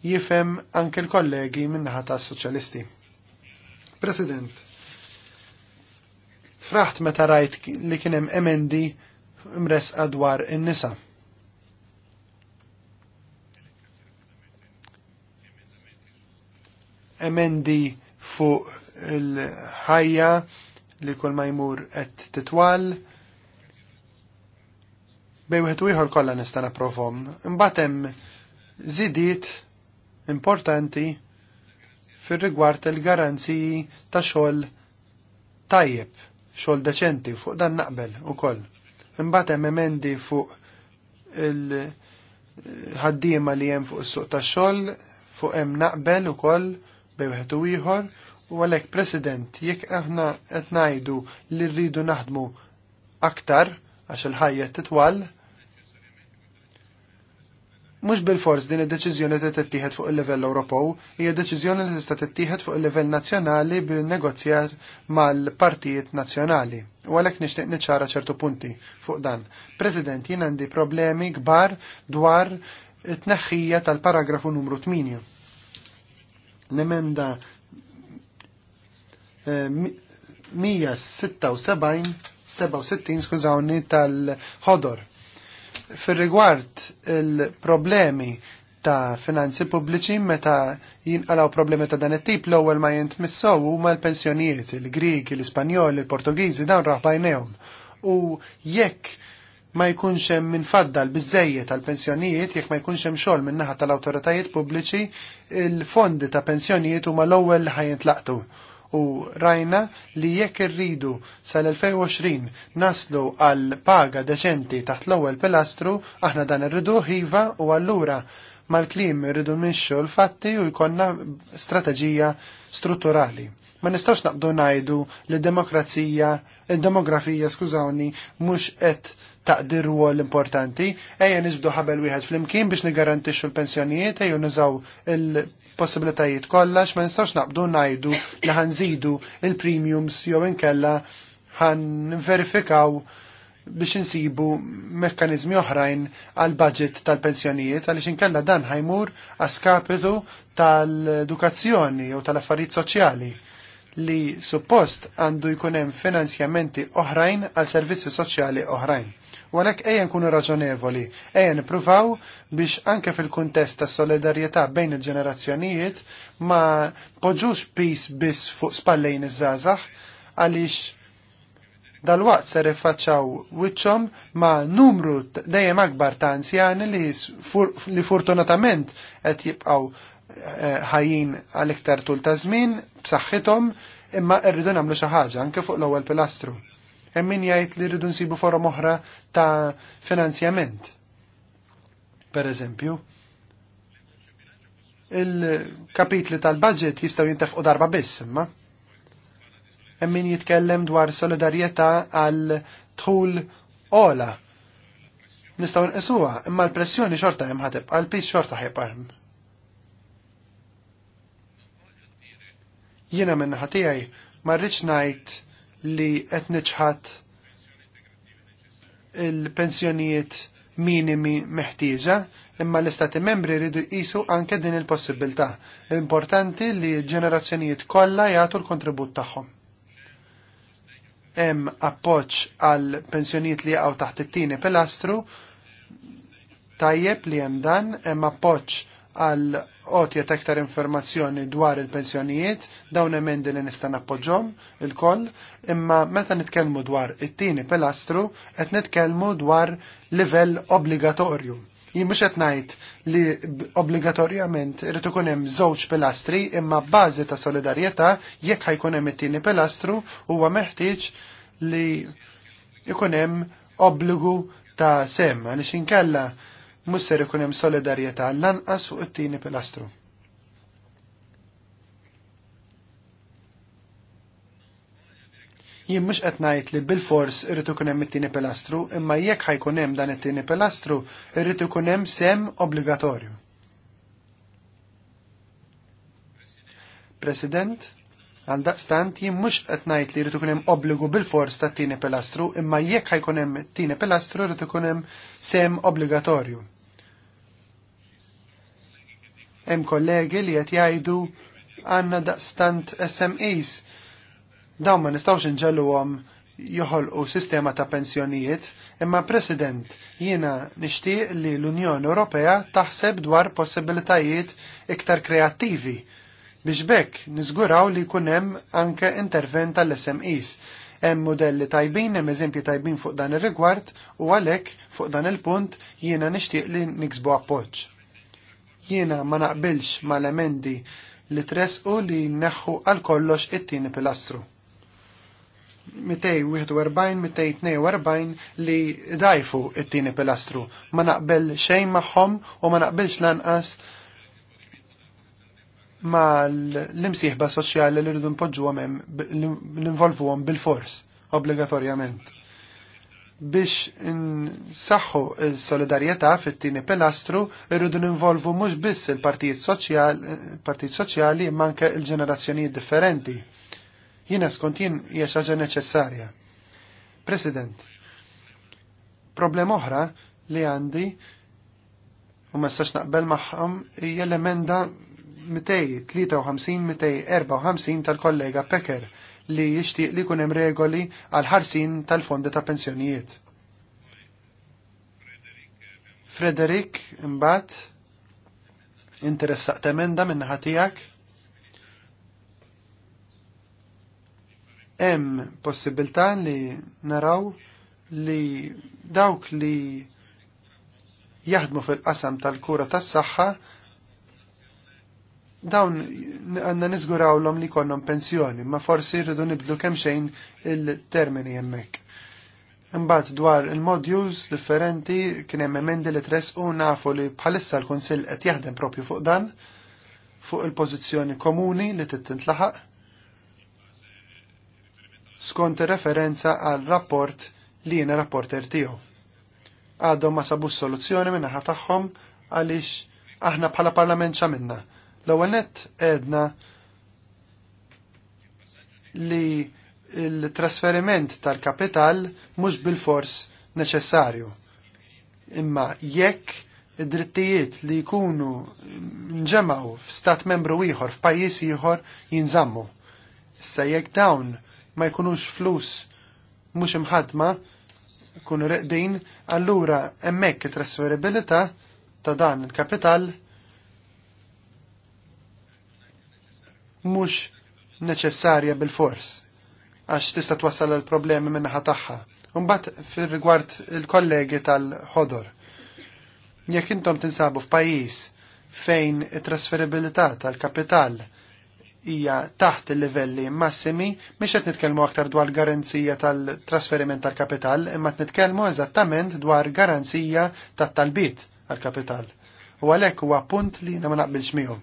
jifhem anke l-kollegi min-naħa tas-soċjalisti. President, fraħt meta rajt li kien hemm emendi imresqa dwar in-nisa. Emendi fuq il-ħajja li kol ma jmur qed titwal bej wieħed u ieħor kollha nista' naprovhom, Imbagħad hemm żidiet importanti fir-rigward il-garanziji ta' xogħol tajjeb, xogħol deċenti fuq dan naqbel ukoll. Imbagħad hemm emendi fuq il-ħaddiema li hemm fuq is-suq tax-xogħol, fuq hemm naqbel ukoll bej wieħed u ieħor, u għalhekk President, jekk aħna qed ngħidu li rridu naħdmu aktar għax il-ħajja titwal, Mhux bil-fors din id-deċiżjoni li tittieħed fuq il-livell Ewropew hija deċiżjoni li tista' tittieħed fuq il-livell nazzjonali bil negozjar mal-partijiet nazzjonali. U għalhekk nixtieq niċċara ċertu punti fuq dan. President, jien għandi problemi kbar dwar it neħħija tal-paragrafu numru 8. L-emenda 176 eh, 67 skużawni tal-ħodor Fil-rigward il-problemi ta' finanzi pubbliċi meta jinqalaw problemi ta' dan it-tip l-ewwel ma u huma l-pensjonijiet, il-Griki, l-Ispanjol, il-Portugiżi dawn raħ bajnejhom. U jekk ma jkunx hemm fadda l tal-pensjonijiet, jekk ma jkunx hemm xogħol min-naħa tal-awtoritajiet pubbliċi, il-fondi ta' pensjonijiet huma l-ewwel li ħajintlaqtu u rajna li jekk irridu sal-2020 naslu għal paga deċenti taħt l-ewwel pilastru aħna dan irridu ħiva u allura mal-klim irridu nixxu l-fatti u jkollna strateġija strutturali. Ma nistawx naqdu ngħidu li demokrazija, id-demografija, skużawni, mhux qed taqdir rwol importanti, ejja nisbdu ħabel wieħed fl-imkien biex nigarantixxu l-pensjonijiet, ejja nużaw il possibilitajiet kollha ma nistax naqbdu ngħidu li ħanżidu il-premiums jew inkella ħan verifikaw biex insibu mekkanizmi oħrajn għal budget tal-pensjonijiet għaliex inkella dan ħajmur għaskapitu tal-edukazzjoni jew tal-affarijiet soċjali li suppost għandu jkun hemm finanzjamenti oħrajn għal servizzi soċjali oħrajn. U għalhekk ejja nkunu raġonevoli, ejja nippruvaw biex anke fil-kuntest ta' solidarjetà bejn il-ġenerazzjonijiet ma poġġux pis biss fuq spallejn iż żazax għaliex dal-waqt ser iffaċċaw wiċċhom ma' numru dejjem akbar ta' anzjani li, fur li fortunatament qed jibqgħu eh, ħajjin għal iktar tul ta' żmien b'saħħithom imma rridu nagħmlu xi ħaġa anke fuq l-ewwel pilastru. Hemm min jgħid li rridu nsibu forom oħra ta' finanzjament. Per eżempju, il-kapitli tal-budget jistgħu jintefqu darba biss imma. Emmin min jitkellem dwar solidarjetà għal tħul ola. Nistgħu nqisuha, imma l-pressjoni xorta hemm ħatibqa' l-pis xorta ħibqa' hemm. Jiena minna ħatijaj ma rridx ngħid li qed niċħat il-pensjonijiet minimi meħtieġa, imma l-istati membri rridu jisu anke din il-possibilità. Importanti li ġenerazzjonijiet kollha jagħtu l-kontribut tagħhom. Hemm appoġġ għal pensjonijiet li jaqgħu taħt it-tieni pilastru, tajjeb li hemm dan, hemm appoġġ għal qotja ta' iktar informazzjoni dwar il-pensjonijiet, dawn emendi li nista' nappoġġhom il-koll, imma meta nitkellmu dwar it-tieni pilastru qed nitkellmu dwar livell obbligatorju. Jien mhux qed ngħid li obbligatorjament irid ikun hemm żewġ pilastri imma bażi ta' solidarjetà jekk ħajkun hemm it-tieni pilastru huwa meħtieġ li ikun hemm obbligu ta' sem għaliex inkella musser ser ikun hemm solidarjetà lanqas fuq it-tieni pilastru. Jien mhux qed ngħid li bil-fors irid ikun hemm it-tieni pilastru, imma jekk ħajkun hemm dan it-tieni pilastru, irid ikun hemm sem obbligatorju. President, Għaldaqstant jim jien mhux qed ngħid li jrid ikun hemm obbligu bil-fors tat-tieni pilastru, imma jekk ħajkun hemm tieni pilastru jrid ikun hemm sem obbligatorju. Hemm kollegi li qed jgħidu għandna daqstant SMEs dawn ma nistawx nġelluhom joħolqu sistema ta' pensjonijiet, imma President, jiena nixtieq li l-Unjoni Ewropea taħseb dwar possibilitajiet iktar kreattivi biex bekk niżguraw li jkun hemm anke intervent tal-SMEs. Hemm modelli tajbin, hemm eżempji tajbin fuq dan ir-rigward u għalhekk fuq dan il-punt jiena nixtieq li niksbu appoġġ. Jiena ma naqbilx mal-emendi li tresqu li neħħu għal kollox it-tieni pilastru. 241-242 li dajfu it-tieni pilastru. Ma naqbel xejn magħhom u ma naqbilx lanqas ma l-imsieħba soċjali li rridu npoġġu għamem, l-involvu għam bil-fors, obbligatorjament. Biex nsaxħu il-solidarieta fit-tini pilastru, rridu ninvolvu mux biss il-partijiet soċjali, partijiet soċjali manke il-ġenerazzjonijiet differenti. Jina skont hija xaġa neċessarja. President, problem oħra li għandi u ma naqbel magħhom hija l-emenda 253-254 tal-kollega Pecker li jixtieq li kunem regoli għal ħarsin tal-fondi ta' pensjonijiet. Frederik, imbagħad interessaqt emenda minna ħatijak. Hemm possibilità li naraw li dawk li jaħdmu fil-qasam tal-kura tas-saħħa dawn għanna l-om li konnom pensjoni, ma forsi rridu nibdlu kemxejn il-termini jemmek. Imbat dwar il-modules differenti kien hemm emendi li tres u nafu li bħalissa l-Kunsill qed jaħdem propju fuq dan, fuq il-pożizzjoni komuni li tittintlaħaq. Skont referenza għal rapport li jiena rapporter tiegħu. Għadhom ma sabu soluzzjoni min-naħa tagħhom għaliex aħna bħala parlament x'għamilna. L-ewwel nett għedna li il-trasferiment tal-kapital mhux bil-fors neċessarju. Imma jekk id-drittijiet li jkunu nġemaw f'stat membru ieħor f'pajjiż ieħor jinżammu. Issa jekk dawn ma jkunux flus mhux imħadma jkunu reqdin, allura hemmhekk it-trasferibilità ta' dan il-kapital mhux neċessarja bil-fors għax tista' twassal għal problemi minnaħa tagħha. Imbagħad fir-rigward il-kollegi tal-ħodor. Jekk intom tinsabu f'pajjiż fejn it-trasferibilità tal-kapital hija taħt il-livelli massimi, mhix qed nitkellmu aktar dwar garanzija tal-trasferiment tal-kapital, imma qed nitkellmu eżattament dwar garanzija tat-talbit għal-kapital. U għalhekk huwa punt li ma naqbilx miegħu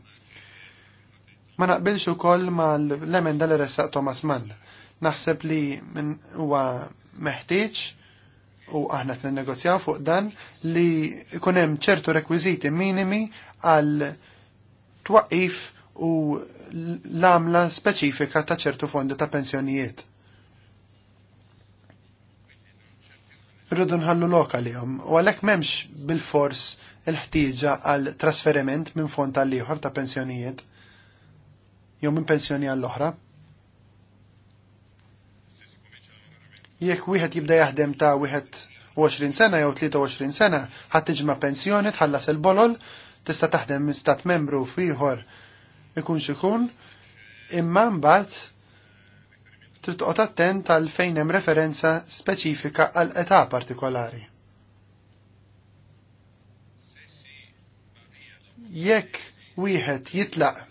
Ma naqbilx ma mal-emenda li ressaq Thomas Mann. Naħseb li minn huwa meħtieġ u aħna qed negozjaw fuq dan li jkun hemm ċertu rekwiżiti minimi għal twaqif u l-għamla speċifika ta' ċertu fondi ta' pensjonijiet. Rridu nħallu lokalihom u għalhekk m'hemmx bil-fors il-ħtieġa għal trasferiment minn fond tal-ieħor ta' pensjonijiet jew minn pensjoni għall-oħra. Jekk wieħed jibda jaħdem ta' wieħed 20 sena jew 23 sena, ħadd tiġma pensjoni, tħallas il-bolol, tista' taħdem minn stat membru fieħor ikun xikun, imma mbagħad trid attent għal fejn hemm referenza speċifika għal età partikolari. Jekk wieħed jitlaq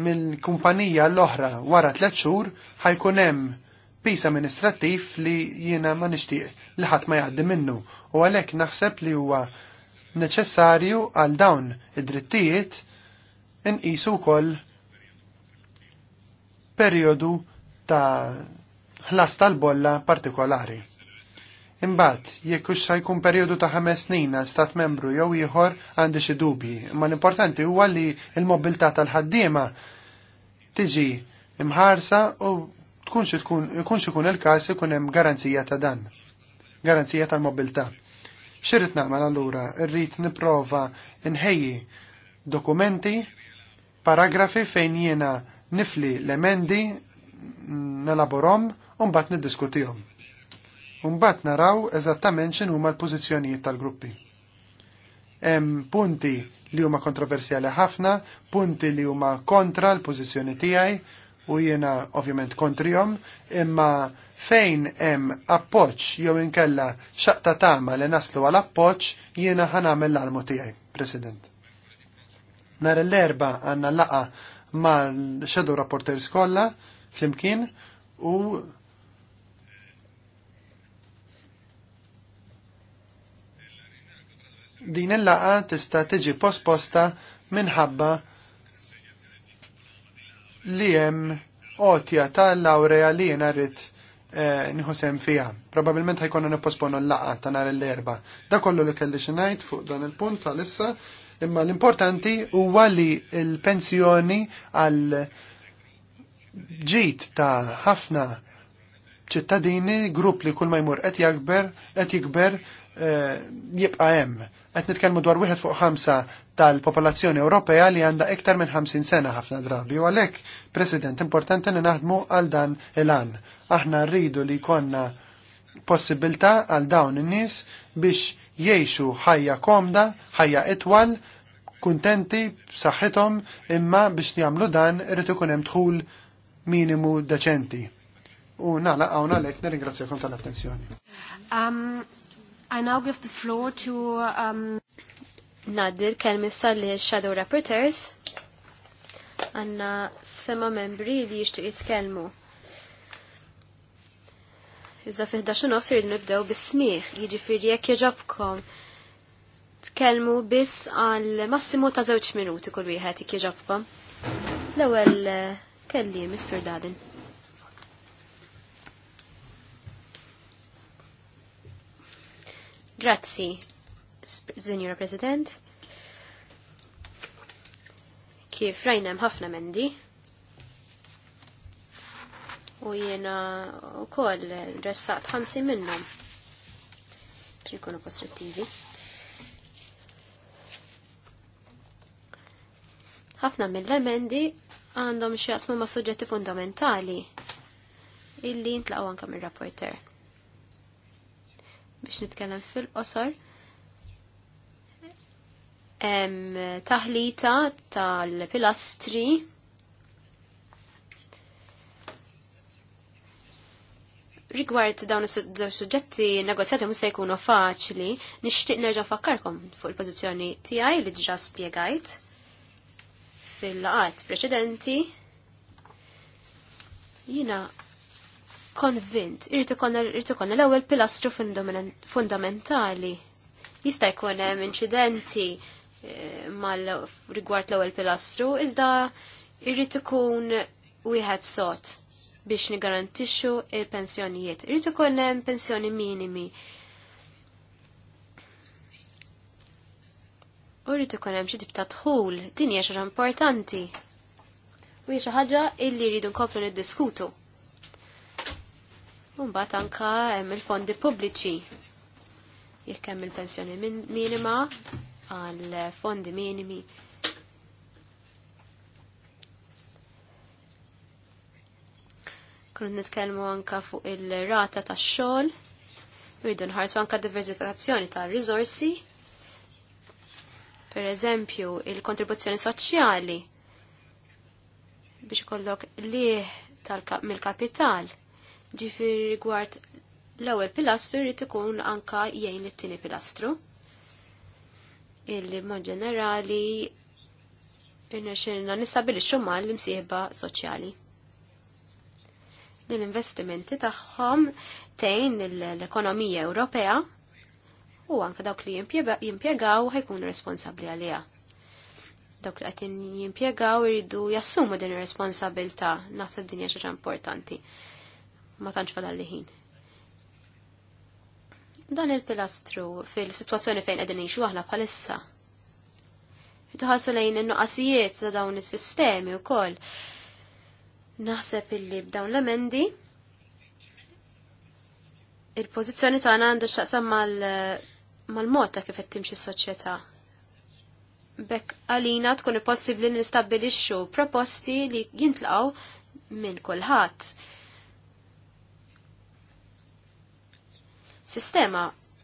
mill-kumpanija l-oħra wara tliet xhur ħajkun hemm pis amministrattiv li jiena ma nixtieq li ħadd ma jgħaddi minnu u għalhekk naħseb li huwa neċessarju għal dawn id-drittijiet inqisu wkoll perjodu ta' ħlas tal-bolla partikolari. Imbagħad, jekk hux jkun perjodu ta' ħames snin għal stat membru jew ieħor għandi xi dubji, imma l-importanti huwa li l-mobilità tal-ħaddiema tiġi imħarsa u tkunx ikun ikun il-każ ikun hemm garanzija ta' dan. Garanzija tal-mobilità. Xirrit nagħmel allura, irrid nipprova nħejji dokumenti, paragrafi fejn jiena nifli l-emendi, nelaborom, u mbagħad niddiskutihom. Umbat naraw eżattament x'in huma l-pożizzjonijiet tal-gruppi. Hemm punti li huma kontroversjali ħafna, punti li huma kontra l-pożizzjoni tiegħi u jiena ovvjament kontrihom, imma fejn hemm appoġġ jew inkella xaqta tama li naslu għal appoġġ jiena nagħmel l-almu tiegħi, President. Nar l-erba għandna laqa mal-Shadow Rapporters kollha flimkien u din il-laqa tista tiġi posposta minħabba li hemm otja tal-lawrea li jena rrit eh, nħosem fija. Probabilment ħajkonna nipposponu l-laqa ta' nhar l-erba. Da kollu li kelli xinajt fuq dan il-punt tal-issa, imma l-importanti huwa li l-pensjoni għal ġit ta' ħafna ċittadini, grupp li kull ma jmur qed jakber, qed jikber eh, jibqa' hemm Qed nitkellmu dwar wieħed fuq ħamsa tal-popolazzjoni Ewropea li għandha iktar minn 50 sena ħafna drabi u għalhekk, President, importanti li naħdmu għal dan il-għan. Aħna rridu li jkollna possibilità għal dawn in-nies biex jgħixu ħajja komda, ħajja itwal, kuntenti b'saħħithom imma biex jagħmlu dan irid ikun hemm dħul minimu deċenti. U nagħlaq hawn għalhekk nirringrazzjakom tal-attenzjoni. Um, I now give the floor to... Um... Nadir kelmissa li Shadow Rapporteurs għanna sema membri li jishtu jitkelmu. Iżda fi 11 nofs rridu nibdew bis-smieħ, jiġifieri jekk jaġobkom tkellmu biss għal massimu ta' żewġ minuti kull wieħed jekk jaġobkom. L-ewwel eh, kellim is-Sur Dadin. Grazzi, Signora President. Kif rajna ħafna mendi. U jena u koll dressat ħamsi minnom. Trikonu kostruttivi. ħafna mill-emendi għandhom xjaqsmu ma' suġġetti fundamentali illi ntlaqgħu anke mir-rapporter biex nitkellem fil-qosor taħlita tal-pilastri rigward dawn is-suġġetti negozjati mhux se jkunu faċli, nixtieq nerġa' fakkarkom fuq il-pożizzjoni tiegħi li diġà spjegajt fil-laqat preċedenti. Jina konvint, irrid ikollna l-ewwel pilastru fundamentali. Jista' jkun hemm inċidenti eh, mal rigward l-ewwel pilastru, iżda irrid ikun wieħed sot biex nigarantixxu il-pensjonijiet. Irrid ikun hemm pensjoni minimi. U rrid ikun hemm xi tip ta' din hija xi importanti. U hija xi ħaġa illi rridu nkomplu niddiskutu. Mbagħad anka hemm il-fondi pubbliċi. Jekk hemm il-pensjoni minima għal fondi minimi. Kun nitkellmu anka fuq il-rata tax-xogħol, rridu nħarsu anka diversifikazzjoni ta' risorsi per eżempju, il-kontribuzzjoni soċjali biex ikollok liħ mill-kapital ġifir rigward l-ewwel pilastru jrid ikun anka jgħin it-tieni pilastru. Illi mod ġenerali irnexxilna nistabilixxu mal l-imsieħba soċjali. L-investimenti tagħhom tgħin l-ekonomija Ewropea u anke dawk li jimpjegaw ħajkunu responsabbli għaliha dawk li qed jimpjegaw iridu jassumu din ir-responsabilità naħseb din hija xi importanti ma tantx fadalli ħin. Dan il-pilastru fil-sitwazzjoni fejn qegħdin ngħixu aħna bħalissa. Tħassu lejn in-nuqqasijiet ta' dawn is-sistemi wkoll. Naħseb illi b'dawn l-emendi il-pożizzjoni tagħna għandha x'taqsam mal-mod ta' kif qed timxi s-soċjetà. Bekk għalina tkun possibbli nistabbilixxu proposti li jintlaqgħu minn kulħadd Sistema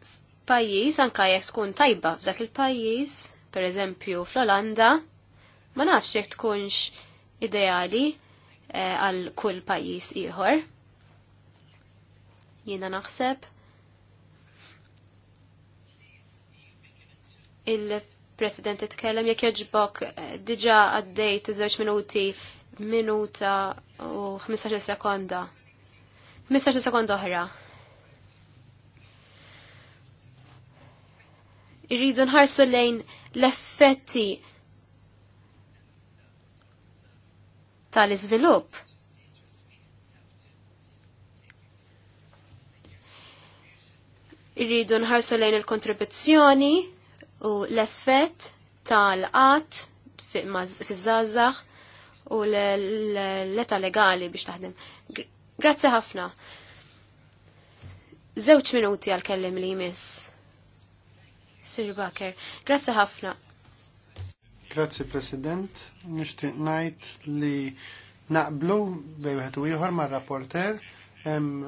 f'pajjiż anka jekk tkun tajba f'dak il-pajjiż, pereżempju fl-Olanda, ma nafx jekk tkunx ideali eh, għal eh, kull pajjiż ieħor. Jiena naħseb il-President itkellem jekk joġbok eh, diġà għaddejt żewġ minuti minuta u 15 sekonda. 15 sekonda oħra. irridu nħarsu lejn l-effetti tal-iżvilupp. Irridu nħarsu lejn il-kontribuzzjoni u l-effett tal-qat fiż zazax u l-leta legali biex taħdem. Grazzi ħafna. Zewċ minuti għal-kellim li jmiss. Sir Baker. Grazzi ħafna. Grazzi President. Nixtieq ngħid li naqblu bej wieħed u ieħor mar-rapporter hemm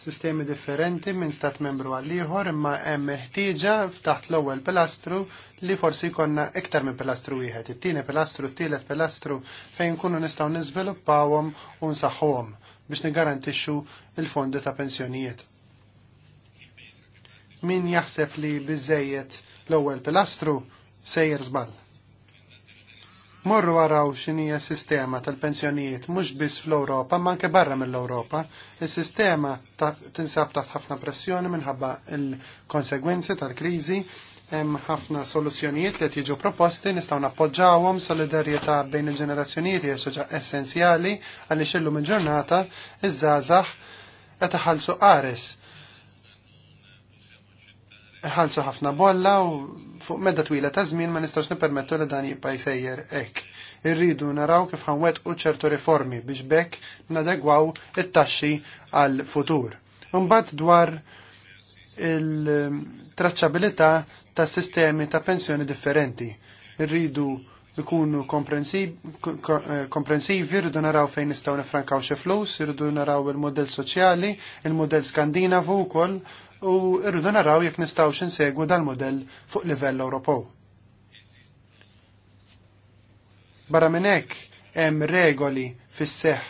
sistemi differenti minn stat membru għal ieħor imma hemm ħtieġa taħt l-ewwel pilastru li forsi jkollna iktar minn pilastru wieħed. It-tieni pilastru, t-tielet pilastru fejn kunu nistgħu niżviluppawhom u nsaħħuhom biex nigarantixxu il-fondi ta' pensjonijiet min jaħseb li bizzejiet l-ewwel pilastru sejjer żball. Morru għaraw x'inhija sistema tal-pensjonijiet mhux biss fl-Ewropa ma anke barra mill-Ewropa, is-sistema tinsab taħt ħafna pressjoni minħabba il konsegwenzi tal-kriżi, hemm ħafna soluzzjonijiet li jiġu proposti nistgħu nappoġġawhom solidarjetà bejn il-ġenerazzjonijiet hija xi essenzjali għaliex illum il-ġurnata iż-żgħażagħ qed iħallsu qares ħalsu ħafna bolla u fuq medda twila ta' żmien ma nistax nippermettu li dan jibqa' jsejjer hekk. Irridu naraw kif u ċertu riformi biex bekk nadegwaw it-taxxi għal futur. Imbagħad dwar il-traċċabilità ta' sistemi ta' pensjoni differenti. Irridu ikunu eh, komprensivi, rridu naraw fejn nistgħu nifrankaw xi flus, irridu naraw il-modell soċjali, il-modell skandinavu wkoll u rridu naraw jekk nistgħux insegwu dal-modell fuq livell Ewropew. Barra minn hekk hemm regoli fis-seħħ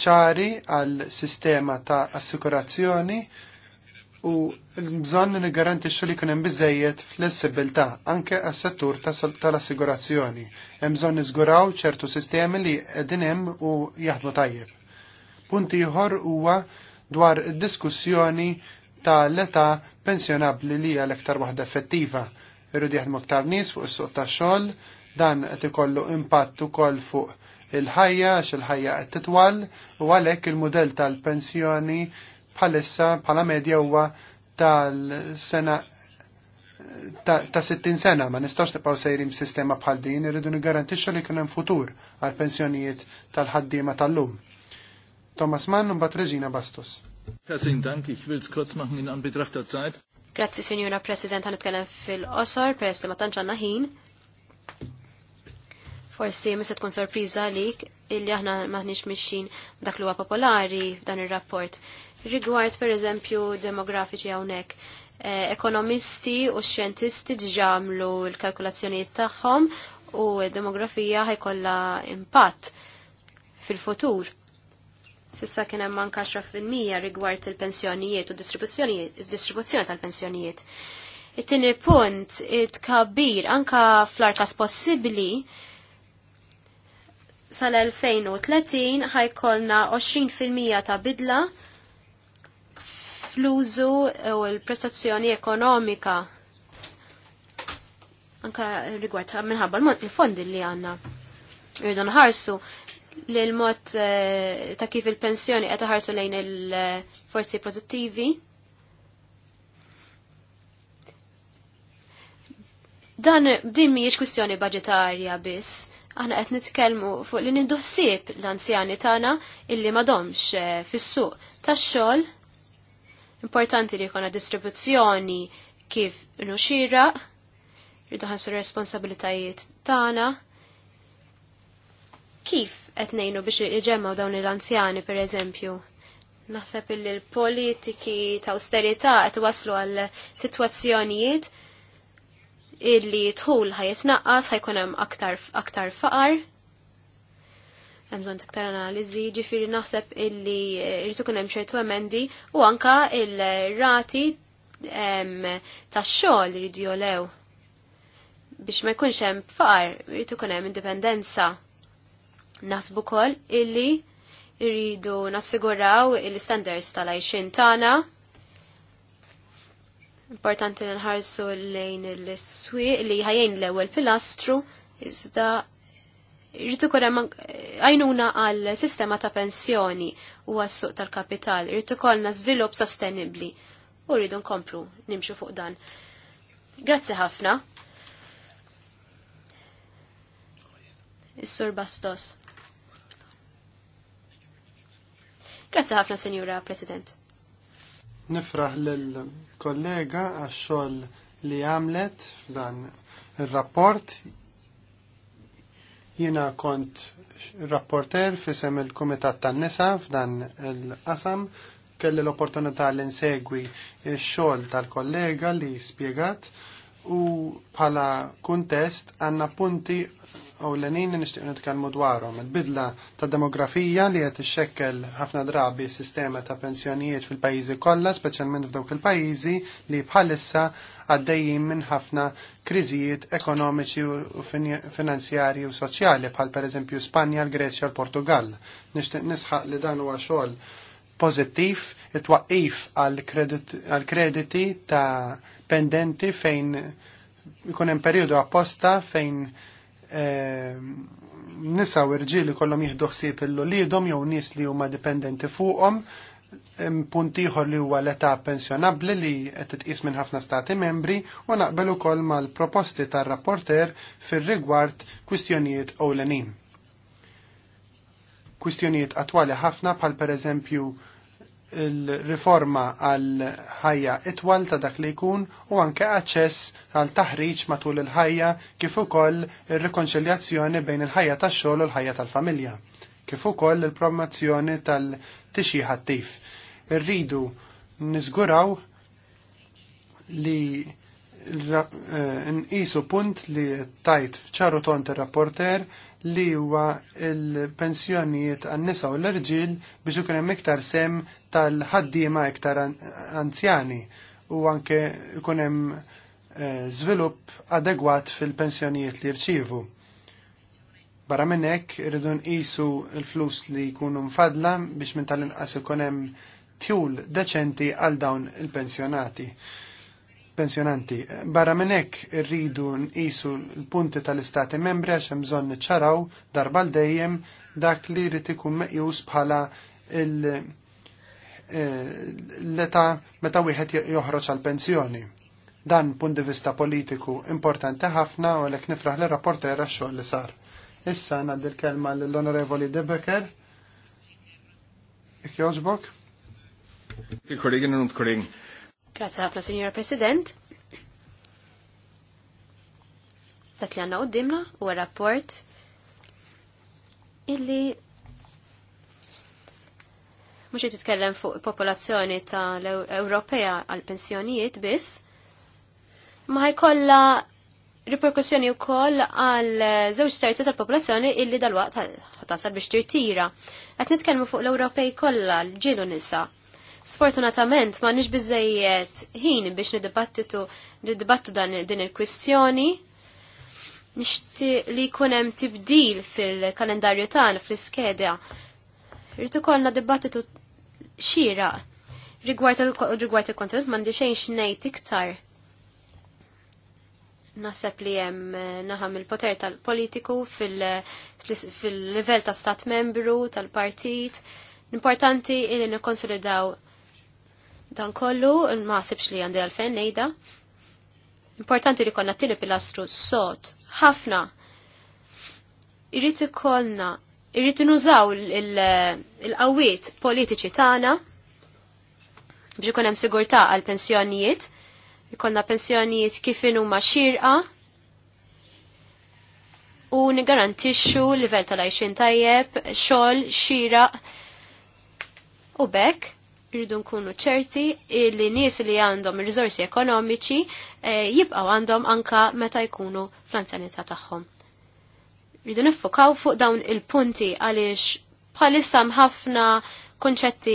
ċari għal sistema ta' assikurazzjoni u bżonn niggarantixxu li jkun hemm biżejjed flessibilità anke għas-settur tal-assigurazzjoni. Hemm bżonn niżguraw ċertu sistemi li qegħdin hemm u jaħdmu tajjeb. Punti ieħor huwa dwar id diskussjoni ta' l-età pensjonabli li hija l wahda waħda effettiva. Irrid jaħdmu aktar nies fuq is-suq tax-xogħol, dan qed ikollu impatt ukoll fuq il-ħajja għax il-ħajja qed titwal u għalhekk il-mudell tal-pensjoni bħalissa bħala medja huwa tal-sena ta', 60 sena ma nistax nibqgħu sejrim sistema bħal din irridu nigarantixxu li kien hemm futur għal pensjonijiet tal-ħaddiema tal-lum. Thomas Mann u Reġina Bastos. Herzlichen Dank, ich will es kurz machen in Anbetracht der Zeit. Grazzi, Signora President, Hanet kellem fil-qosor, peress li ma tanċanna ħin. Forsi mis tkun sorpriża lik illi aħna maħniex mixin dak li huwa popolari f'dan ir-rapport. Rigward per eżempju demografiċi hawnhekk. Eh, ekonomisti u xjentisti ġamlu l-kalkulazzjonijiet tagħhom u d demografija ħajkollha impatt fil-futur Sissa kien hemm anke mija rigward il-pensjonijiet u distribuzzjoni tal-pensjonijiet. It-tieni punt it kabir anka fl-arkas possibbli sal-2030 ħajkolna 20% ta' bidla fl-użu u l-prestazzjoni ekonomika anka rigward minħabba l fondi li għanna. Irridu nħarsu li l-mod eh, ta' kif il-pensjoni qed ħarsu lejn il-forsi produttivi. Dan din mhijiex kwistjoni budgetarja biss, aħna qed nitkellmu fuq li nindu ħsieb l-anzjani tagħna illi m'għadhomx eh, fis-suq tax-xogħol. Importanti li jkollna distribuzzjoni kif nuxira, rridu ħansu responsabilitajiet tagħna. Kif qed ngħinu biex iġemmaw dawn il-anzjani pereżempju. Naħseb illi l-politiki ta' austerita qed waslu għal sitwazzjonijiet illi tħul ħajitnaqqas ħajkun hemm aktar aktar faqar. Hemm bżonn aktar analiżi, ġifieri naħseb illi rritu ikun hemm ċertu emendi u anka il-rati tax-xogħol jridu jolew biex ma jkunx hemm faqar, jrid ikun hemm indipendenza. Nasbu kol illi irridu nassiguraw il-standards tal-għajxin tagħna. Importanti nħarsu lejn l swi li ħajjin l-ewwel pilastru iżda irridu kol għajnuna għal sistema ta' pensjoni u għas-suq tal-kapital. Irridu kolna żvilupp sostenibbli u rridu nkomplu nimxu fuq dan. Grazzi ħafna. Is-Sur Bastos. Grazie ħafna, Senjura President. Nifraħ l-kollega għax-xogħol li għamlet f'dan il-rapport. Jiena kont rapporter fisem il-Kumitat tan-Nisa f'dan il-qasam kelli l-opportunità li nsegwi x-xogħol tal-kollega li spjegat u bħala kuntest għandna punti ewlenin li nixtieq nitkellmu dwarhom. Il-bidla ta' demografija li qed ixxekkel ħafna drabi sistema ta' pensjonijiet fil-pajjiżi kollha, speċjalment f'dawk il-pajjiżi li bħalissa għaddejjin minn ħafna kriżijiet ekonomiċi u finanzjarji u soċjali bħal pereżempju Spanja, l-Greċja u l-Portugal. Nixtieq nisħaq li dan huwa xogħol pożittiv, it-twaqqif għal-krediti ta' pendenti fejn ikun hemm perjodu apposta fejn Eh, nisa u rġili kollom jihdu ħsieb il-lulidom jew nies li huma dipendenti fuqhom punt ieħor li huwa l-età pensjonabbli li qed titqis minn ħafna stati membri u naqbel ukoll mal-proposti tar-rapporter fir-rigward kwistjonijiet ewlenin. Kwistjonijiet attwali ħafna bħal pereżempju il-riforma għal ħajja itwal ta' dak li jkun u anke aċċess għal taħriġ matul il-ħajja kif ukoll ir-rikonċiljazzjoni bejn il-ħajja tax-xogħol u l-ħajja tal-familja, kif ukoll il-promozzjoni tal-tixi ħattif. Irridu niżguraw li eh, nqisu punt li tajt ċaru tont ir-rapporter li huwa il-pensjonijiet għan-nisa u l-irġiel biex ikun hemm iktar sem tal-ħaddiema iktar anzjani u anke ikun hemm eh, żvilupp adegwat fil-pensjonijiet li jirċievu. Barra minn hekk irridu nqisu l-flus li jkunu mfadla biex minn tal-inqas ikun hemm tjul deċenti għal dawn il-pensjonati. il pensjonati pensjonanti. Barra minn hekk irridu nqisu l-punti tal-istati membri għax hemm bżonn niċċaraw darba l dejjem dak li jrid ikun meqjus bħala eh, l-età meta wieħed joħroġ għal pensjoni. Dan punt di vista politiku importanti ħafna u għalhekk nifraħ l rapportera x-xogħol li sar. Issa ngħaddi il kelma l-Onorevoli Becker. Ik joġbok? Kollegin und kollegin. Grazie ħafna, Signora President. Dak li għanna dimna u rapport illi mux jitkellem fuq popolazzjoni ta' l-Ewropea għal-pensjonijiet biss, ma ħajkolla riperkussjoni u koll għal zewġ terzi tal-popolazzjoni illi dal-waqt tasal biex tirtira. Għet nitkellmu fuq l-Ewropej kollha l-ġilu nisa' Sfortunatament ma nix bizzejiet ħin biex nidibattitu nidibattu dan din il-kwistjoni. Nixti li kunem tibdil fil-kalendarju tagħna fl-iskeda. Rritu kollna dibattitu xira rigward il-kontenut mandi xejn xnejt iktar. Naseb li jem eh, naħam il-poter tal-politiku fil-level ta' stat membru, tal-partit. L-importanti li nikkonsolidaw Dan kollu ma sibx li għandi għalfejn nejda. Importanti li konna tili pilastru sot. ħafna. Irriti ikollna. Irriti nużaw il-qawwiet politiċi tagħna biex ikun hemm sigurtà għal pensjonijiet. Ikollna pensjonijiet kif huma xirqa u nigarantixxu livell tal-għajxin tajjeb, xogħol, xira u bekk rridu nkunu ċerti li nies li għandhom rizorsi ekonomiċi eh, jibqgħu għandhom anka meta jkunu fl-anzjanità tagħhom. Rridu niffokaw fuq dawn il-punti għaliex bħalissa mħafna konċetti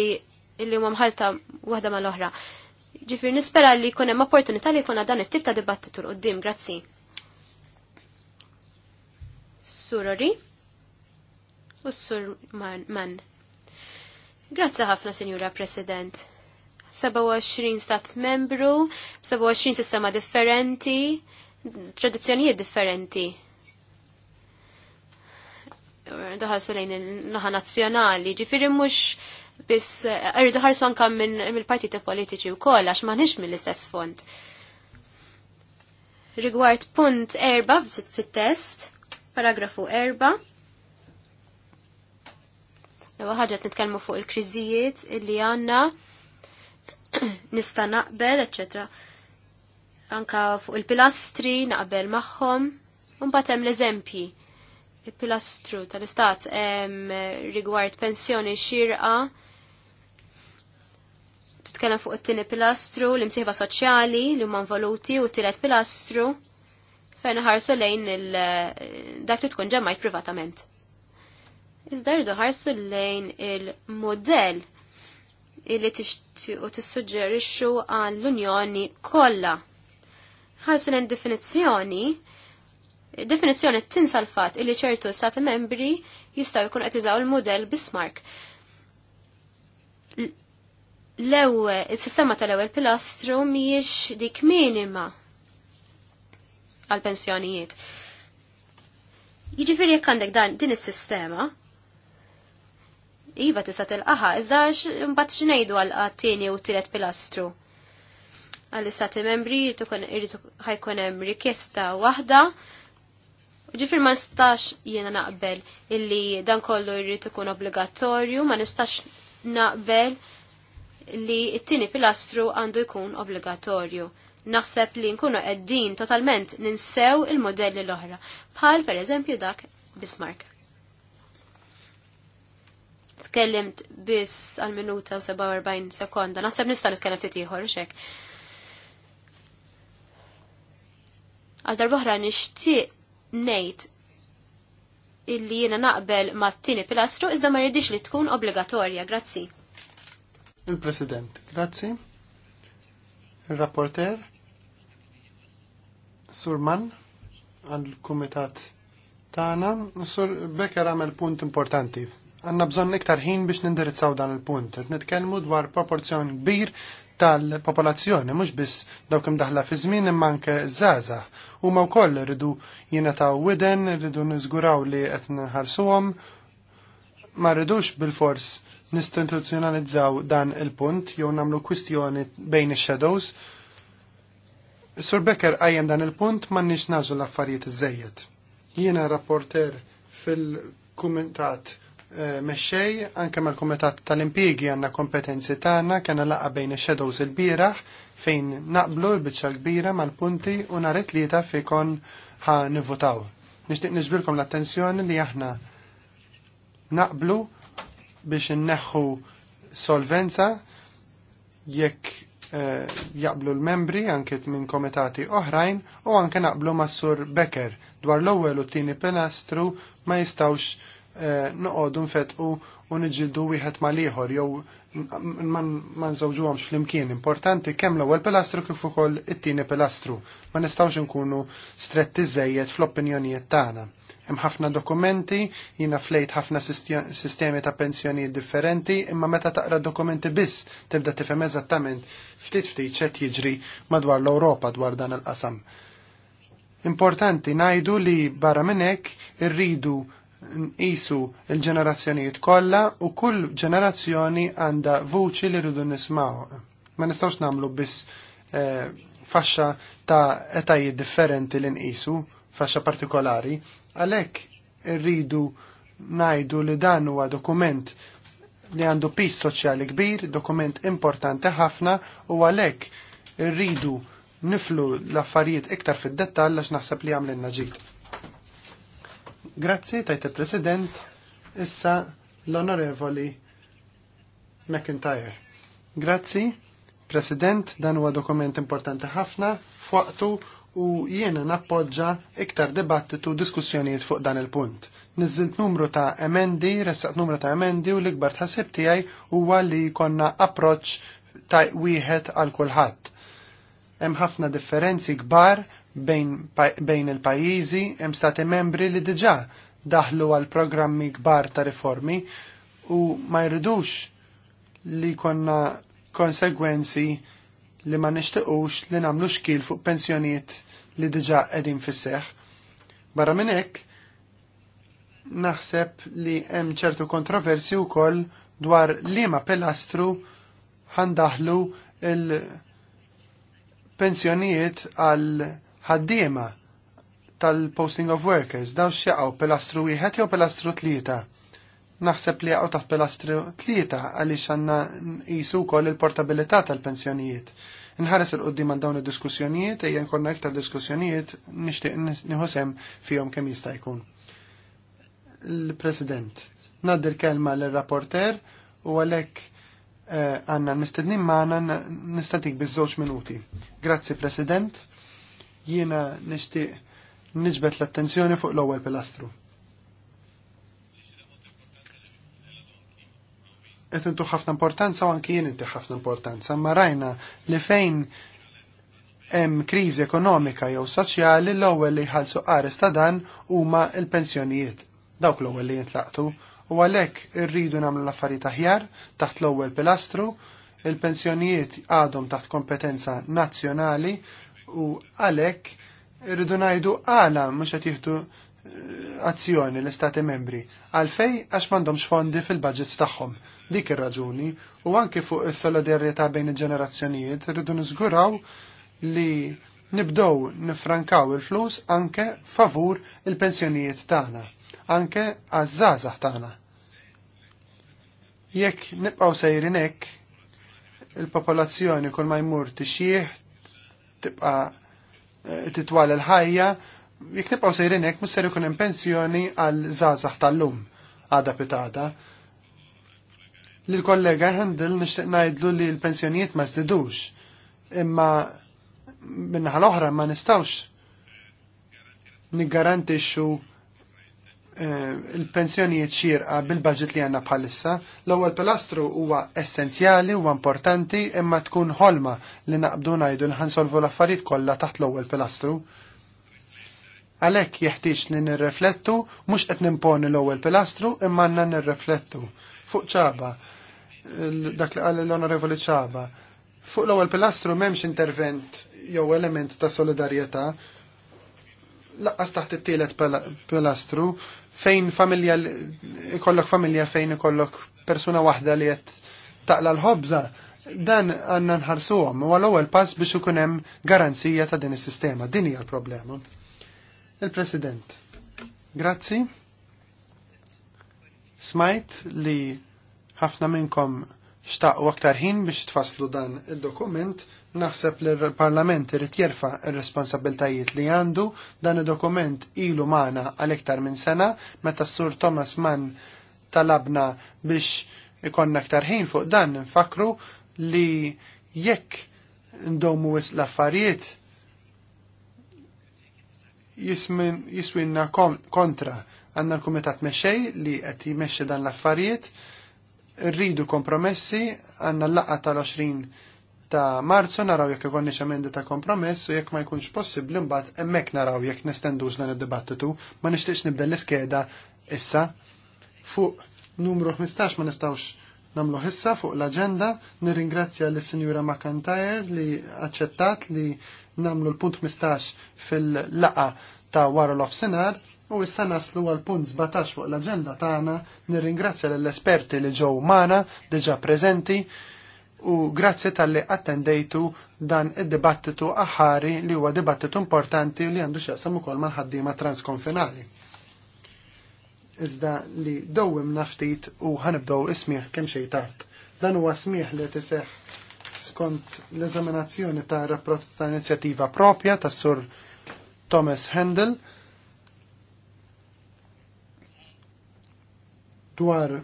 illi huma mħalta waħda mal-oħra. Ġifir nispera li jkun hemm opportunità li jkun dan it-tip ta' dibattitu l qudiem grazzi. Surori u sur man. man. Grazzi ħafna, Signora President. 27 stat membru, 27 sistema differenti, tradizzjonijiet differenti. Daħasu lejn il-naħa nazzjonali, ġifiri mux biss, rridu ħarsu anka mill partiti politiċi u koll, għax maħnix mill-istess font. Rigward punt erba' fit-test, paragrafu erba' Ewa ħagġa nitkellmu fuq il-kriżijiet illi għandna nista' naqbel, eċċetera. Anka fuq il-pilastri naqbel magħhom. Mbagħad hemm l-eżempji. Il-pilastru tal-istat rigward pensjoni xirqa titkellem fuq it-tieni pilastru, l-imsieħba soċjali li huma involuti u t-tielet pilastru fejn ħarsu lejn dak li tkun ġemmajt privatament iżda rridu ħarsu lejn il-modell illi u tissuġġerixxu għall-Unjoni kollha. Ħarsu lejn definizzjoni definizzjoni tinsa l-fatt illi ċertu stati membri jistgħu jkunu qed jużaw il-modell bismark. L-ewwel is-sistema tal-ewwel pilastru mhijiex dik minima għal-pensjonijiet. Jiġifieri jekk għandek dan din is-sistema, iva tista' tilqaha, iżda mbagħad x'ngħidu għal tieni u tielet pilastru. Għall-istati membri jrid ħajkun hemm rikjesta waħda ġifir ma nistax jiena naqbel illi dan kollu jrid ikun obbligatorju, ma nistax naqbel li t-tini pilastru għandu jkun obbligatorju. Naħseb li nkunu qeddin totalment ninsew il-modelli l-oħra, bħal pereżempju dak Bismarck tkellimt biss għal minuta u 47 sekonda. Naħseb nista' nitkellem ftit ieħor xek. Għal darbohra nixtieq ngħid illi jiena naqbel mat-tieni pilastru iżda ma rridix li tkun obbligatorja. Grazzi. Il-President, grazzi. Il-rapporter, Surman, għal-Kumitat tagħna, Sur Becker għamel punt importanti għanna bżonn iktar ħin biex nindirizzaw dan il-punt. nitkellmu dwar proporzjon kbir tal-popolazzjoni, mhux biss dawk imdaħla fi żmien imma anke żgħażagħ. Huma wkoll irridu jingħataw widen, irridu niżguraw li qed nħarsuhom ma rridux bil-fors nistituzzjonalizzaw dan il-punt jew nagħmlu kwistjoni bejn ix-shadows. Sur Becker qajjem dan il-punt m'għandniex naġu l-affarijiet iżejjed. Jiena rapporter fil-kumentat Eh, meċċej, anke mal-Kumitat tal impigi għandna kompetenzi tagħna kena laqa bejn il shadows il-bieraħ fejn naqblu l-biċċa kbira mal-punti u nhar li tlieta fejkon ħa nivvotaw. Nixtieq niġbilkom l-attenzjoni li aħna naqblu biex inneħħu solvenza jekk eh, jaqblu l-membri anke minn komitati oħrajn u anke naqblu mas-sur Becker dwar l-ewwel u t-tieni pilastru ma jistawx Eh, noqogħdu nfetqu u niġġieldu wieħed mal-ieħor jew ma nżewġuhomx flimkien. Importanti kemm l-ewwel pilastru kif ukoll it-tieni pilastru. Ma nistgħux inkunu stretti żejjed fl-opinjonijiet tagħna. Hemm ħafna dokumenti, jiena flejt ħafna sistemi ta' pensjonijiet differenti, imma meta taqra dokumenti biss tibda tifhem eżattament ftit ftit ċet jiġri madwar l-Ewropa dwar dan il-qasam. Importanti ngħidu li barra minn hekk irridu nqisu il-ġenerazzjonijiet kollha u kull ġenerazzjoni għandha vuċi li rridu nismgħu. Ma nistgħux nagħmlu biss eh, faxxa ta' etajiet differenti li nqisu, faxxa partikolari, għalhekk irridu ngħidu li dan huwa dokument li għandu pis soċjali kbir, dokument importanti ħafna u għalhekk irridu niflu l-affarijiet iktar fid-dettall għax naħseb li għamlinna ġid. Grazzi, tajt il-President, issa l-Onorevoli McIntyre. Grazzi, President, dan huwa dokument importanti ħafna fuqtu, u jiena nappoġġa iktar dibattitu diskussjonijiet fuq dan il-punt. Nizzilt numru ta' emendi, ressaqt numru ta' emendi u l-ikbar tħassib tiegħi huwa li konna approċċ ta' wieħed għal kulħadd. Hemm ħafna differenzi kbar bejn il-pajjiżi hemm stati membri li diġà daħlu għal programmi kbar ta' riformi u ma jridux li konna konsegwenzi li ma nixtiqux li namlu xkil fuq pensjoniet li diġà edin fisseħ. Barra minn hekk naħseb li hemm ċertu kontroversi wkoll dwar liema pilastru ħandaħlu il-pensjonijiet għal ħaddiema tal-posting of workers, daw xieqaw pilastru wieħed jew pilastru tlieta. Naħseb li jaqgħu taħt pilastru tlieta għaliex għandna jisu wkoll il-portabilità tal-pensjonijiet. Nħares il-qoddim għal dawn id-diskussjonijiet ejja konna iktar diskussjonijiet nixtieq nieħosem fihom kemm jista' jkun. Il-President, naddi l-kelma l-rapporter u għalhekk eh, għanna nistednim maħna nistatik bizzoċ minuti. Grazzi, President jiena nixtieq niġbet l-attenzjoni fuq l-ewwel pilastru. Qed intu ħafna importanza u anki jien inti ħafna importanza, ma rajna li fejn hemm kriżi ekonomika jew soċjali l-ewwel li jħallsu qares ta' dan huma l-pensjonijiet. Dawk l-ewwel li jintlaqtu u għalhekk irridu nagħmlu l-affarijiet aħjar taħt l-ewwel pilastru, il-pensjonijiet għadhom taħt kompetenza nazzjonali u għalek irridu najdu għala mux qed jieħdu eh, azzjoni l-Istati membri. Għalfej għax m'għandhomx fondi fil-budgets tagħhom. Dik ir-raġuni u anke fuq is-solidarjetà bejn il-ġenerazzjonijiet irridu niżguraw li nibdow nifrankaw il-flus anke favur il-pensjonijiet tagħna, anke għaż-żgħażagħ tagħna. Jekk nibqgħu sejrin hekk, il-popolazzjoni kull ma jmur tixjieħ tibqa' eh, titwal il-ħajja, jekk nibqgħu u sejrinek, mhux ser ikun hemm pensjoni għal żgħażagħ tal-lum għada pitata. Lill-kollega Handel nixtieq ngħidlu li l-pensjonijiet ma zdidux. imma minnaħa l-oħra ma nistgħux niggarantixxu Eh, il-pensjonijiet xirqa bil-budget li għanna bħalissa, l-ewwel pilastru huwa essenzjali u importanti imma tkun ħolma li naqbdu ngħidu nħansolvu l-affarijiet kollha taħt l-ewwel pilastru. Għalhekk jeħtieġ li nirreflettu mhux qed nimponi l-ewwel pilastru imma għandna nirreflettu fuq ċaba dak li qal l-Onorevoli ċaba. Fuq l-ewwel pilastru m'hemmx intervent jew element ta' solidarjetà laqqas taħt it-tielet pilastru fejn familja ikollok familja fejn ikollok persuna waħda li qed taqla l-ħobża, dan għanna nħarsuhom u għal-ewwel pass biex ikun hemm garanzija ta' din is-sistema. Din hija l-problema. Il-President. Grazzi. Smajt li ħafna minnkom xtaqgħu aktar ħin biex tfasslu dan id-dokument Naħseb li l-Parlament irid jerfa r-responsabiltajiet li għandu dan id-dokument ilu magħna għal iktar minn sena meta s-Sur Thomas Mann talabna biex ikonna aktar ħin fuq dan nfakru li jekk ndomu wis l-affarijiet jiswinna kontra għanna l-Kumitat Mexej li qed jimexxi dan l-affarijiet rridu kompromessi għanna l-laqqa tal-20 ta' marzu naraw jekk ikolni emendi ta' kompromess u jekk ma jkunx possibbli mbagħad hemmhekk naraw jekk nestendux dan id-dibattitu ma nixtieqx nibda l-iskeda issa fuq numru 15 ma nistgħux nagħmlu issa fuq l-aġenda nirringrazzja lis sinjura McIntyre li aċċettat li nagħmlu l-punt 15 fil-laqa ta' Warol of Senar. u issa naslu għal punt 17 fuq l-aġenda tagħna nirringrazzja lill-esperti li ġew mana, diġà preżenti u grazzi tal-li attendejtu dan id-dibattitu aħari li huwa dibattitu importanti li għandu xjaqsam ukoll mal-ħaddiema transkonfinali. Iżda li dowim naftit u ħanibdow ismiħ kemm xejn tard. Dan huwa smieħ li tiseħ skont l-eżaminazzjoni ta' rapport ta' inizjattiva propja ta' sur Thomas Handel dwar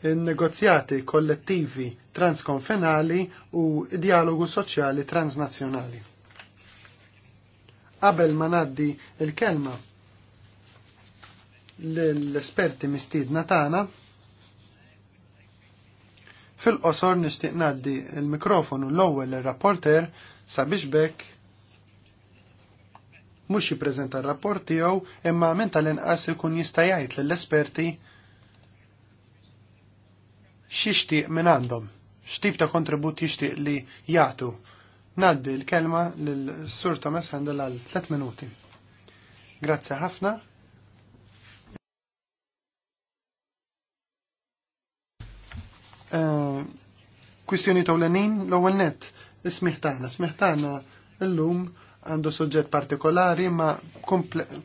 il-negozjati kollettivi transkonfenali u dialogu soċjali transnazzjonali. Qabel ma naddi il-kelma l-esperti mistidna tagħna, fil-qosor nixtieq naddi il-mikrofonu l-ewwel ir-rapporter sabiex bekk mhux jippreżenta r-rapport tiegħu imma min tal-inqas ikun jista' jgħid lill-esperti xixtieq minn għandhom, x'tip ta' kontribut jixtieq li jagħtu. Naddi l-kelma lil-Sur Thomas Handel għal 3 minuti. Grazzi ħafna. Eh, kwistjoni l tawlenin l-ewwel net, ismiħtana, smiħtana llum għandu suġġett partikolari ma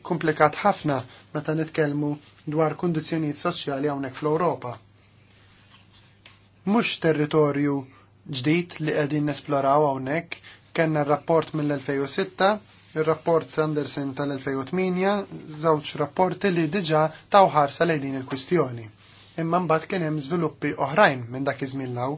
komplikat ħafna meta nitkellmu dwar kundizzjonijiet soċjali hawnhekk fl-Ewropa mhux territorju ġdid li qegħdin nesploraw hawnhekk. kena r-rapport mill-2006, ir-rapport Andersen tal-2008, żewġ rapporti li diġa' taw ħarsa lejn din il-kwistjoni. Imma mbagħad kien hemm żviluppi oħrajn minn dak iż-żmien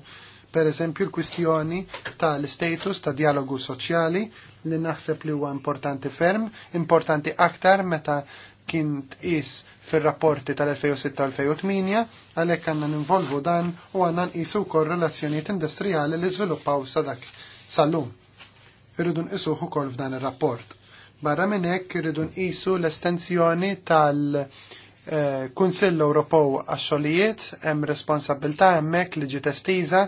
per eżempju l-kwistjoni ta' l-status ta' dialogu soċjali li naħseb li huwa importanti ferm, importanti aktar meta kien tqis fil-rapporti tal-2006-2008 għalhekk għandna ninvolvu dan u għandna nqisu wkoll relazzjonijiet industrijali li żviluppaw sadak sal-lum. Irridu nqisuh ukoll f'dan ir-rapport. Barra minn hekk irridu nqisu l-estensjoni tal- eh, Kunsill Ewropew għax-xogħlijiet hemm responsabilità hemmhekk li ġiet estiża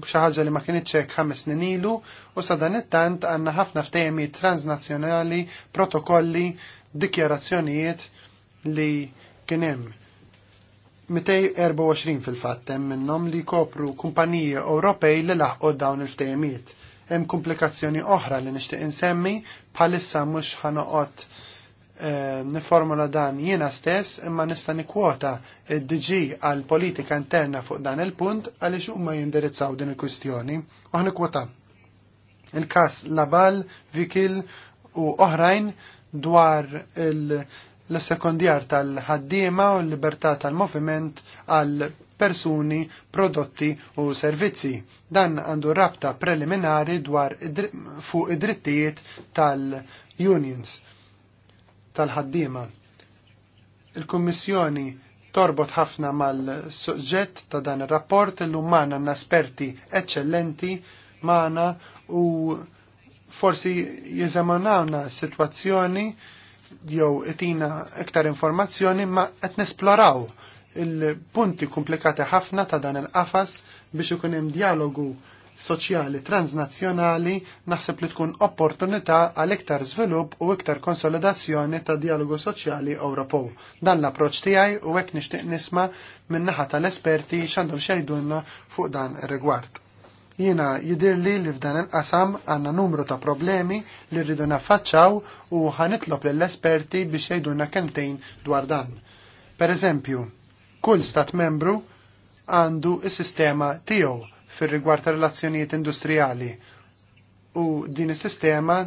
xi ħaġa li ma kienitx hekk ħames snin ilu u sa dan it-tant għandna ħafna ftehimiet transnazzjonali, protokolli, dikjarazzjonijiet li kien hemm 224 fil-fatt hemm minnhom li kopru kumpaniji Ewropej li laħqu dawn il ftejmiet Hemm komplikazzjoni oħra li nixtieq insemmi bħalissa mhux ħanoqgħod eh, niformula dan jiena stess imma nista' nikkwota d-DG għal politika interna fuq dan il-punt għaliex huma jindirizzaw din il-kwistjoni. Oħ nikkwota. Il-każ Labal, Vikil u oħrajn dwar il- l-sekondjar tal-ħaddiema u l-libertà tal-moviment għal persuni, prodotti u servizzi. Dan għandu rabta preliminari dwar fuq id-drittijiet tal-unions tal-ħaddiema. Il-Kummissjoni torbot ħafna mal-suġġett ta' dan ir-rapport illum magħna għandna esperti eċċellenti magħna u forsi jizamanawna s-sitwazzjoni jew itina iktar informazzjoni ma qed nesploraw il-punti komplikati ħafna ta' dan il-qafas biex ikun hemm dialogu soċjali transnazzjonali naħseb li tkun opportunità għal iktar żvilupp u iktar konsolidazzjoni ta' dialogu soċjali Ewropew. Dan l-approċċ tiegħi u hekk nixtieq nisma' min-naħa tal-esperti x'għandhom xejdulna fuq dan ir-rigward. Jiena jidir li li f'dan il-qasam għanna numru ta' problemi li rridu naffaċċaw u ħanitlob lill-esperti biex jgħidulna kemtejn dwar dan. Per eżempju, kull stat membru għandu is-sistema tiegħu fir-rigward ta' relazzjonijiet industrijali u din is-sistema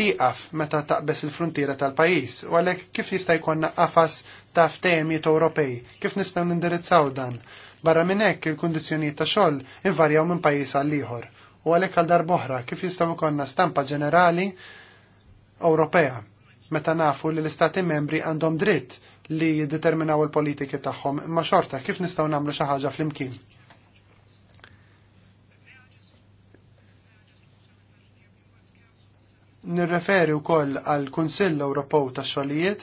tieqaf meta taqbes il-frontiera tal-pajis, u għalhekk kif jista' jkollna qafas ta' ftehmiet Ewropej, kif nistgħu nindirizzaw dan Barra minn hekk il-kundizzjonijiet ta' xogħol ivarjaw minn pajjiż għal ieħor u għalhekk għal darb'oħra kif jistgħu jkollna stampa ġenerali Ewropea meta nafu li l-istati membri għandhom dritt li jiddeterminaw il-politiki tagħhom imma xorta kif nistgħu nagħmlu xi ħaġa flimkien. Nirreferi wkoll għal Kunsill Ewropew tax-xogħlijiet,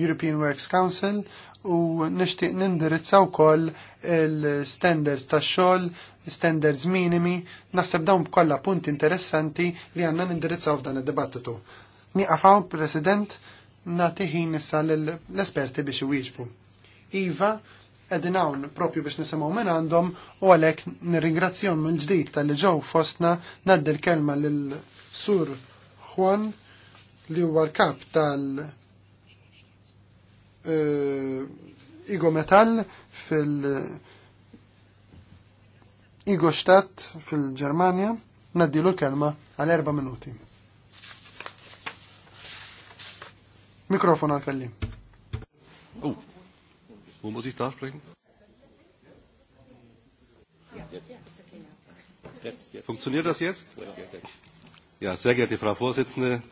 European Works Council, u nixtieq nindirizzaw wkoll il-standards ta' xogħol, standards minimi, naħseb dawn kollha punti interessanti li għandna nindirizzaw f'dan id-dibattitu. Niqafaw, President, natiħin ħin issa l-esperti biex iwieġbu. Iva, edin propju biex nisimgħu minn għandhom u għalhekk nirringrazzjom mill-ġdid tal-li ġew fostna ngħaddi l-kelma lil Sur Juan li huwa l-kap tal- eh, Igo Metal fil- Igostat fil-Germania, naddilu l-kelma għal erba minuti. Mikrofon għal-kellim. U, oh. u muss ich da sprechen? das jetzt? Ja, sehr geehrte Frau Vorsitzende.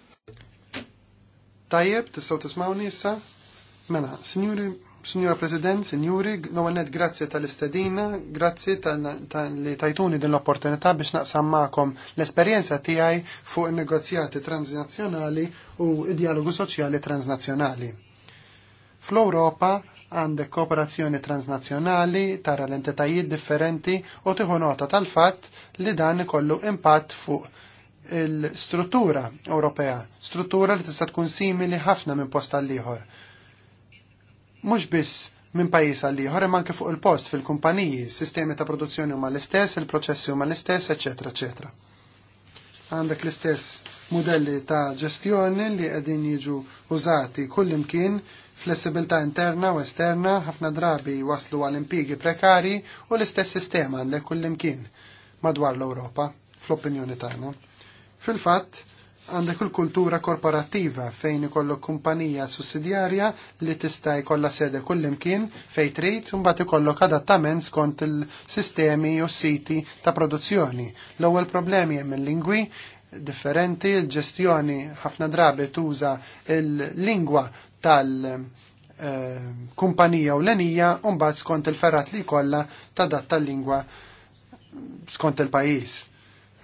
Tajjeb, tistaw tismawni issa? Mela, signori Signora President, Signori, nowenet grazzi tal-istedina, grazzi tal-li tajtuni din l-opportunità biex naqsam ma'kom l-esperienza tiegħi fuq negozjati transnazzjonali u dialogu soċjali transnazzjonali. Fl-Europa għandek kooperazzjoni transnazzjonali tara l-entitajiet differenti u tieħu nota tal-fatt li dan ikollu impatt fuq il-struttura Ewropea, struttura li tista' tkun simili ħafna minn posta. l ieħor mhux biss minn pajjiż għal ieħor imma anke fuq il-post fil-kumpaniji, sistemi ta' produzzjoni huma l-istess, il-proċessi huma l-istess, eċetera, eċetera. Għandek l-istess modelli ta' ġestjoni li qegħdin jiġu użati kull imkien flessibilità interna u esterna ħafna drabi waslu għal impigi prekari u l-istess sistema għandek kull imkien madwar l-Ewropa, fl-opinjoni tagħna. Fil-fatt, għandek il-kultura korporattiva fejn ikollok kumpanija sussidjarja li tista' jkollha sede kullimkien fejn trid u mbagħad ikollok adattament skont il-sistemi u siti ta' produzzjoni. L-ewwel problemi hemm il-lingwi differenti, il-ġestjoni ħafna drabi tuża il-lingwa tal-kumpanija eh, u l-enija u mbagħad skont il-ferrat li jkollha tadatta l-lingwa skont il-pajjiż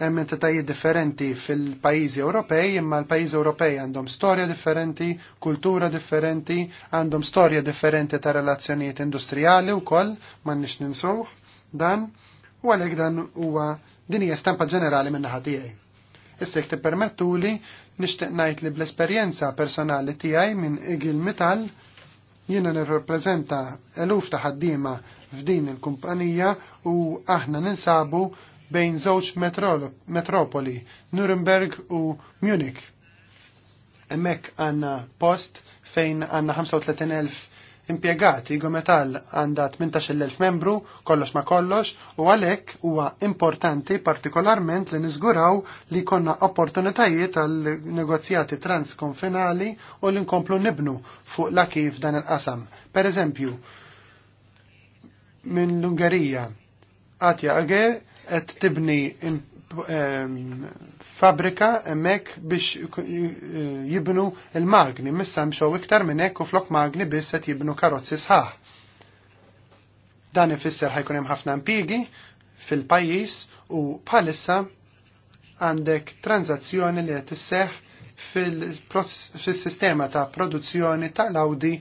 hemm entitajiet differenti fil-pajjiżi Ewropej, imma l-pajjiżi Ewropej għandhom storja differenti, kultura differenti, għandhom storja differenti ta' relazzjonijiet industrijali wkoll m'għandniex ninsuh dan, u għalhekk dan huwa din hija stampa ġenerali minn naħa tiegħi. Issa jekk tippermettuli nixtieq ngħid li bl-esperjenza personali tiegħi minn Igil Metal jiena nirrappreżenta eluf ta' ħaddiema f'din il-kumpanija u aħna ninsabu bejn żewġ metropoli, Nuremberg u Munich. Emmek għanna post fejn għanna 35.000 impiegati, Gometal għanda 18.000 membru, kollox ma kollox, u għalek huwa importanti partikolarment li nizguraw li konna opportunitajiet għal negozjati transkonfinali u li nkomplu nibnu fuq la kif dan il-qasam. Per eżempju, minn l-Ungerija, Atja Ager qed tibni fabrika hemmhekk biex jibnu il-magni, missa mxew iktar minn hekk u flok magni biss qed jibnu karozzi sħaħ. Dan ifisser ħajkun hemm ħafna impjiegi fil-pajjiż u bħalissa għandek tranzazzjoni li qed isseħħ fil-sistema ta' produzzjoni tal-Audi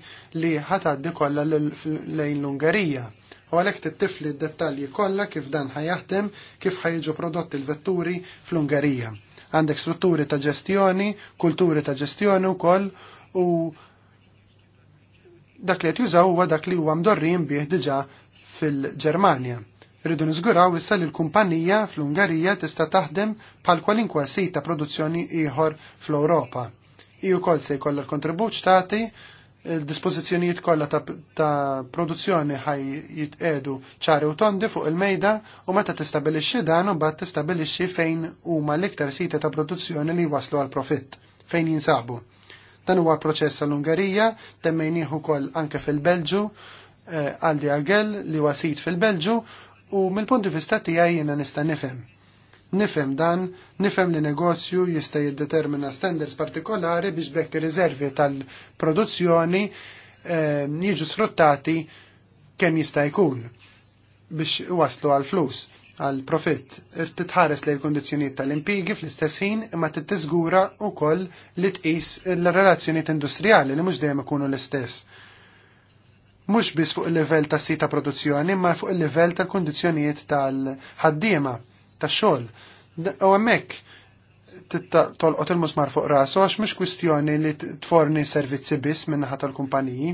li ħataddi kollha lejn l-Ungarija u għalhekk tittifli d-dettalji kollha kif dan ħajaħdem kif ħajġu prodotti l-vetturi fl-Ungarija. Għandek strutturi ta' ġestjoni, kulturi ta' ġestjoni wkoll u dak li qed jużaw huwa dak li huwa mdorrin bih diġà fil-Ġermanja. Rridu niżguraw issa li l-kumpanija fl-Ungarija tista' taħdem bħal kwalinkwa sita' ta' produzzjoni ieħor fl-Ewropa. Iju kol se jkollha l-kontribut xtati il-dispożizzjonijiet kollha ta' produzzjoni ħaj jitqedu ċari u tondi fuq il-mejda u meta tistabilixxi dan u mbagħad tistabilixxi fejn huma l-iktar sita ta' produzzjoni li waslu għal profitt fejn jinsabu. Dan huwa l-proċess għall-Ungerija, temmejnieh ukoll anke fil-Belġu għaldi eh, Agel li wasit fil-Belġu u mill punti vista tiegħi jiena nista' nifhem Nifem dan, nifem li negozju jista' jiddetermina standards partikolari biex bekk ir-rizervi tal-produzzjoni eh, jiġu sfruttati kemm jista' jkun biex waslu għal flus għal profit. Irrid li l-kondizjoniet tal-impigi fl-istess ħin imma trid u wkoll li tqis l-relazzjonijiet industrijali li mhux dejjem ikunu l-istess. Mhux biss fuq il-livell tas-sita produzzjoni, ma fuq il-livell tal-kundizzjonijiet tal-ħaddiema. tal kondizjoniet tal ħaddiema tax-xogħol. U hemmhekk tolqot il-musmar fuq rasu għax mhux kwistjoni li tforni servizzi biss min-naħa tal-kumpaniji.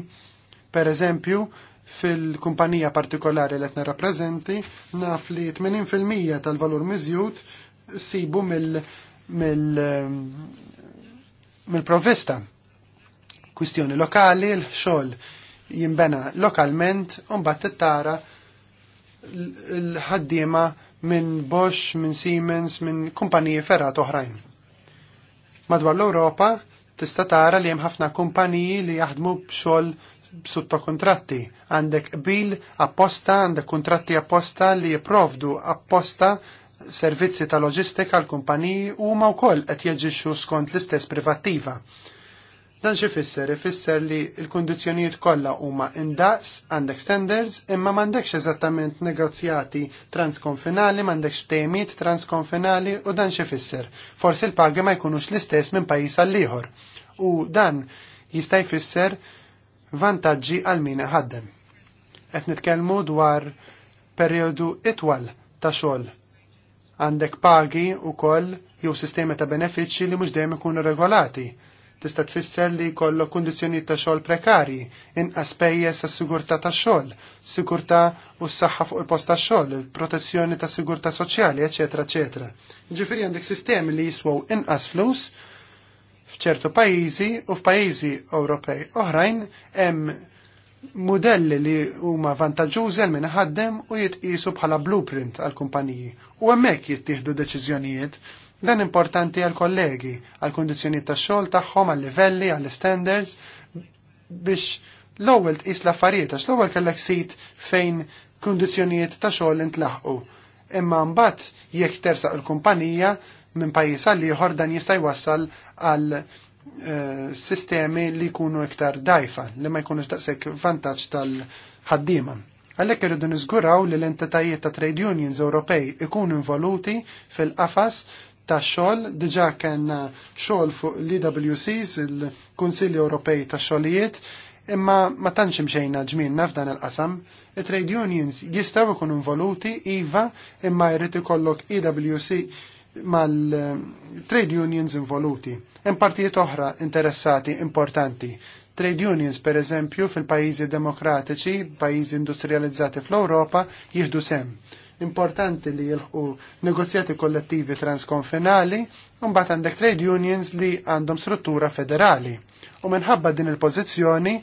Per eżempju, fil-kumpanija partikolari li qed nirrappreżenti naf li 80% tal-valur miżjud sibu mill- provvista kwistjoni lokali, l-xogħol jimbena lokalment, un bat tara l-ħaddiema minn Bosch, minn Siemens, minn kumpaniji ferrat oħrajn. Madwar l-Europa tista' tara li hemm ħafna kumpaniji li jaħdmu b'xogħol sutta kontratti. Għandek bil apposta, għandek kontratti apposta li jiprovdu apposta servizzi ta' loġistika għal kumpaniji u ma' wkoll qed jeġixxu skont l-istess privattiva. Dan xi fisser ifisser li l-kundizzjonijiet kollha huma indaqs għandek standards imma m'għandekx eżattament negozjati transkonfinali, m'għandekx temiet transkonfinali u dan xi fisser. Forsi l-pagi ma jkunux l-istess minn pajjiż għal ieħor. U dan jista' jfisser vantaġġi għal min ħaddem. Qed nitkellmu dwar perjodu itwal ta' xogħol. Għandek pagi u koll jew sistemi ta' benefiċċji li mhux dejjem ikunu regolati tista' tfisser li jkollok kundizzjonijiet ta' xogħol prekarji, inqas pejjeż għas-sigurtà tax-xogħol, sigurtà u s-saħħa fuq il-post tax-xogħol, il-protezzjoni ta' sigurtà soċjali, eċetera, eċetera. Ġifieri għandek sistemi li jiswew inqas flus f'ċertu pajjiżi u f'pajjiżi Ewropej oħrajn hemm modelli li huma vantaġġużi għal min ħaddem u jitqisu bħala blueprint għal kumpaniji. U hemmhekk jittieħdu deċiżjonijiet Dan importanti għal kollegi, għal kondizjoni ta' xogħol tagħhom, għal livelli, għal standards biex l-ewwel tqis l-affarijiet għax l-ewwel kellek sit fejn kondizjonijiet ta' xogħol intlaħqu. Imma mbagħad jekk tersaq il-kumpanija minn pajjiż għal ieħor dan jista' jwassal għal eh, sistemi li jkunu iktar dajfa, li ma jkunux daqshekk vantaġġ tal-ħaddiema. Għallek irridu niżguraw li l-entitajiet ta' trade unions Ewropej ikunu involuti fil-qafas ta' xogħol diġa' kena xogħol fuq l-EWCs, il-Kunsilli Ewropej ta' xogħlijiet, imma ma tantx imxejna ġminna f'dan il-qasam. Trade unions jistgħu jkunu involuti iva imma jrid ikollok EWC mal-trade unions involuti. Hemm partijiet oħra interessati importanti trade unions, per eżempju, fil-pajizi demokratiċi, pajizi industrializzati fl-Europa, jihdu sem importanti li jilħu negozjati kollettivi transkonfinali, mbagħad għandek trade unions li għandhom struttura federali. U minħabba din il-pożizzjoni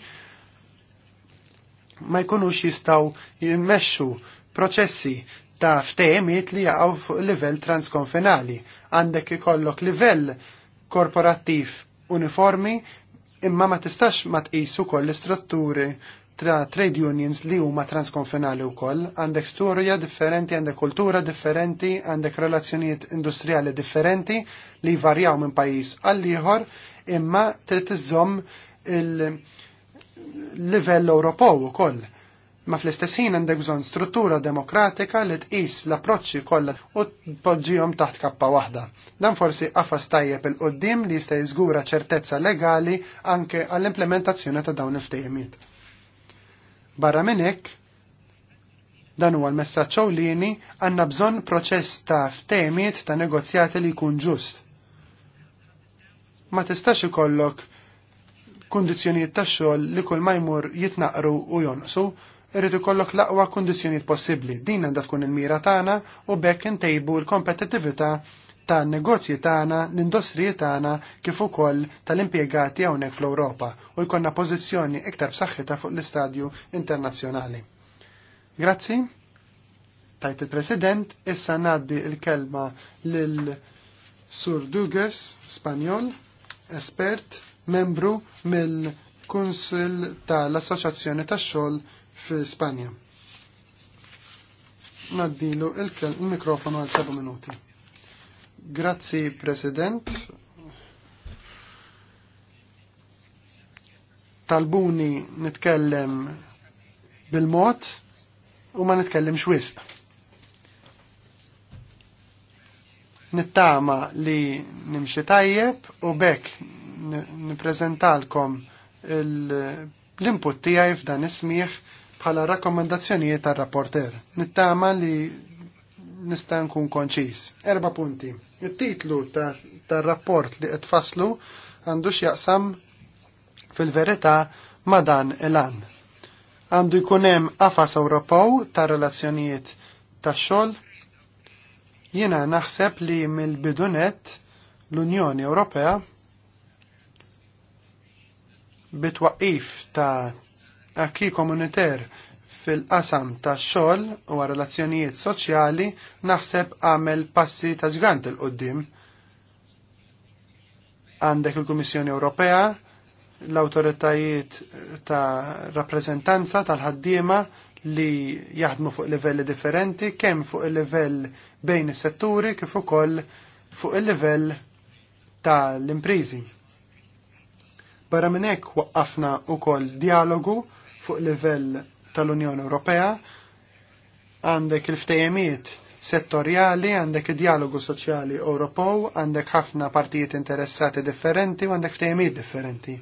ma jkunux jistaw jimmexxu proċessi ta' ftehimiet li jaqgħu fuq livell transkonfinali. Għandek ikollok livell korporattiv uniformi imma ma tistax ma tqisu koll l-istrutturi tra trade unions li huma transkonfinali wkoll, għandek storja differenti, għandek kultura differenti, għandek relazzjonijiet industrijali differenti li varjaw minn pajjiż għal ieħor, imma trid iżomm il-livell Ewropew ukoll. Ma fl-istess ħin għandek bżonn struttura demokratika li tqis l-approċċi kollha u tpoġġihom taħt kappa waħda. Dan forsi qafas tajjeb il-qoddim li jista' jiżgura ċertezza legali anke għall-implementazzjoni ta' dawn il-ftehimiet. Barra minn hekk, dan huwa l-messaġġ ewlieni għandna bżonn proċess ta' ftemiet ta' negozjati li jkun ġust. Ma tistax ikollok kundizzjonijiet ta' xogħol li kull ma jmur jitnaqru u jonqsu, irrid ikollok l-aqwa kundizzjonijiet possibbli. Din għandha tkun il-mira tagħna u bekk intejbu l-kompetittività ta' negozji tagħna, l-industriji tagħna kif ukoll tal-impjegati hawnhekk fl-Ewropa u jkollna pożizzjoni iktar b'saħħitha fuq l-istadju internazzjonali. Grazzi. Tajt il-President, issa ngħaddi l kelma lil Sur Duges, Spanjol, espert, membru mill-Kunsil tal-Assoċjazzjoni tax-xogħol fi Spanja. Naddilu il-mikrofonu għal 7 minuti. Grazzi, President. Talbuni nitkellem bil-mod u ma nitkellimx wisq. Nittama li nimxi tajjeb u bekk niprezentalkom l-input tiegħi f'dan ismiħ bħala rakkomandazzjonijiet tar-rapporter. Nittama li nista' nkun konċis. Erba' punti. Il-titlu tar-rapport li qed faslu għandu x'jaqsam fil-verità ma' dan il-an. Għandu jkun hemm qafas Ewropew ta' relazzjonijiet tax-xogħol. Jiena naħseb li mill-bidunet l-Unjoni Ewropea bitwaqif ta' akki komuniter fil-qasam ta' xogħol u relazzjonijiet soċjali naħseb għamel passi ta' ġgant il-qoddim. Għandek il-Kummissjoni Ewropea, l-autoritajiet ta' rappreżentanza tal-ħaddiema li jaħdmu fuq livelli differenti, kemm fuq il-livell bejn is-setturi kif ukoll fuq il-livell tal-imprizi. Barra minn hekk waqqafna wkoll dialogu fuq livell tal-Unjoni Ewropea, għandek il-ftejemiet settorjali, għandek il-dialogu soċjali Ewropew, għandek ħafna partijiet interessati differenti u għandek ftejemiet differenti.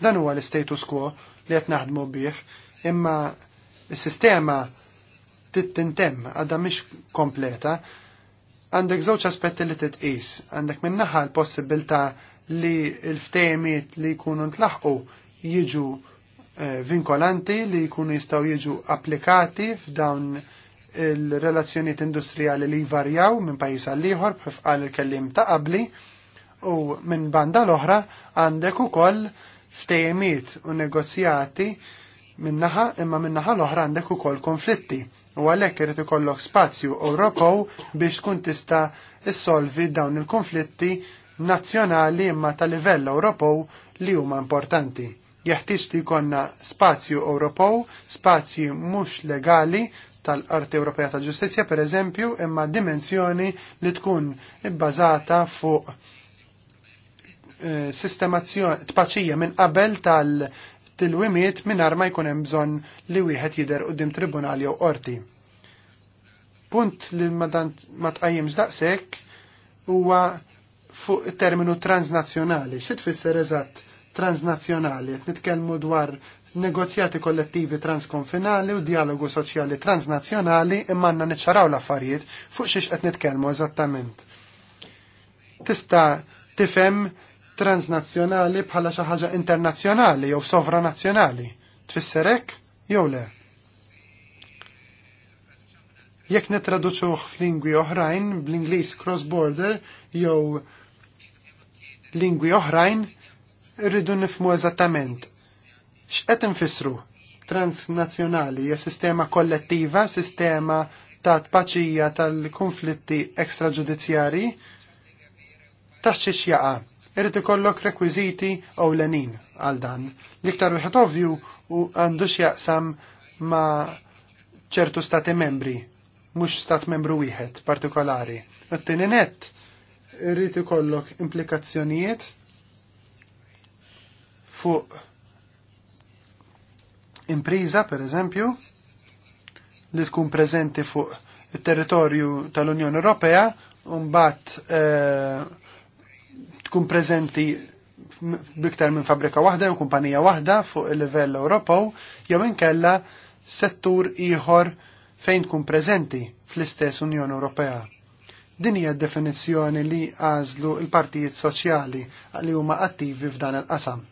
Dan huwa l-status quo li qed naħdmu bih, imma s-sistema tittintem għadha mhix kompleta, għandek żewġ aspetti li titqis, għandek minnaħa l-possibilità li l-ftejmiet li jkunu ntlaħqu jiġu Eh, vinkolanti li jkunu jistaw jiġu applikati f'dawn il-relazzjoniet industrijali li jvarjaw minn pajis għal liħor bħifqal il-kellim ta' qabli u minn banda l-oħra għandek ukoll ftejemiet u negozjati minnaħa imma minnaħa l-oħra għandek ukoll konflitti u għalhekk irid ikollok spazju Ewropew biex tkun tista' issolvi dawn il-konflitti nazzjonali imma ta' livell Ewropew li huma importanti jeħtieġ li jkollna spazju Ewropew, spazji mhux legali tal-Arti Ewropea tal-Ġustizzja pereżempju, imma dimensjoni li tkun ibbażata fuq eh, sistemazzjoni tpaċija minn qabel tal-tilwimiet mingħajr ma jkun hemm bżonn li wieħed jidher qudiem tribunali jew qorti. Punt li ma tqajjimx daqshekk huwa fuq terminu transnazzjonali. Xi tfisser eżatt transnazzjonali, qed nitkellmu dwar negozjati kollettivi transkonfinali u dialogu soċjali transnazzjonali imma għandna niċċaraw l-affarijiet fuq xiex qed nitkellmu eżattament. Tista' tifhem transnazzjonali bħala xi ħaġa internazzjonali jew sovranazzjonali. Tfisser hekk jew le? Jekk nitraduċuh f'lingwi oħrajn bl-Ingliż cross border jew lingwi oħrajn, rridu nifmu eżattament x'qed infissru transnazzjonali hija sistema kollettiva, sistema ta' tpaċija tal-konflitti ekstraġudizzjarji. taħt xi xjaqa. Irid ikollok rekwiżiti ewlenin għal dan. L-iktar wieħed ovvju u għandu x'jaqsam ma' ċertu stati membri, mhux stat membru wieħed partikolari. It-tieni nett irrid ikollok implikazzjonijiet fuq impriża per eżempju li tkun preżenti fuq il-territorju tal-Unjoni Ewropea u mbagħad eh, tkun prezenti biktar minn fabrika waħda jew kumpanija waħda fuq il-livell Ewropew jew inkella settur ieħor fejn tkun prezenti fl-istess Unjoni Ewropea. Din hija d-definizzjoni li għażlu l-partijiet soċjali li huma attivi f'dan il-qasam.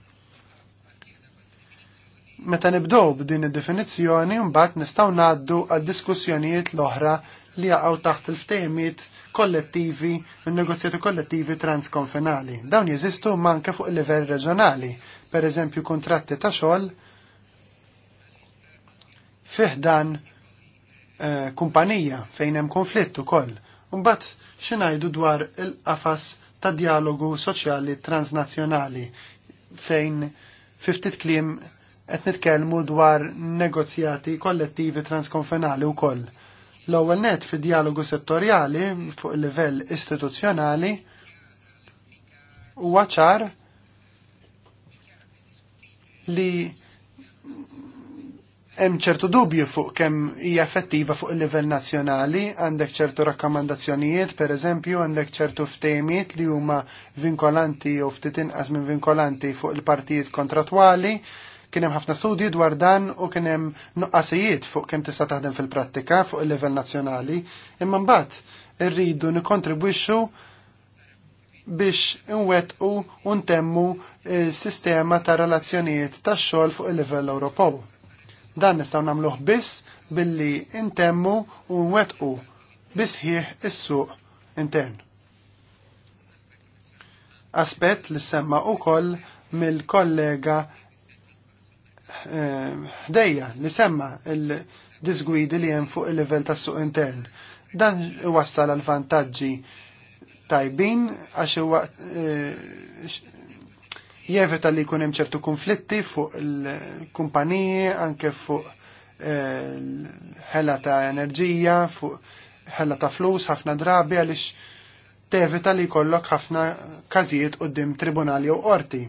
Meta nibdow b'din id-definizzjoni mbagħad nistgħu ngħaddu għad-diskussjonijiet l-oħra li jaqgħu taħt il-ftehimiet kollettivi, il-negozjati kollettivi transkonfinali. Dawn jeżistu manke fuq il-livell reġjonali, pereżempju kuntratti kontratti ta' xogħol fiħdan dan eh, kumpanija fejn hemm konflitt ukoll. Mbagħad x'ingħidu dwar il-qafas ta' dialogu soċjali transnazzjonali fejn ftit kliem qed nitkellmu dwar negozjati kollettivi transkonfenali wkoll. L-ewwel net fi dialogu settorjali fuq il-livell istituzzjonali huwa ċar li hemm ċertu dubju fuq kemm hija effettiva fuq il-livell nazzjonali, għandek ċertu rakkomandazzjonijiet, per eżempju, għandek ċertu ftejmiet li huma vinkolanti u ftit inqas minn vinkolanti fuq il-partijiet kontratwali, Kien hemm ħafna studji dwar dan u kien hemm nuqqasijiet fuq kemm tista' taħdem fil-prattika fuq il-livell nazzjonali, imma mbagħad irridu nikkontribwixxu biex nwettqu u ntemmu sistema ta' relazzjonijiet tax-xogħol fuq il-livell Ewropew. Dan nistgħu nagħmluh biss billi ntemmu u nwettqu bisħieħ is-suq intern. Aspett li semma u koll mill-kollega ħdejja ehm, li semma il-disgwidi li hemm fuq il-livell tas-suq intern. Dan iwassal għal vantaġġi tajbin għax eh, jevita li jkun hemm ċertu konflitti fuq il-kumpaniji, anke fuq eh, ħella ta' enerġija, fuq ħella ta' flus ħafna drabi għaliex tevita li jkollok ħafna każijiet dim tribunali u qorti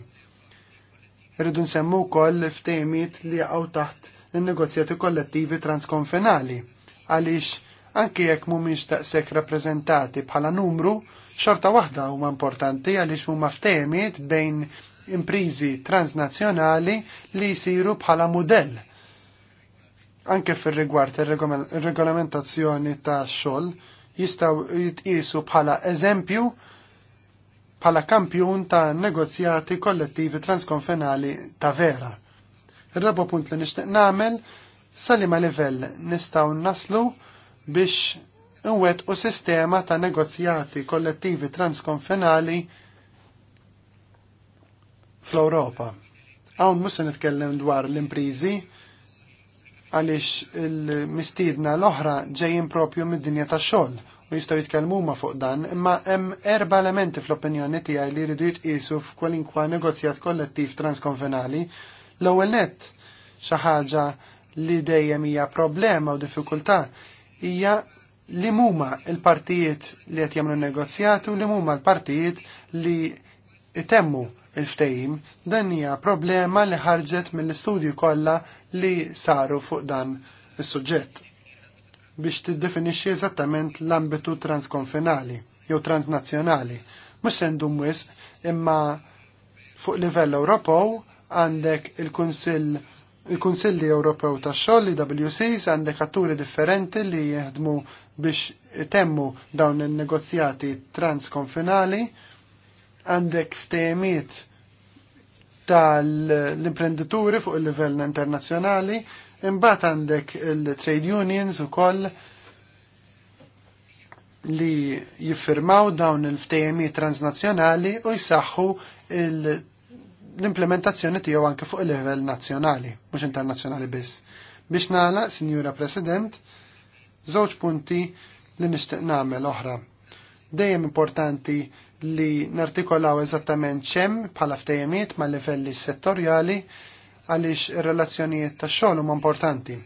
rridu nsemmu wkoll ftehimiet li jaqgħu taħt in-negozjati kollettivi transkonfinali għaliex anke jekk mhumiex taqsek rappreżentati bħala numru, xorta waħda huma importanti għaliex huma ftehimiet bejn imprizi transnazzjonali li jsiru bħala mudell. Anke fir rigward ir-regolamentazzjoni ta' xogħol jistgħu jitqisu bħala eżempju pala kampjun ta' negozjati kollettivi transkonfenali ta' vera. il rabu punt li nishtiq namel sali ma' livell nistaw naslu biex nwet u sistema ta' negozjati kollettivi transkonfenali fl-Europa. Għawn musa nitkellem dwar l-imprizi għalix il-mistidna l-oħra ġejjin propju mid-dinja ta' xogħol u jistgħu jitkellmu ma fuq dan, imma hemm erba' elementi fl-opinjoni tiegħi li jridu jitqisu f'kwalinkwa negozjat kollettiv transkonvenali. L-ewwel nett xi ħaġa li dejjem hija problema u diffikultà hija li huma l-partijiet li qed jagħmlu negozjat u li huma l-partijiet li itemmu il-ftejim, dan hija problema li ħarġet mill-istudju kollha li saru fuq dan is-suġġett biex tiddefinixxi eżattament l-ambitu transkonfinali jew transnazzjonali. Mhux se mwis imma fuq livell Ewropew għandek il-Kunsill il-Kunsilli Ewropew tax-xogħol WCs għandek atturi differenti li jeħdmu biex temmu dawn in-negozjati transkonfinali għandek ftejmiet tal-imprenditori fuq il-livell internazzjonali Imbagħad għandek il-trade unions ukoll li jiffirmaw dawn il-ftejmi transnazzjonali u jsaħħu l-implementazzjoni tiegħu anke fuq il-livell nazzjonali, mhux internazzjonali biss. Biex nagħlaq, Sinjura President, żewġ punti li nixtieq nagħmel oħra. Dejjem importanti li nartikolaw eżattament ċem bħala ftejmiet ma' livelli settorjali għaliex ir-relazzjonijiet tax-xogħol huma importanti.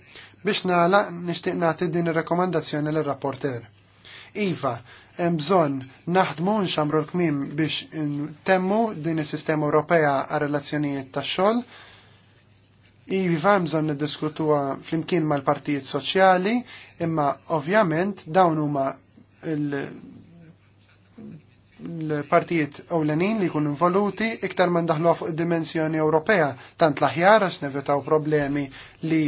Biex nagħlaq nixtieq nagħti din ir-rakkomandazzjoni lir-rapporter. Iva, hemm bżonn naħdmu nxamru l-kmim biex temmu din is-sistema Ewropea għar-relazzjonijiet tax-xogħol Iva bżonn niddiskutuha flimkien mal-partijiet soċjali, imma ovvjament dawn huma l-partijiet ewlenin li jkunu involuti iktar man daħlu fuq dimensjoni Ewropea tant l-aħjar għax problemi li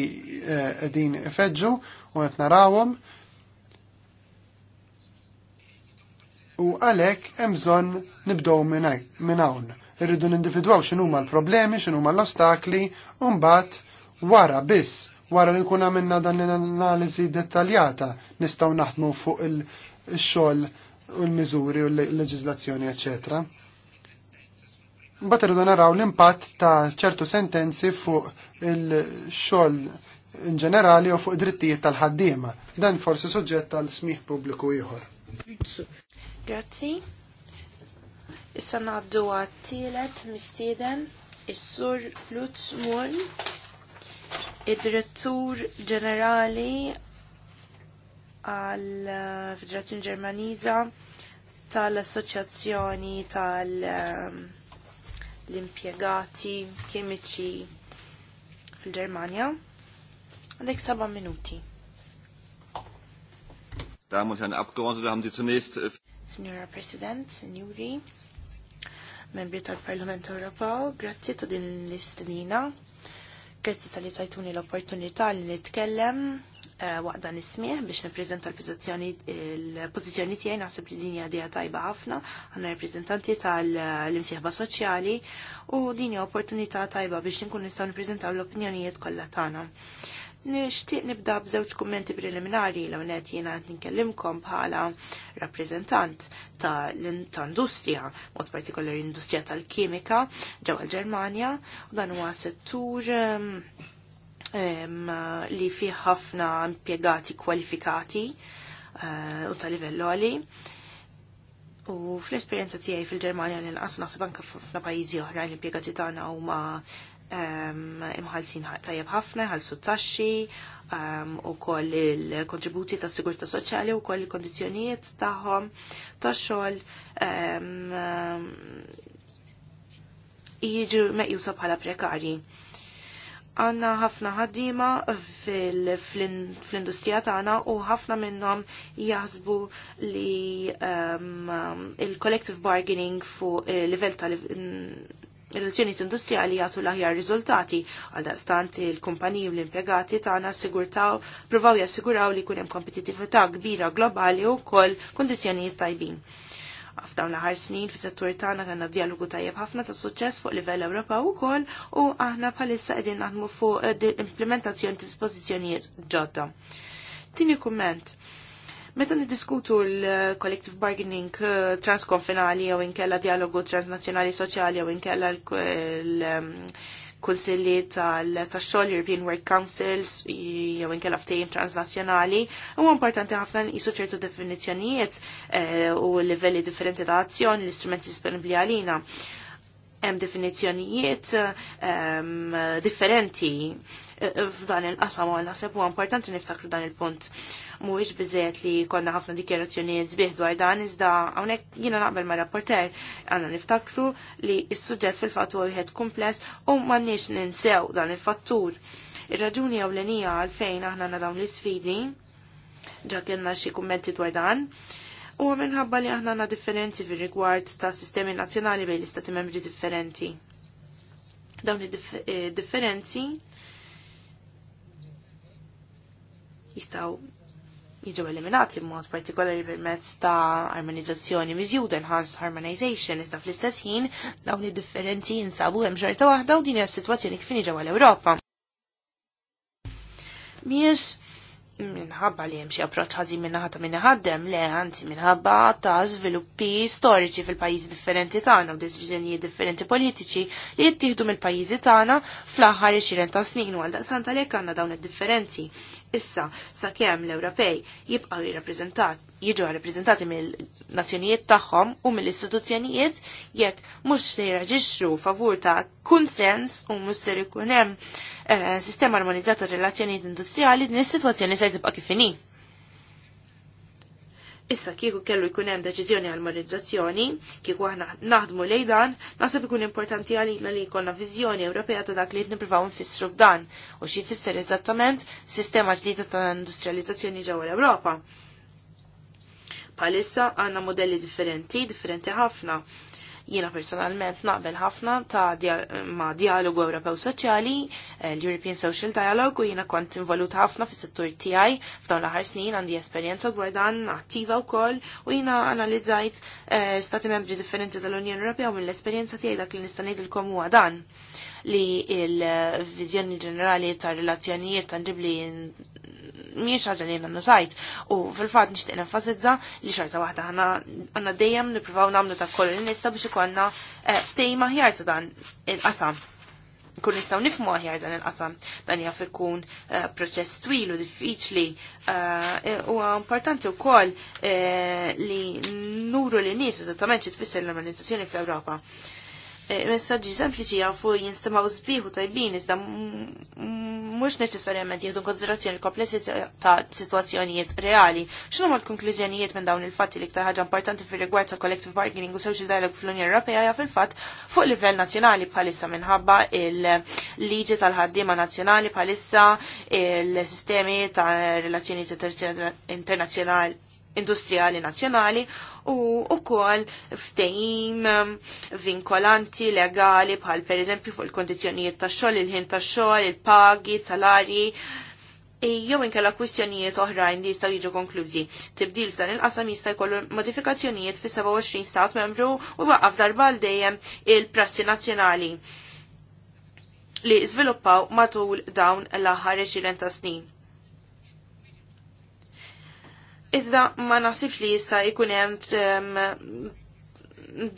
eh, qegħdin ifeġġu u qed narawhom. U għalhekk hemm bżonn nibdew minn hawn. Irridu nindividwaw x'inhuma l-problemi, x'inhuma l-ostakli u mbagħad wara biss wara li nkun għamilna dan l-analiżi dettaljata nistgħu naħdmu fuq il-xogħol il xol il xogħol u l-miżuri u l-leġizlazzjoni, eccetera. Mbagħad irridu naraw l-impatt ta' ċertu sentenzi fuq il-xogħol in ġenerali u fuq drittijiet tal-ħaddiema. Dan forsi suġġett tal-smih pubbliku ieħor. Grazzi. Issa ngħaddu għat-tielet mistieden is-sur Lutz Mull, id-direttur ġenerali għal Federazzjoni Ġermaniża tal-assoċjazzjoni tal-impjegati ehm, kimiċi fil-Germania. Għandek saba minuti. Damu und Herren Abgeordnete, haben Sie äh, Signora President, Signori, membri tal-Parlament Ewropew, grazzi ta' din l-istedina, grazzi tal-li tajtuni l-opportunità li nitkellem Eh, waqt dan ismieħ biex nippreżenta l-pożizzjoni l-pożizzjoni tiegħi naħseb li din hija tajba ħafna għandna rappreżentanti tal-imsieħba soċjali u din hija opportunità tajba biex inkun nistgħu nippreżentaw l-opinjonijiet kollha tagħna. Nishtiq nibda b'żewġ kummenti preliminari l għonet jena ninkellimkom bħala rappreżentant ta' industrija mod partikolari industrija tal-kimika ġewwa l-Ġermanja, u dan huwa settur ehm, li fih ħafna impjegati kwalifikati eh, u ta' livell għali. U fl-esperienza tiegħi fil-Ġermanja li nqas naħseb anke f'na pajjiżi oħra l-impjegati tagħna huma imħalsin tajjeb ħafna, ħalsu taxxi, u koll il-kontributi ta' sigurta soċjali u koll il-kondizjonijiet tagħhom ta' xogħol jiġu meqjusa bħala prekarji għanna ħafna ħaddima fl-industrija tagħna u ħafna minnhom jaħsbu li um, um il-collective bargaining fuq eh, livell ta' relazzjoniet industrijali jagħtu l-aħjar riżultati għal daqstant il-kumpaniji u l-impjegati tagħna sigurtaw provaw jassiguraw li jkun hemm kompetitività kbira globali u wkoll kundizzjonijiet tajbin. F'dawn l-aħħar snin fis-settur tagħna kellna dialogu tajjeb ħafna ta' suċċess fuq livell Ewropa wkoll u aħna bħalissa qegħdin naħdmu fuq eh, implementazzjoni dispożizzjonijiet ġodda. Tini kumment. Meta niddiskutu l-collective bargaining eh, transkonfinali jew inkella dialogu transnazzjonali soċjali jew inkella l eh, mm, kunsilli tal-xogħol European Work Councils jew inkella ftehim transnazzjonali. Huwa importanti ħafna nqisu ċertu definizzjonijiet eh, u livelli differenti ta' azzjoni l-istrumenti disponibbli għalina hemm definizzjonijiet ehm, differenti f'dan il-qasam għal naħseb huwa importanti niftakru dan il-punt. Mhuwiex biżejjed li konna ħafna dikjerazzjonijiet sbieħ dwar dan iżda hawnhekk jiena naqbel ma' rapporter għandna niftakru li s-suġġett fil fattur huwa wieħed kumpless u m'għandniex ninsew dan il-fattur. Ir-raġuni ewlenija għalfejn aħna għandna dawn l-isfidi ġa kienna xi kummenti dwar dan u minħabba li aħna għandna differenzi fir rigward ta' sistemi nazzjonali bejn l-istati membri differenti. Dawn id-differenzi eh, jistaw jiġu eliminati mod partikolari permezz ta' armonizzazzjoni miżjuda enhanced harmonization iżda fl-istess ħin dawn id-differenti jinsabu hemm xorta waħda u din hija s-sitwazzjoni kif ġewwa għall ewropa Mhijiex minħabba li hemm xi approċċ ħażin minnaħa ta' minna ħaddem, le anzi minħabba ta' żviluppi storiċi fil-pajjiżi differenti tagħna u deċiżjonijiet differenti politiċi li jittieħdu mill-pajjiżi tagħna fl-aħħar 20 ta' snin u għal daqsan tal-jekk għandna dawn id-differenti issa sakemm l-Ewropej jibqgħu jirrappreżentat jiġu rappreżentati mill-nazzjonijiet tagħhom u mill-istituzzjonijiet jekk mhux se jraġixxu favur ta' kunsens u mhux se jkun hemm eh, sistema armonizzata relazzjonijiet industrijali din is-sitwazzjoni se tibqa' kif inhi. Issa kieku kellu jkun hemm deċiżjoni għal modernizzazzjoni, kieku aħna naħdmu lejn dan, naħseb ikun importanti għalina li jkollna viżjoni Ewropea ta' dak li qed nippruvaw nfissru b'dan u xi jfisser eżattament sistema ġdida ta' industrializzazzjoni ġewwa l-Ewropa. Palissa għandna modelli differenti, differenti ħafna Jiena personalment naqbel ħafna ta' dia ma' dialogu Ewropew Soċjali, eh, l-European Social Dialogue, u jiena kont involut ħafna fis settur tiegħi f'dawn l-aħħar snin għandi esperjenza dwar dan attiva wkoll u jiena analizzajt eh, stati membri differenti tal-Unjoni Ewropea u mill-esperjenza tiegħi dak li nista' ngħidilkom huwa dan li l-viżjoni eh, ġenerali tar relazzjonijiet tangibli miex ħaġa li għanna sajt u fil-fat nishtiq nenfasizza li xorta waħda għanna għanna dejjem niprofaw namlu ta' kollu l nista biex ikonna eh, ftejma ħjar ta' dan il-qasam. Kun nistaw nifmu ħjar dan il-qasam, dan jaf ikun eh, proċess twil u diffiċli eh, u importanti u koll li nuru li nis eżattament ċitfisser l-organizzazzjoni fl-Europa. Eh, messaġġi sempliċi jafu jinstemaw zbiħu tajbin, iżda mux neċessarjament jihdu l komplessità ta' situazzjonijiet reali. ċinu ma' l-konklużjonijiet minn dawn il-fatti li ktar ħagġa importanti fil rigward ta' collective bargaining u social dialogue fl-Unjoni Ewropea ja fil-fatt fuq livell nazzjonali bħalissa minħabba il-liġi tal-ħaddiema nazzjonali bħalissa il-sistemi ta' relazzjoni internazzjonali industriali nazzjonali u wkoll ftehim um, vinkolanti legali bħal pereżempju fuq il kondizjonijiet tax-xogħol, il-ħin tax-xogħol, il-pagi, salarji jew inkella kwistjonijiet oħrajn li jistgħu jiġu konklużi. Tibdil f'dan il-qasam jista' jkollu modifikazzjonijiet fis-27 stat membru u waqaf darba dejjem il-prassi nazzjonali li żviluppaw matul dawn l-aħħar 20 ta' snin. Iżda ma naħsibx li jista' jkun hemm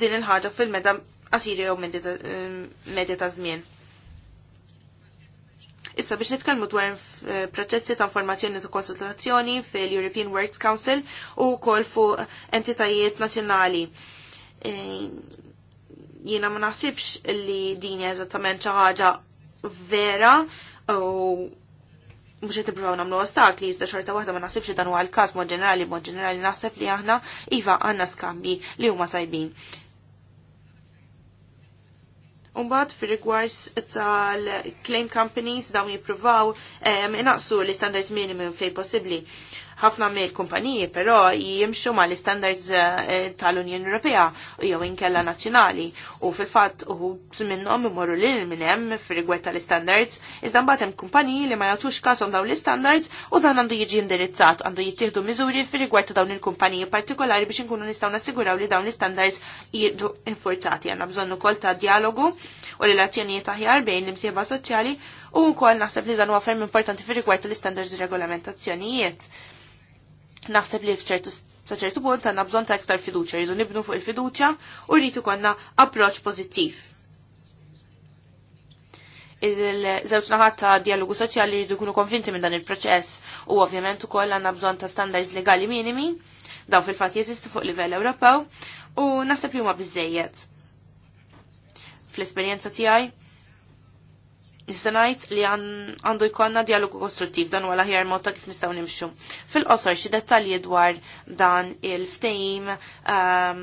din il-ħaġa fil-meta qasir jew medja ta' żmien. Issa biex nitkellmu dwar eh, proċessi ta' informazzjoni ta' konsultazzjoni fil-European Works Council u wkoll fuq entitajiet nazzjonali. E, jiena ma naħsibx li din eżattament xi ħaġa vera u mux qed ippruvaw nagħmlu ostakli, iżda xorta waħda ma naħsibx dan huwa l-każ mod ġenerali, mod ġenerali naħseb li aħna iva għandna skambi li huma sajbin. Umbat fir rigwars tal-claim companies dawn jippruvaw inaqsu l-standard minimum fej possibbli. Ħafna mill-kumpaniji però jimxu ma l-standards eh, tal-Unjoni Ewropea jew inkella nazzjonali u fil-fatt uħud minnhom imorru lil minn hemm fir-rigward tal-standards iżda mbagħad hemm kumpaniji li ma jagħtux kasom dawn l-standards u dan għandu jiġi indirizzat għandu jittieħdu miżuri fir-rigward ta' dawn il-kumpaniji partikolari biex inkunu nistgħu nassiguraw li dawn l-standards jiġu infurzati. Għandna bżonn ukoll ta' dialogu u relazzjonijiet aħjar bejn l-imsieba soċjali u wkoll naħseb li dan huwa ferm importanti fir rigward tal-istandards u regolamentazzjonijiet. Naħseb li fċertu saċertu punt għanna bżon ta' iktar fiduċa, rridu nibnu fuq il-fiduċa u rritu konna approċ pozittiv. Iż-żewġ naħat ta' dialogu soċjali rridu kunu konvinti minn dan il-proċess u ovvjament ukoll għandna bżonn ta' standards legali minimi, daw fil-fatt jeżistu fuq livell Ewropew u naħseb li huma biżejjed. Fl-esperjenza tiegħi Iżda ngħid li għandu jkollna dialogu kostruttiv dan wala ħjar mod ta' kif nistgħu nimxu. Fil-qosor xi dettalji dwar dan il-ftehim um,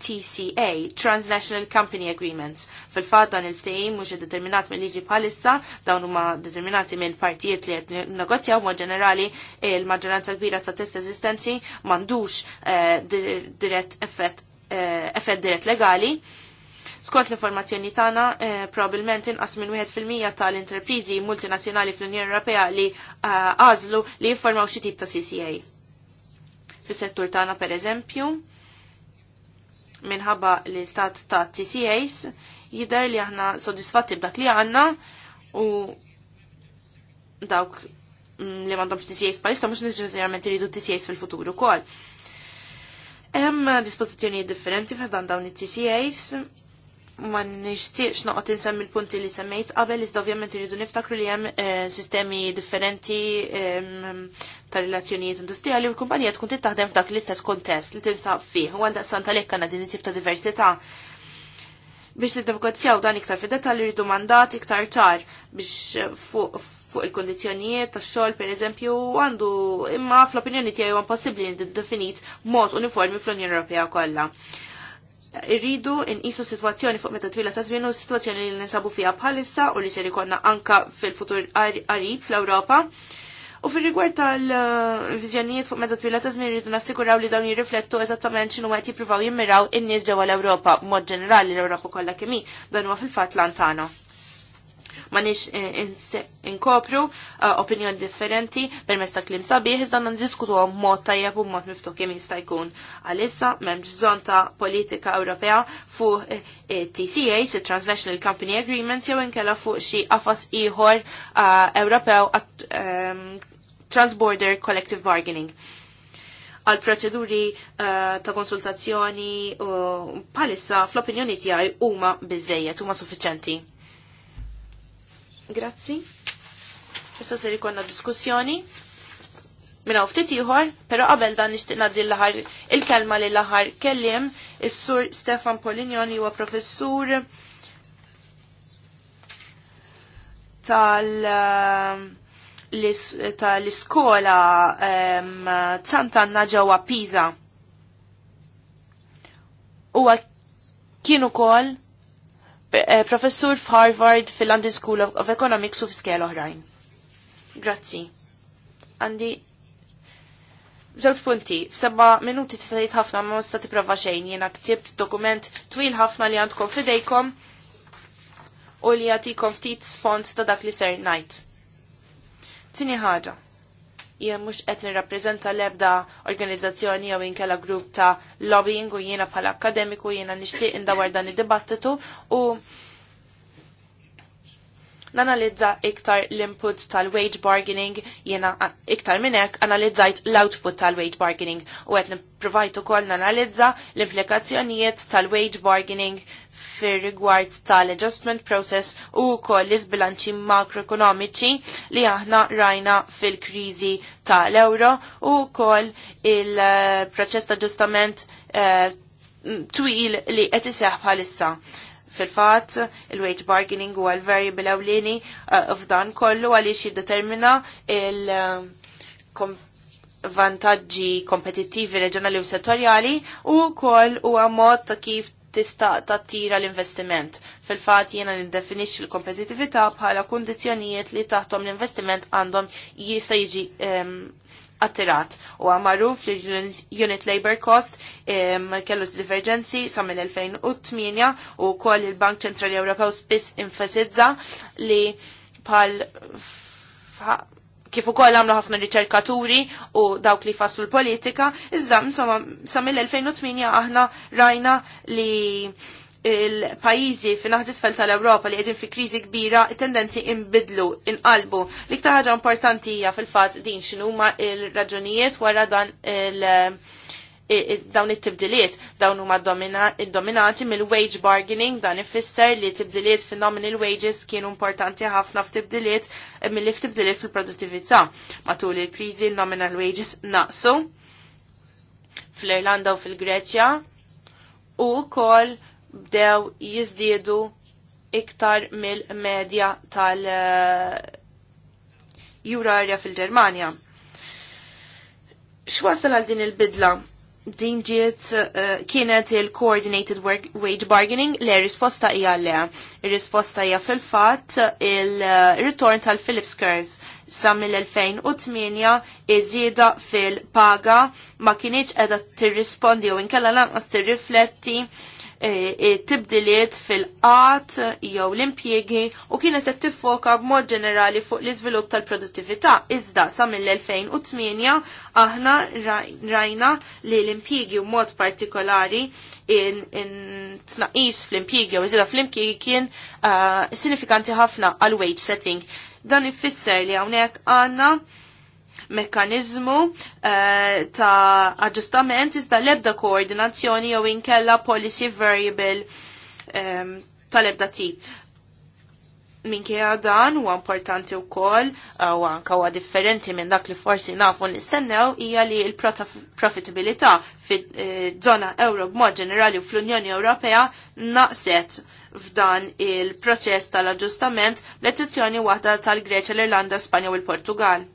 TCA, Transnational Company Agreements. Fil-fat dan il-ftehim mhux determinat mill-liġi bħalissa, dawn huma determinati minn partijiet li qed negozjaw ma' ġenerali il-maġġoranza kbira ta' test eżistenti m'għandux eh, dirett effett eh, effett dirett legali Skont l-informazzjoni tagħna, eh, probabbilment inqas minn wieħed fil-mija tal interprizi multinazzjonali fl-Unjoni Ewropea li eh, għażlu uh, li jiffurmaw xi tip ta' CCA. Fis-settur tagħna pereżempju, minħabba l-istat ta' TCAs, jidher li aħna sodisfatti b'dak li għandna u dawk mm, li m'għandhomx TCAs palissa mhux neċessarjament iridu TCAs fil-futur ukoll. Hemm dispożizzjonijiet differenti f'dan dawn it-TCAs ma nixtieqx noqgħod insemmi l-punti li semmejt qabel iżda ovvjament irridu niftakru li hemm eh, sistemi differenti ta' relazzjonijiet industrijali u l-kumpanija tkun tittaħdem f'dak l-istess kontest li tinsab fih u għal santa tal-hekk għandna din it-tip ta' diversità biex nidnegozjaw dan iktar fidetta li rridu mandat iktar ċar biex fuq il-kondizjonijiet tax-xogħol pereżempju għandu imma fl-opinjoni tiegħi huwa possibbli definit mod uniformi fl-Unjoni Ewropea kollha irridu inqisu situazzjoni fuq meta twila ta' żmien u situazzjoni li ninsabu fiha bħalissa u li se ikonna anka fil-futur qarib fl-Ewropa. U fil rigward tal viżjonijiet fuq meta twila ta' żmien irridu nassikuraw li dawn jirriflettu eżattament x'inhu qed jippruvaw jimmiraw in-nies ġewwa l-Ewropa b'mod ġenerali l-Ewropa kollha kemm dan huwa fil-fatt lantana ma nix eh, inkopru eh, opinjoni differenti permezz ta' klim sabiħ iżda diskutu għom mod tajjeb u mod miftu kemm jista' jkun. Għalissa m'hemmx bżonn ta' politika Ewropea fuq eh, TCAs, Transnational Company Agreements, jew inkella fuq xi afas ieħor Ewropew ehm, Transborder Collective Bargaining għal proċeduri uh, ta' konsultazzjoni u uh, palissa fl-opinjoni tiegħi huma biżejjed huma suffiċenti. Grazzi. Issa se ikonna diskussjoni. Mina ftit ieħor, però qabel dan nixtieq naddi l-aħħar il-kelma li l-aħħar kellim, is-sur Stefan Polignoni huwa professur tal ehm, tal-iskola ehm, Sant'Anna ġewwa Pisa. Huwa kien ukoll Eh, professur f'Harvard fil-London School of Economics u f'skel oħrajn. Grazzi. Għandi Żewġ punti, seba minuti t tajt ħafna ma sta prova xejn, jena ktibt dokument twil ħafna li għandkom fidejkom u li għatikom ftit sfond ta' dak li ser najt. Tini ħaġa jien mhux qed nirrappreżenta l-ebda organizzazzjoni jew inkella grupp ta' lobbying u jiena bħala akademiku jiena nixtieq indawar dan id-dibattitu u nanalizza iktar l-input tal-wage bargaining, jena iktar minnek analizzajt l-output tal-wage bargaining u għetni niprovajt u koll nanalizza l-implikazzjonijiet tal-wage bargaining fir rigward tal-adjustment process u koll l-izbilanċi makroekonomiċi li aħna rajna fil-krizi tal-euro u koll il-proċess ta' ġustament uh, eh, twil li qed iseħħ bħalissa. issa fil-fat il-wage bargaining u għal-variable għawlini uh, f'dan kollu għaliex jiddetermina il- um, vantaġġi kompetittivi reġjonali u settorjali u kol u għamot ta' kif tista' tattira l-investiment. Fil-fatt jiena nindefinixxi l-kompetitività bħala kundizzjonijiet li taħtom l-investiment għandhom jista' jiġi um, attirat u għamarruf li Unit Labor Cost kellu divergenzi sa' mill-2008 u koll il-Bank Ċentrali Ewropew spiss infasizza li pal kif ukoll għamlu ħafna riċerkaturi u dawk li faslu l-politika, iżda insomma sa mill-2008 aħna rajna li il-pajizi fil-naħt fel tal-Ewropa li għedin fi krizi kbira, il tendenzi imbidlu, inqalbu. L-iktar ħaġa importanti hija fil-fatt din x'inhuma il-raġunijiet wara dan il- dawn it-tibdiliet dawn huma dominanti mill-wage bargaining dan ifisser li tibdiliet fin nominal wages kienu importanti ħafna f'tibdiliet eh, mill-li f'tibdiliet fil-produttività. Matul il-kriżi nominal wages naqsu fl-Irlanda u fil-Greċja u kol bdew jizdiedu iktar mill-medja tal-Jurarja eh, fil-Germania. X'wasal għal din il-bidla? Din ġiet uh, kienet il-Coordinated Wage Bargaining le risposta hija le. Ir-risposta hija fil-fatt il-ritorn tal-Phillips Curve sa mill-2008 iżieda fil-paga ma kienieċ edha tirrispondi u inkella lanqas tirrifletti E, e, tibdiliet fil-qat jew l-impjiegi u kienet qed tiffoka b'mod ġenerali fuq l-iżvilupp tal-produttività. Iżda sa mill-2008 aħna rajna li l-impjiegi u mod partikolari in-tnaqis fl-impjiegi u iżda fl-impjiegi kien uh, sinifikanti ħafna għal wage setting. Dan ifisser li hawnhekk għandna mekkanizmu uh, eh, ta' aġġustament iżda l-ebda koordinazzjoni jew inkella policy variable um, tal-ebda tip. Minkejja dan huwa importanti wkoll eh, u anke huwa differenti minn dak li forsi nafu nistennew hija li l-profitabilità fid-żona euro b'mod ġenerali u fl-Unjoni Ewropea naqset f'dan il-proċess tal-aġġustament l-eċezzjoni waħda tal-Greċja, l-Irlanda, Spanja u l-Portugal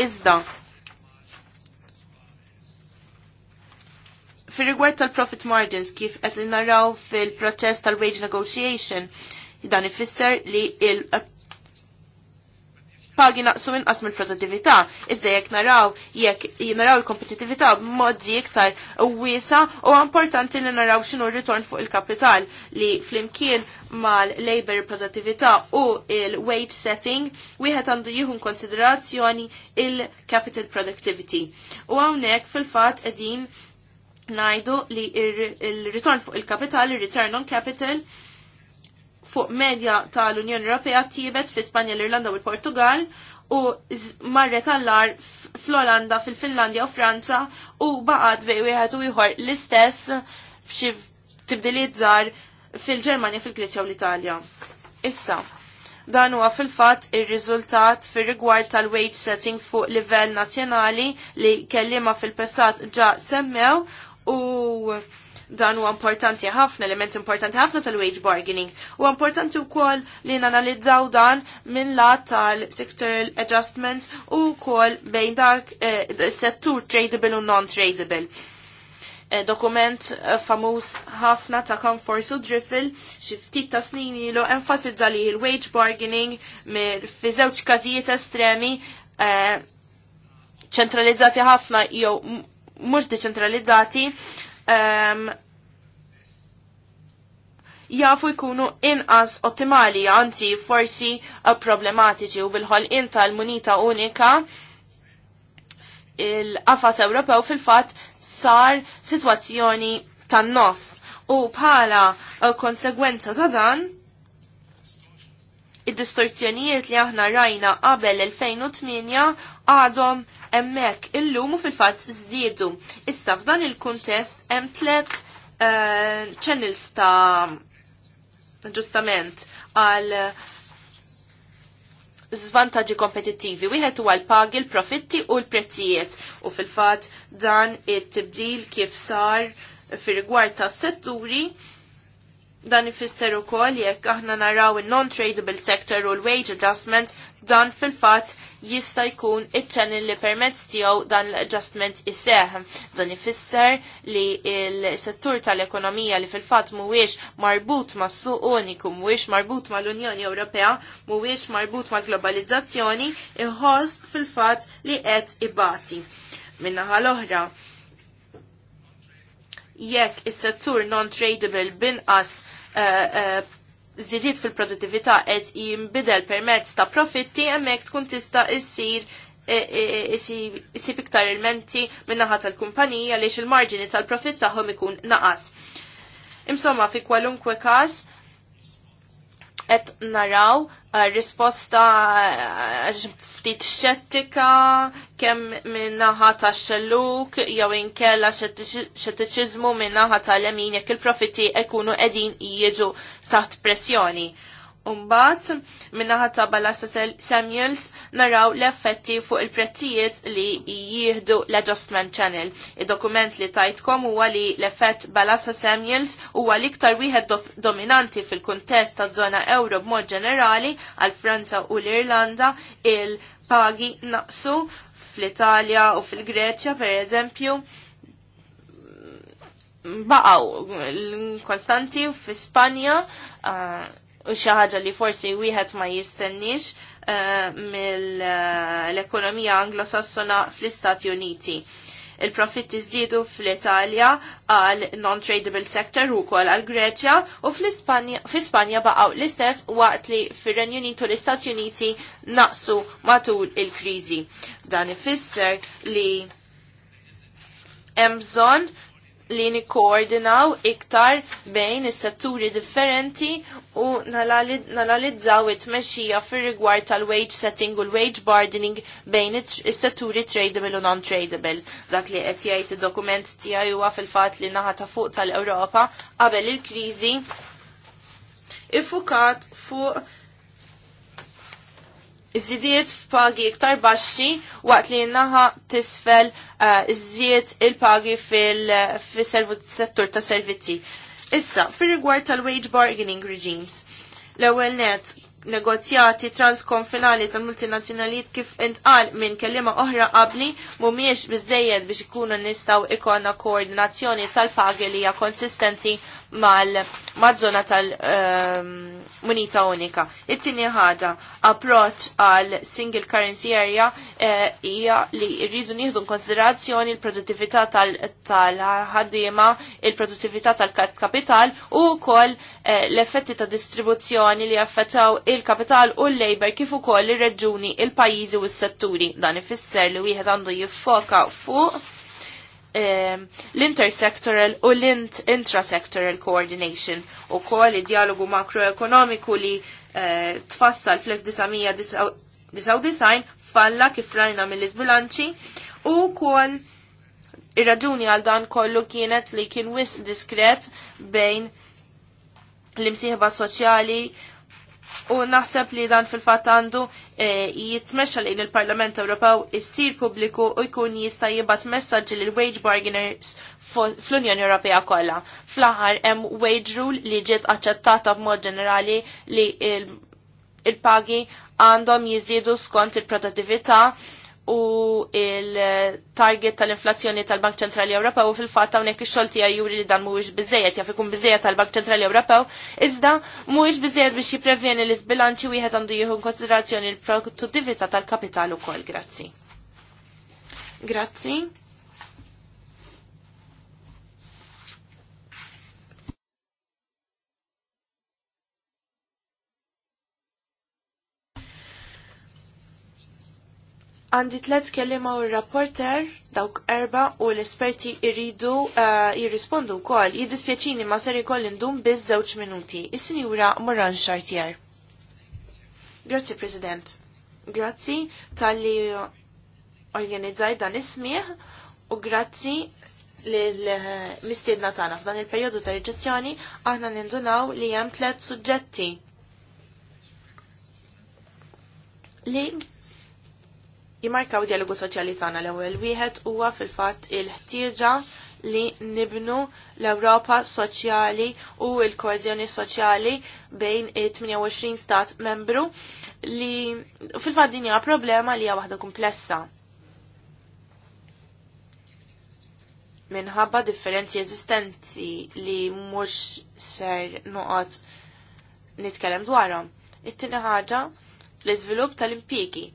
Iżda, fir rigward tal-profit margins kif qed narraw fil-proċess tal-wage negotiation, dan ifisser li pagi naqsu inqas mill-produttività, iżda jekk naraw jekk naraw il kompetitività b'moddi iktar wiesa u importanti li naraw x'inhu ritorn fuq il-kapital li flimkien mal-labor produttività u il-wage setting wieħed għandu jieħu konsiderazzjoni il-capital productivity. U hawnhekk fil-fatt qegħdin ngħidu li il-ritorn fuq il-kapital, il-return on capital, il fuq medja tal-Unjoni Ewropea tibet fi Spanja, l-Irlanda u l-Portugal u marret allar fl-Olanda, fil-Finlandja u Franza u baqad bej wieħed u ieħor l-istess b'xi tibdiliet żgħar fil-Ġermanja, fil-Greċja u l-Italja. Issa, dan huwa fil-fatt ir-riżultat fir-rigward tal-wage setting fuq livell nazzjonali li kellima fil-passat ġa semmew u Dan huwa importanti ħafna, element importanti ħafna tal-wage bargaining. U importanti wkoll li nanalizzaw dan minn la tal-sectoral adjustment u wkoll bejn dak eh, settur tradable u non-tradable eh, dokument eh, famuż ħafna ta' Comfort u Driffel xi ftit ta' snin ilu enfasizza li l-wage bargaining fi żewġ każijiet estremi eh, ċentralizzati ħafna jew mhux deċentralizzati um, jafu jkunu inqas ottimali, anzi forsi uh, problematiċi u bil-ħol inta l-munita unika il-qafas Ewropew fil-fat sar situazzjoni tan-nofs u bħala uh, konsegwenza ta' dan id-distorzjonijiet li aħna rajna qabel 2008 għadhom emmek illum u fil-fat zdiedu. Issa f'dan il-kuntest hemm tlet eh, channels ta' ġustament għal zvantaġġi kompetittivi. Wieħed huwa l-pagi, l-profitti u l-prezzijiet. U fil-fatt dan it-tibdil kif sar fir rigward tas setturi Dan ifisser ukoll jekk aħna naraw il-non-tradable sector u l-wage adjustment dan fil-fatt jista' jkun iċ-ċannel li permezz tiegħu dan l-adjustment iseħ. Dan ifisser li il settur tal-ekonomija li fil-fatt mhuwiex marbut mas-suq uniku, mhuwiex marbut mal-Unjoni Ewropea, mhuwiex marbut mal-globalizzazzjoni, iħoss fil-fatt li qed ibati. Minnaħa l-oħra, jekk is-settur non-tradable binqas uh, eh, zidiet eh, fil-produttività qed jinbidel permezz ta' profitti hemmhekk tkun tista' issir eh, isib iktar il-menti minnaħa tal-kumpanija għaliex il-marġini tal-profitt tagħhom ikun naqas. Imsomma, fi kwalunkwe każ, qed naraw uh, risposta uh, ftit xettika kemm minnaħa ta' xelluk jew inkella xettiċiżmu minnaħa ta' lemin jekk il-profitti ekunu qegħdin jiġu taħt pressjoni. Umbat, minna ta' Balassa Samuels naraw l-effetti fuq il-prezzijiet li jieħdu l-Adjustment Channel. Il-dokument li tajtkom huwa li l-effett Balassa Samuels huwa l-iktar wieħed dominanti fil-kuntest ta' zona euro b'mod ġenerali għal Franza u l-Irlanda il-pagi naqsu fl-Italja u fil-Greċja per eżempju baqaw konstanti fi ispanja uh, u xi ħaġa li forsi wieħed ma jistennix uh, mill-ekonomija anglosassona fl-Istati Uniti. Il-profitti żdiedu fl-Italja għal non-tradable sector u kol għal Greċja u fl-Ispanja baqgħu l-istess waqt li fir-Renju Unitu l-Istati Uniti naqsu matul il-kriżi. Dan ifisser li hemm bżonn li nikkoordinaw iktar bejn is-setturi differenti u nanalizzaw it-tmexxija fir-rigward tal-wage setting u l-wage bargaining bejn is-setturi tradable u non-tradable. Dak li qed jgħid id-dokument tiegħi huwa fil-fatt li naħa ta' fuq tal-Ewropa qabel il-kriżi ifukat fuq iż-żidiet f'pagi iktar baxxi waqt li naħa tisfel uh, iż-żied il-pagi fil-settur ta' servizzi. Issa, fir rigward tal-wage bargaining regimes, l-ewwel net negozjati transkonfinali tal-multinazzjonalijiet kif intqal minn kelima oħra qabli mhumiex bizzejed biex ikunu nistgħu ikonna koordinazzjoni tal-pagi li hija konsistenti mal mazzona tal-munita ehm, unika. It-tini ħaġa, approċ għal single currency area eh, hija li rridu nieħdu konsiderazzjoni l-produttività tal-ħaddiema, il-produttività tal-kapital u wkoll eh, l-effetti ta' distribuzzjoni li affettaw il-kapital u l-labor kif ukoll ir-reġuni, il-pajjiżi u s-setturi. Dan ifisser li wieħed għandu jiffoka fuq l-intersectoral u l-intrasectoral coordination u kol dialogu makroekonomiku li eh, tfassal fl-1999 falla kif rajna mill-izbilanċi u kol ir-raġuni għal dan kollu kienet li kien wis diskret bejn l-imsieħba soċjali u naħseb li dan fil-fatt għandu e, jitmexxa li l parlament Ewropew issir pubbliku u jkun jista' jibgħat messaġġi l wage bargainers fl-Unjoni Ewropea kollha. Fl-aħħar hemm wage rule li ġiet aċċettata b'mod ġenerali li il-pagi għandhom jiżdiedu skont il-produttività il produttività u il-target tal-inflazzjoni tal-Bank Ċentrali Ewropew u fil-fatt hawnhekk ix-xogħol juri li dan mhuwiex biżejjed jaf ikun biżejjed tal-Bank Ċentrali Ewropew, iżda mhuwiex biżejjed biex jipprevjeni l-isbilanċi wieħed għandu jieħu konsiderazzjoni l-produttività tal-kapital ukoll. Grazzi. Grazzi. Għandi tlet kellima u rapporter dawk erba u l-esperti irridu uh, eh, jirrispondu wkoll. Jiddispjaċini ma ser ikoll indum biż żewġ minuti. Is-Sinjura Moran Xartier. Grazzi President. Grazzi tal-li organizzaj dan ismiħ u grazzi l-mistiedna tagħna f'dan il-perjodu ta' reġezzjoni aħna nindunaw li hemm tliet suġġetti li jimarkaw dialogu soċjali tagħna l-ewwel wieħed huwa fil-fatt il-ħtieġa li nibnu l-Ewropa soċjali u l koezjoni soċjali bejn it 28 stat membru li fil-fatt din hija problema li hija waħda komplessa. Minħabba differenti eżistenti li mhux ser noqgħod nitkellem dwarhom. It-tieni ħaġa l-iżvilupp tal-impjiegi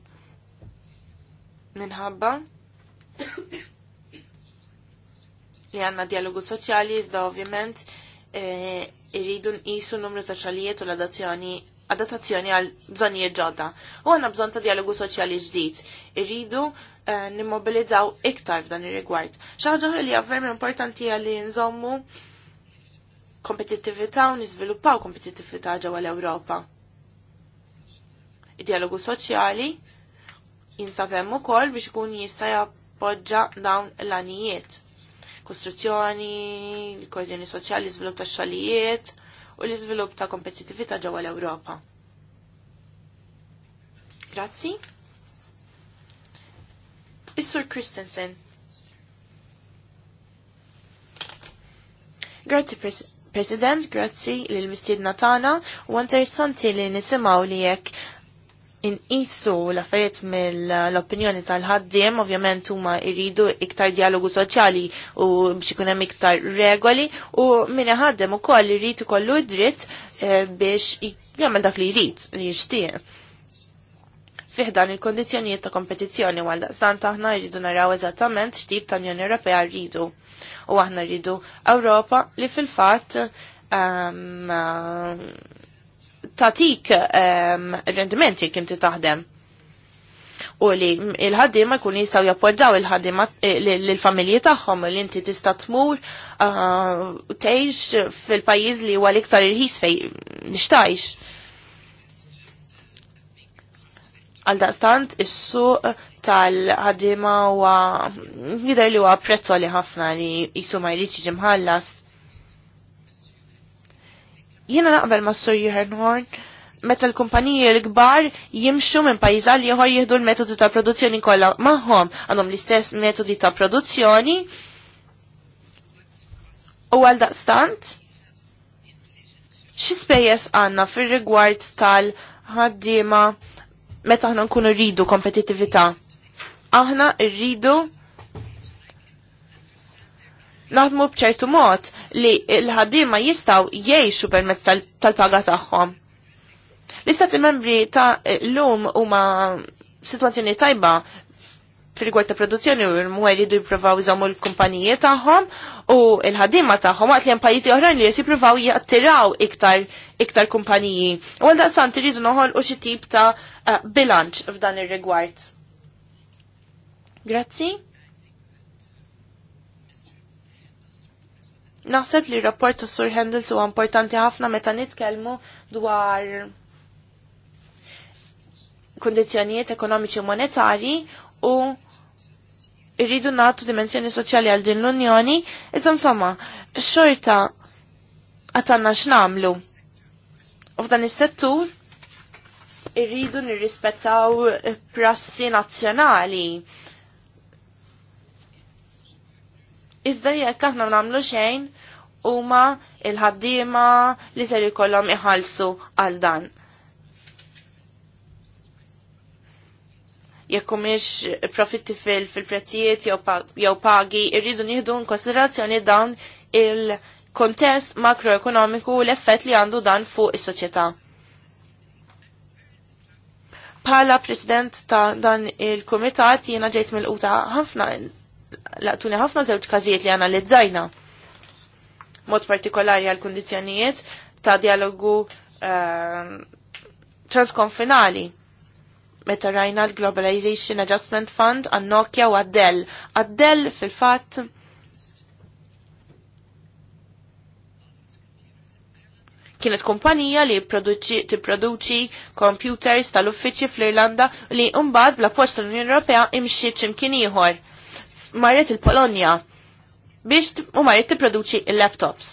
minħabba li għanna dialogu soċjali, iżda ovvjament e, irridu nqisu numru ta' xalijiet u l-adazzjoni adattazzjoni għal bżonni ġodda. U għanna bżon ta' dialogu soċjali ġdid. Irridu e, nimmobilizzaw iktar f'dan ir-rigward. ħaġa li għavvermi importanti għalli nżommu kompetittività u niżviluppaw kompetittività ġewwa l-Ewropa. dialogu soċjali jinsab hemm ukoll biex ikun jista' jappoġġa dawn l-anijiet. Kostruzzjoni, l-kohezjoni soċjali, l izvilup tax-xogħlijiet u l-iżvilupp ta' kompetitivita ġewwa l-Ewropa. Grazzi. Is-Sur Christensen. Grazzi President, grazzi lil mistiedna tagħna u interessanti li nisimgħu li jekk inqisu l-affarijiet mill-opinjoni tal-ħaddiem, ovvjament huma jridu iktar dialogu soċjali u biex ikun hemm iktar regoli u min ħaddem ukoll irid ikollu dritt eh, biex jagħmel dak li jrid li jixtieq. Fih dan il-kondizzjonijiet ta' kompetizzjoni għal daqstant aħna jridu naraw eżattament x'tip ta' Unjoni Ewropea rridu. U aħna rridu Ewropa li fil-fatt um, uh, tatik um, rendimenti kien ti taħdem. U li il-ħaddim jkun jistaw jappoġġaw il-ħaddim eh, l-familji tagħhom li inti tista' tmur eh, tgħix fil-pajjiż li huwa l-iktar irħis fej nixtajx. Għal daqstant is-suq tal-ħaddiema huwa jidher li huwa apprezzoli ħafna li jisu ma jridx jiġi mħallas Jiena naqbel ma' Sir Horn, meta l-kumpaniji l-kbar jimxu minn pajizal għal ieħor jieħdu l-metodi ta' produzzjoni kollha magħhom għandhom l-istess metodi ta' produzzjoni u għal daqstant spejjeż għandna fir-rigward tal-ħaddiema meta aħna nkunu rridu kompetittività. Aħna rridu naħdmu bċertu mod li l-ħaddima jistaw jiexu permezz tal-paga tagħhom. L-istati membri ta' l-lum huma situazzjoni tajba fil ta' produzzjoni u l-mweri jridu jipprovaw jizomu l-kumpanije tagħhom u l-ħaddima tagħhom għat li hemm pajjiżi oħrajn li jippruvaw jattiraw iktar iktar kumpaniji. U għal santi irridu noħolqu xi tip ta' eh, bilanċ f'dan ir-rigward. Grazzi. Naħseb li rapport ta' Sur Handels huwa importanti ħafna meta nitkellmu dwar kondizjonijiet ekonomiċi monetari u irridu natu dimensjoni soċjali għal din l-Unjoni, iżda insomma, xorta għatanna x'namlu. U f'dan is-settur irridu nirrispettaw prassi nazzjonali Iżda jekk aħna nagħmlu xejn huma il-ħaddiema li ser ikollhom iħallsu għal dan. jekk mhix profitti fil-prezzijiet jew pagi, irridu nieħdu konsiderazzjoni dawn il-kontest makroekonomiku u l-effett li għandu dan fuq is-soċjetà. Bħala president ta' dan il-komitat jiena ġejt mill-quta ħafna laqtuni ħafna żewġ każijiet li analizzajna. Mod partikolari għal kundizzjonijiet ta' dialogu uh, transkonfinali meta rajna l-Globalization Adjustment Fund għan Nokia u għaddell. Għaddell fil-fat kienet kumpanija li tipproduċi computers tal-uffiċi fl-Irlanda li mbagħad bla post tal-Unjoni Ewropea imxiet kien ieħor marret il-Polonja biex u marret tipproduċi il-laptops.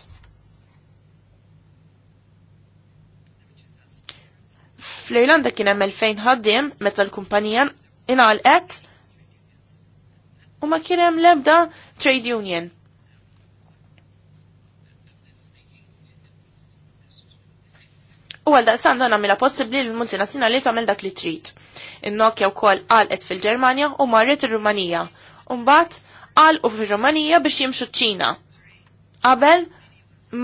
Fl-Irlanda kien hemm 2000 ħaddiem meta l-kumpanija inqalqet u ma kien hemm l-ebda trade union. U għal daqstan dan għamila possibli l multinazzjonali tagħmel dak li trid. in nokja wkoll qalqet fil-Ġermanja u marret ir-Rumanija Umbat għal u fil-Rumanija biex jimxu ċina. Qabel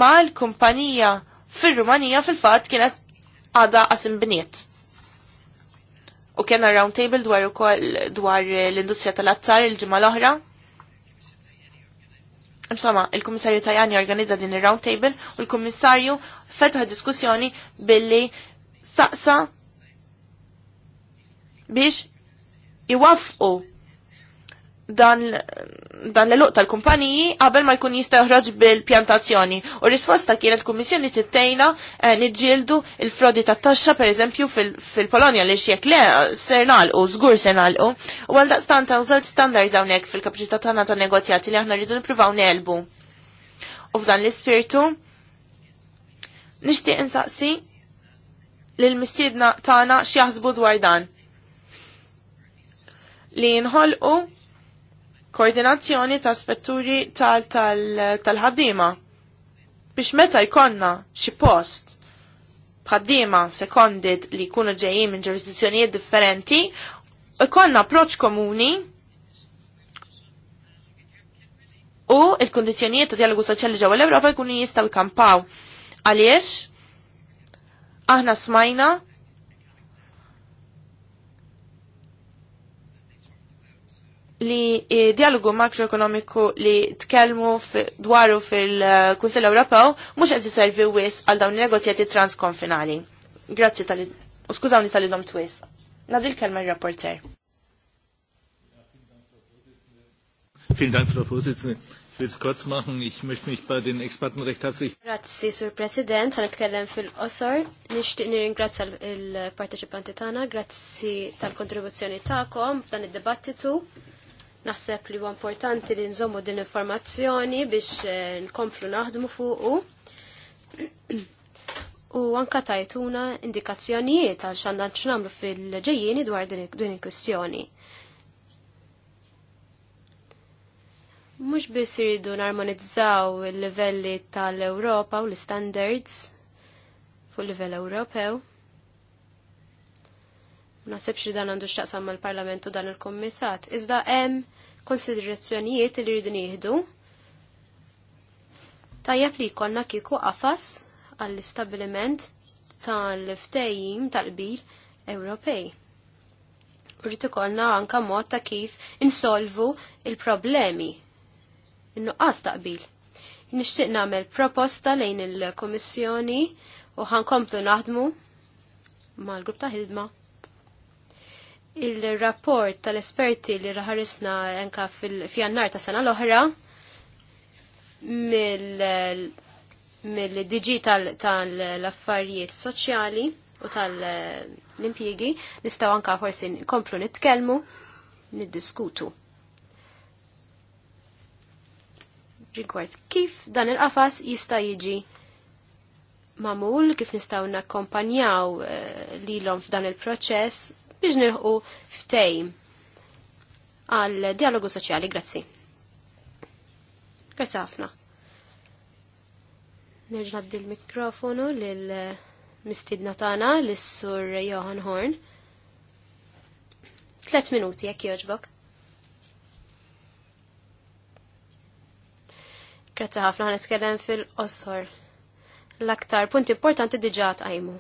ma l-kumpanija fil-Rumanija fil-fat kienet għada qasim bniet. U kena round table dwar ukoll dwar l-industrija tal-azzar il-ġimgħa l-oħra. Insomma, il-Kummissarju Tajani organizza din ir round table u l-Kummissarju fetaħ diskussjoni billi saqsa biex iwafqu dan, dan l-luq tal-kumpaniji qabel ma jkun jista' joħroġ bil-pjantazzjoni. U risposta kienet kummissjoni tittejna eh, niġġieldu il-frodi tat-taxxa pereżempju fil-Polonja li xiek le ser nagħlqu, żgur ser nagħlqu. U għal daqstan ta' użawġ standard dawnek fil-kapaċità tagħna ta' negozjati li aħna rridu nippruvaw nelbu. U f'dan l-ispirtu nixtieq insaqsi l mistiedna tagħna x'jaħsbu dwar dan li nħolqu koordinazzjoni ta' spetturi tal-ħaddima. biex meta jkonna xi post bħaddima sekondit li jkunu ġejjin minn ġurisdizzjonijiet differenti, jkollna approċ komuni u il-kondizjonijiet ta' dialogu soċjali ġewwa l-Ewropa jkunu jistgħu jkampaw. Għaliex aħna smajna li e, dialogu makroekonomiku li tkellmu dwaru fil-Kunsell Ewropew mhux qed iservi wis għal dawn negozjati transkonfinali. Grazzi tal u skużawni tal-idhom twis. Nadil kelma r-rapporter. Vielen Dank, Frau Vorsitzende. Ich will es kurz machen. Ich möchte mich bei den Experten recht herzlich... Grazie, Sur President. Għan itkellem fil-qosor. Nishtiq nirringrazzja l-parteċipanti tagħna. Grazzi tal-kontribuzzjoni tagħkom f'dan id debattitu Naħseb li huwa importanti li nżommu din informazzjoni biex eh, nkomplu naħdmu fuqu. U anka tajtuna indikazzjonijiet għal xandan x'namlu fil ġejjini dwar din il-kwistjoni. Mux biss iridu narmonizzaw il-livelli tal-Europa u l-standards fuq livell Ewropew. Nasibx li dan għandu xtaqsam mal-Parlamentu dan il-Kommissat. Iżda hemm konsiderazzjonijiet li rridu nieħdu. Tajjeb li konna kieku qafas għall-istabiliment tal ftejim tal bil Ewropej. Rritu ikollna anka mod ta' kif insolvu il-problemi. In-nuqqas ta' qbil. Nixtieq nagħmel proposta lejn il-Kummissjoni u ħankomplu naħdmu mal-grupp ta' ħidma il-rapport tal-esperti li raħarisna anka fil-fjannar ta' sena l-oħra mill-DG tal-affarijiet soċjali u tal-impjigi nistaw anka forsi komplu nitkelmu niddiskutu. Rigward kif dan il-qafas jista' jiġi mamul kif nistaw nakkompanjaw uh, lilhom f'dan il-proċess biex nilħu ftejm għal dialogu soċjali. Grazzi. Grazzi ħafna. Nerġa' l mikrofonu l eh, mistidna tagħna lis-sur Johan Horn. Tlet minuti jekk jogħġbok. Grazzi ħafna ħan fil osor L-aktar punt importanti diġà tqajmu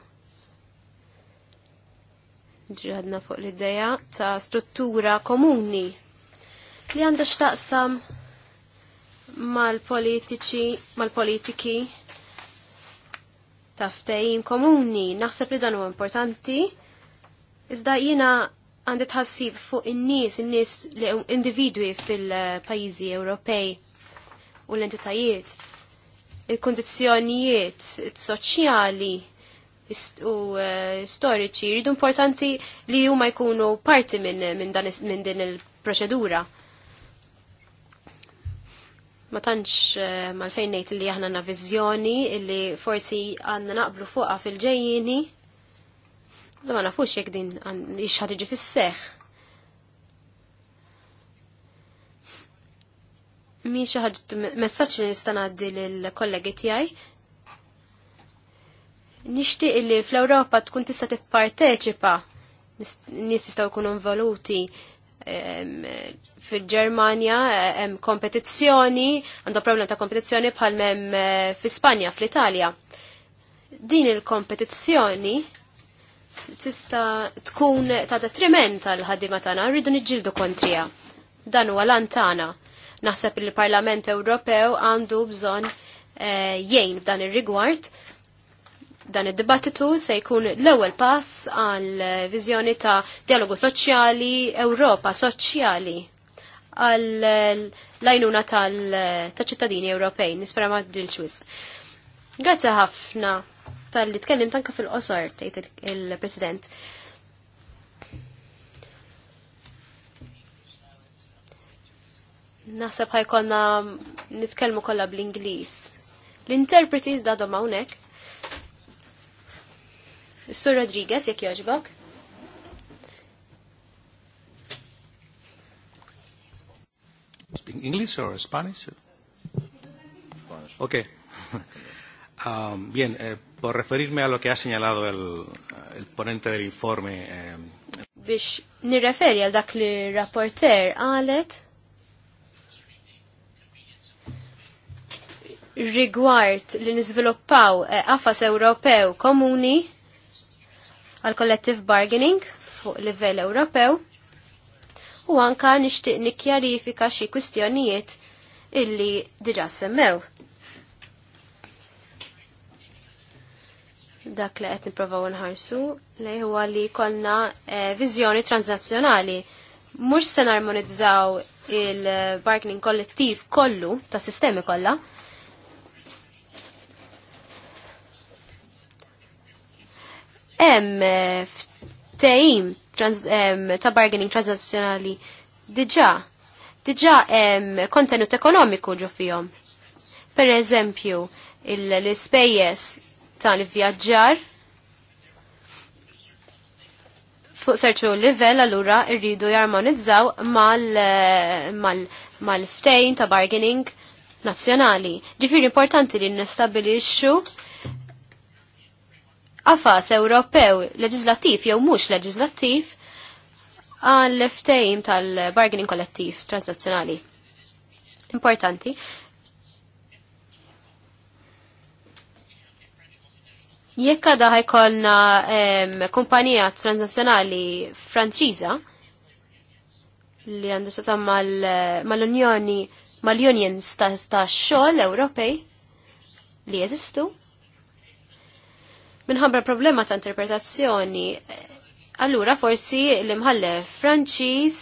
ġiħadna fuq l-ideja ta' struttura komuni li għandha xtaqsam mal-politiċi, mal-politiki ta' ftejim komuni. Naħseb li dan huwa importanti, iżda jiena għandi tħassib fuq in-nies, in-nies li individwi fil-pajjiżi Ewropej u l-entitajiet, il-kondizzjonijiet il soċjali u eh, storiċi jridu importanti li huma jkunu parti minn min min din il-proċedura. Ma tantx eh, malfejn ngħid li aħna na viżjoni li forsi għandna naqblu fuqha fil-ġejjini. Iżda ma nafux jekk din ix ħad fis-seħħ. mi xaħġ messaċ li nistanaddi l lill kollegi tiegħi Nixtieq li fl-Ewropa tkun tista' tipparteċipa nies jistgħu jkunu involuti fil ġermanja hemm kompetizzjoni, għandha problem ta' kompetizzjoni bħal hemm eh, fl-Ispanja, fl-Italja. Din il-kompetizzjoni tista' tkun ta' detriment għal ħaddiema tagħna, rridu niġġieldu kontrija. Dan huwa lantana. tagħna. Naħseb il-Parlament Ewropew għandu bżonn eh, jgħin f'dan ir-rigward Dan id-dibattitu se jkun l-ewwel pass għal viżjoni ta' dialogu soċjali, Ewropa soċjali għal lajnuna tal-ċittadini Ewropej, nispera ma' dil-ċwis. Grazzi ħafna tal-li tkellim tanka fil-qosor, tejt il-President. Naħseb ħajkonna nitkellmu kollha bl-Ingliż. L-interpretis da hawnhekk. Sur Rodriguez, jek joġbok. Speak English or Spanish? Spanish. Okay. um, bien, eh, por referirme a lo que ha señalado el, el ponente del informe. Eh, Bix nirreferi għal dak li rapporter għalet rigward li nizviluppaw għafas eh, Ewropew komuni għal collective bargaining fuq livell Ewropew u anka nixtieq nikkjarifika xi kwistjonijiet illi diġà semmew. Dak li qed nipprovaw nħarsu li huwa li konna eh, viżjoni transnazzjonali mhux se narmonizzaw il-bargaining kollettiv kollu ta' sistemi kollha, hemm eh, ftehim ta' bargaining transazzjonali diġà diġa' hemm kontenut ekonomiku ġo fihom. Per eżempju, l-ispejjeż tal-vjaġġar fuq serċu livell allura irridu jarmonizzaw eh, mal-ftejn ta' bargaining nazzjonali. Ġifir importanti li nistabilixxu għafas Ewropew leġislattiv jew mhux leġislattiv għal ftejim tal-bargaining kollettiv transnazzjonali. Importanti. Jekk għadha ħajkolna kumpanija transnazzjonali Franċiża li għandu sa mal-Unjoni mal-Unions ta' xogħol Ewropej li jeżistu, minħabba problema ta' interpretazzjoni. Allura forsi l-imħallef Franċiż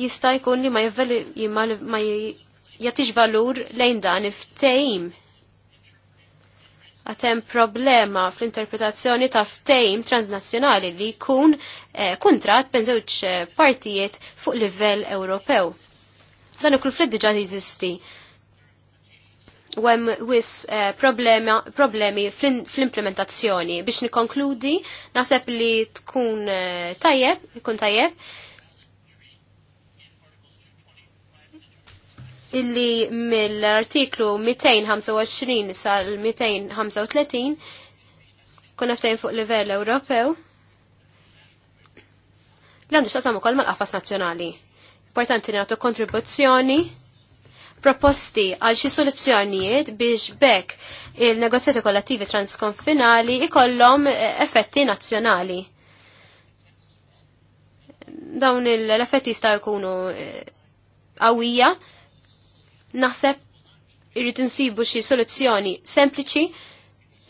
jista' jkun li ma jagħtix valur lejn dan iftejm. Għatem problema fl-interpretazzjoni ta' ftejm transnazzjonali li jkun eh, kontrat ben eh, partijiet fuq livell Ewropew. Dan ikun fl-diġa jeżisti u għem wis eh, problemi fl-implementazzjoni. Biex nikonkludi, naħseb li tkun eh, tajjeb, ikun tajjeb. Illi mill-artiklu 225 sal-235 kun ftajn fuq livell Ewropew. L-għandu xtaqsam ukoll mal-qafas nazzjonali. Importanti nagħtu kontribuzzjoni proposti għal xi soluzzjonijiet biex bekk il-negozjati kollattivi transkonfinali ikollhom eh, effetti nazzjonali. Dawn l-effetti jistgħu jkunu eh, qawwija. Naħseb irrid insibu xi soluzzjoni sempliċi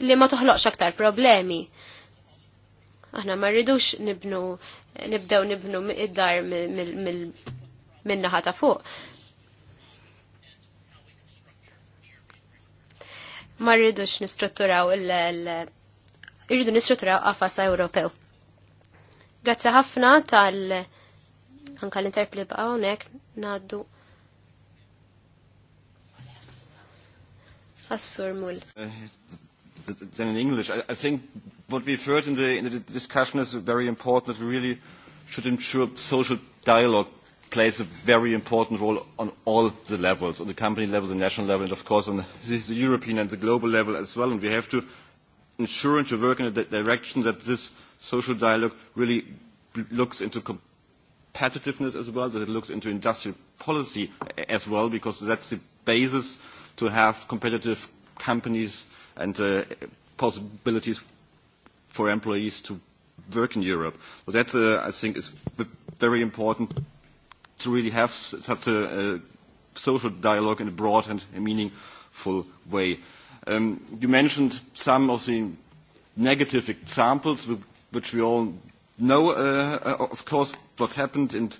li ma toħloqx aktar problemi. Aħna ma rridux nibnu nibdew nibnu id-dar min-naħa ta' fuq ma rridux nistrutturaw il- irridu nistrutturaw qafas Ewropew. Grazzi ħafna tal- anka l-interpli ba' hawnhekk ngħaddu Assur mull. Uh, then in English, I, I think what we've heard in the, in the discussion is very important that we really should ensure social dialogue plays a very important role on all the levels, on the company level, the national level, and of course on the, the European and the global level as well. And we have to ensure and to work in a direction that this social dialogue really looks into competitiveness as well, that it looks into industrial policy as well, because that's the basis to have competitive companies and uh, possibilities for employees to work in Europe. So that, uh, I think, is very important to really have such a, a social dialogue in a broad and a meaningful way. Um, you mentioned some of the negative examples which we all know, uh, uh, of course, what happened in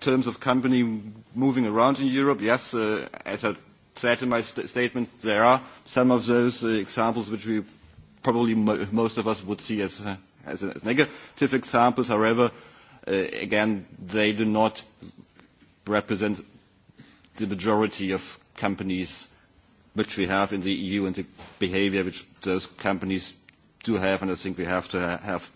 terms of company moving around in Europe. Yes, uh, as I said in my st statement, there are some of those uh, examples which we probably mo most of us would see as, uh, as, as negative examples. However, uh, again, they do not represent the majority of companies which we have in the EU and the behavior which those companies do have, and I think we have to have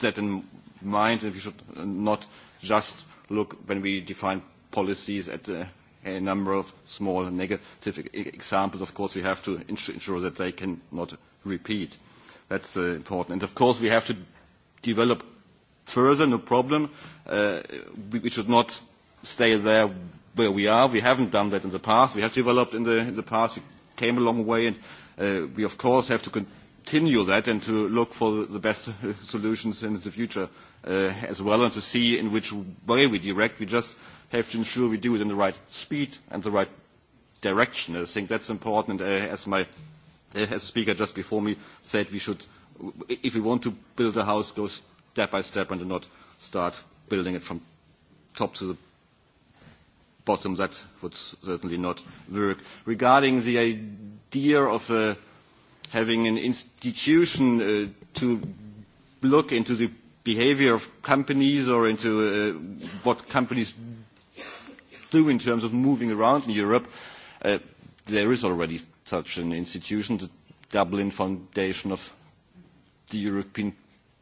that in mind, and we should not just look when we define policies at the, a number of small negative e-, examples. Of course, we have to ensure that they cannot repeat. That's uh, important. And of course, we have to develop further, no problem. Uh, we, we should not stay there where we are. We haven't done that in the past. We have developed in the, in the past. We came a long way, and uh, we, of course, have to continue that and to look for the best solutions in the future uh, as well and to see in which way we direct. We just have to ensure we do it in the right speed and the right direction. I think that's important. uh, as my uh, as a speaker just before me said, we should, if we want to build a house, go step by step and not start building it from top to the bottom, that would certainly not work. Regarding the idea of uh, having an institution uh, to look into the behavior of companies or into uh, what companies do in terms of moving around in Europe, uh, there is already such an institution. The Dublin Foundation of the European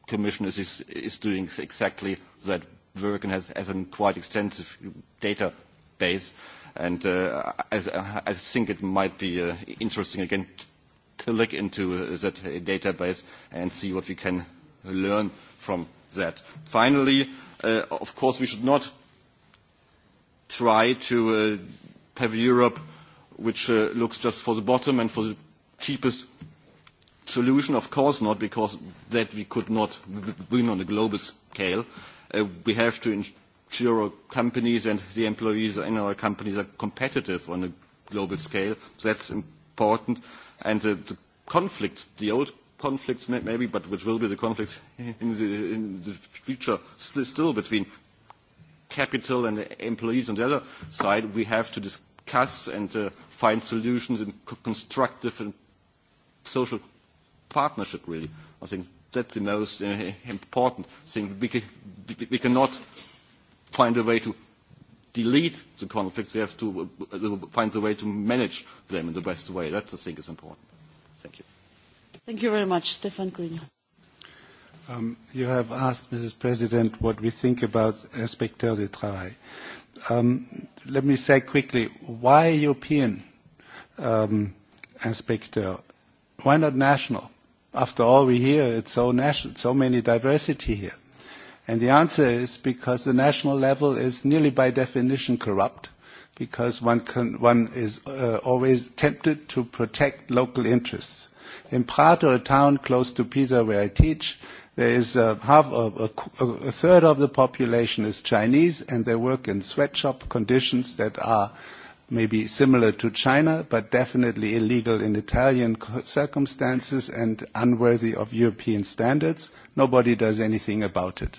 Commission is, is doing exactly that work and has, has a quite extensive data base And uh, I, uh, I think it might be uh, interesting again to look into uh, that database and see what we can learn from that. Finally, uh, of course, we should not try to uh, have a Europe which uh, looks just for the bottom and for the cheapest solution. Of course not, because that we could not win on a global scale. Uh, we have to sure companies and the employees in our companies are competitive on a global scale. That's important. And the, uh, the conflict, the old conflicts maybe, but which will be the conflicts in the, in the future still, still between capital and employees on the other side, we have to discuss and uh, find solutions in constructive and social partnership, really. I think that's the most uh, important thing. We, can, we cannot find a way to delete the conflicts, we have to uh, uh, find a way to manage them in the best way. That, I think, is important. Thank you. Thank you very much. Stefan Grignon. Um, you have asked, Mrs. President, what we think about Inspecteur de Travail. Um, let me say quickly, why European um, Inspecteur? Why not national? After all, we hear it's so, national, so many diversity here. And the answer is because the national level is nearly by definition corrupt, because one, can, one is uh, always tempted to protect local interests. In Prato, a town close to Pisa where I teach, there is a, uh, half of a, a third of the population is Chinese, and they work in sweatshop conditions that are maybe similar to China, but definitely illegal in Italian circumstances and unworthy of European standards. Nobody does anything about it.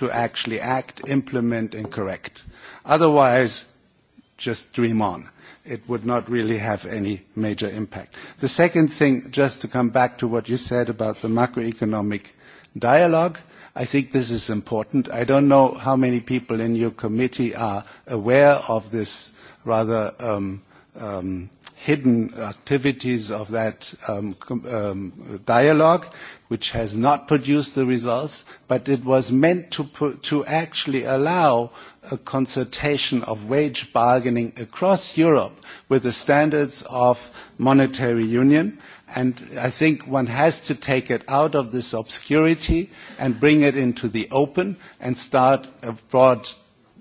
to actually act, implement, and correct. Otherwise, just dream on. It would not really have any major impact. The second thing, just to come back to what you said about the macroeconomic dialogue, I think this is important. I don't know how many people in your committee are aware of this rather um, um, hidden activities of that um, um, dialogue, which has not produced the results, but it was meant to, put, to actually allow a consultation of wage bargaining across Europe with the standards of monetary union. And I think one has to take it out of this obscurity and bring it into the open and start a broad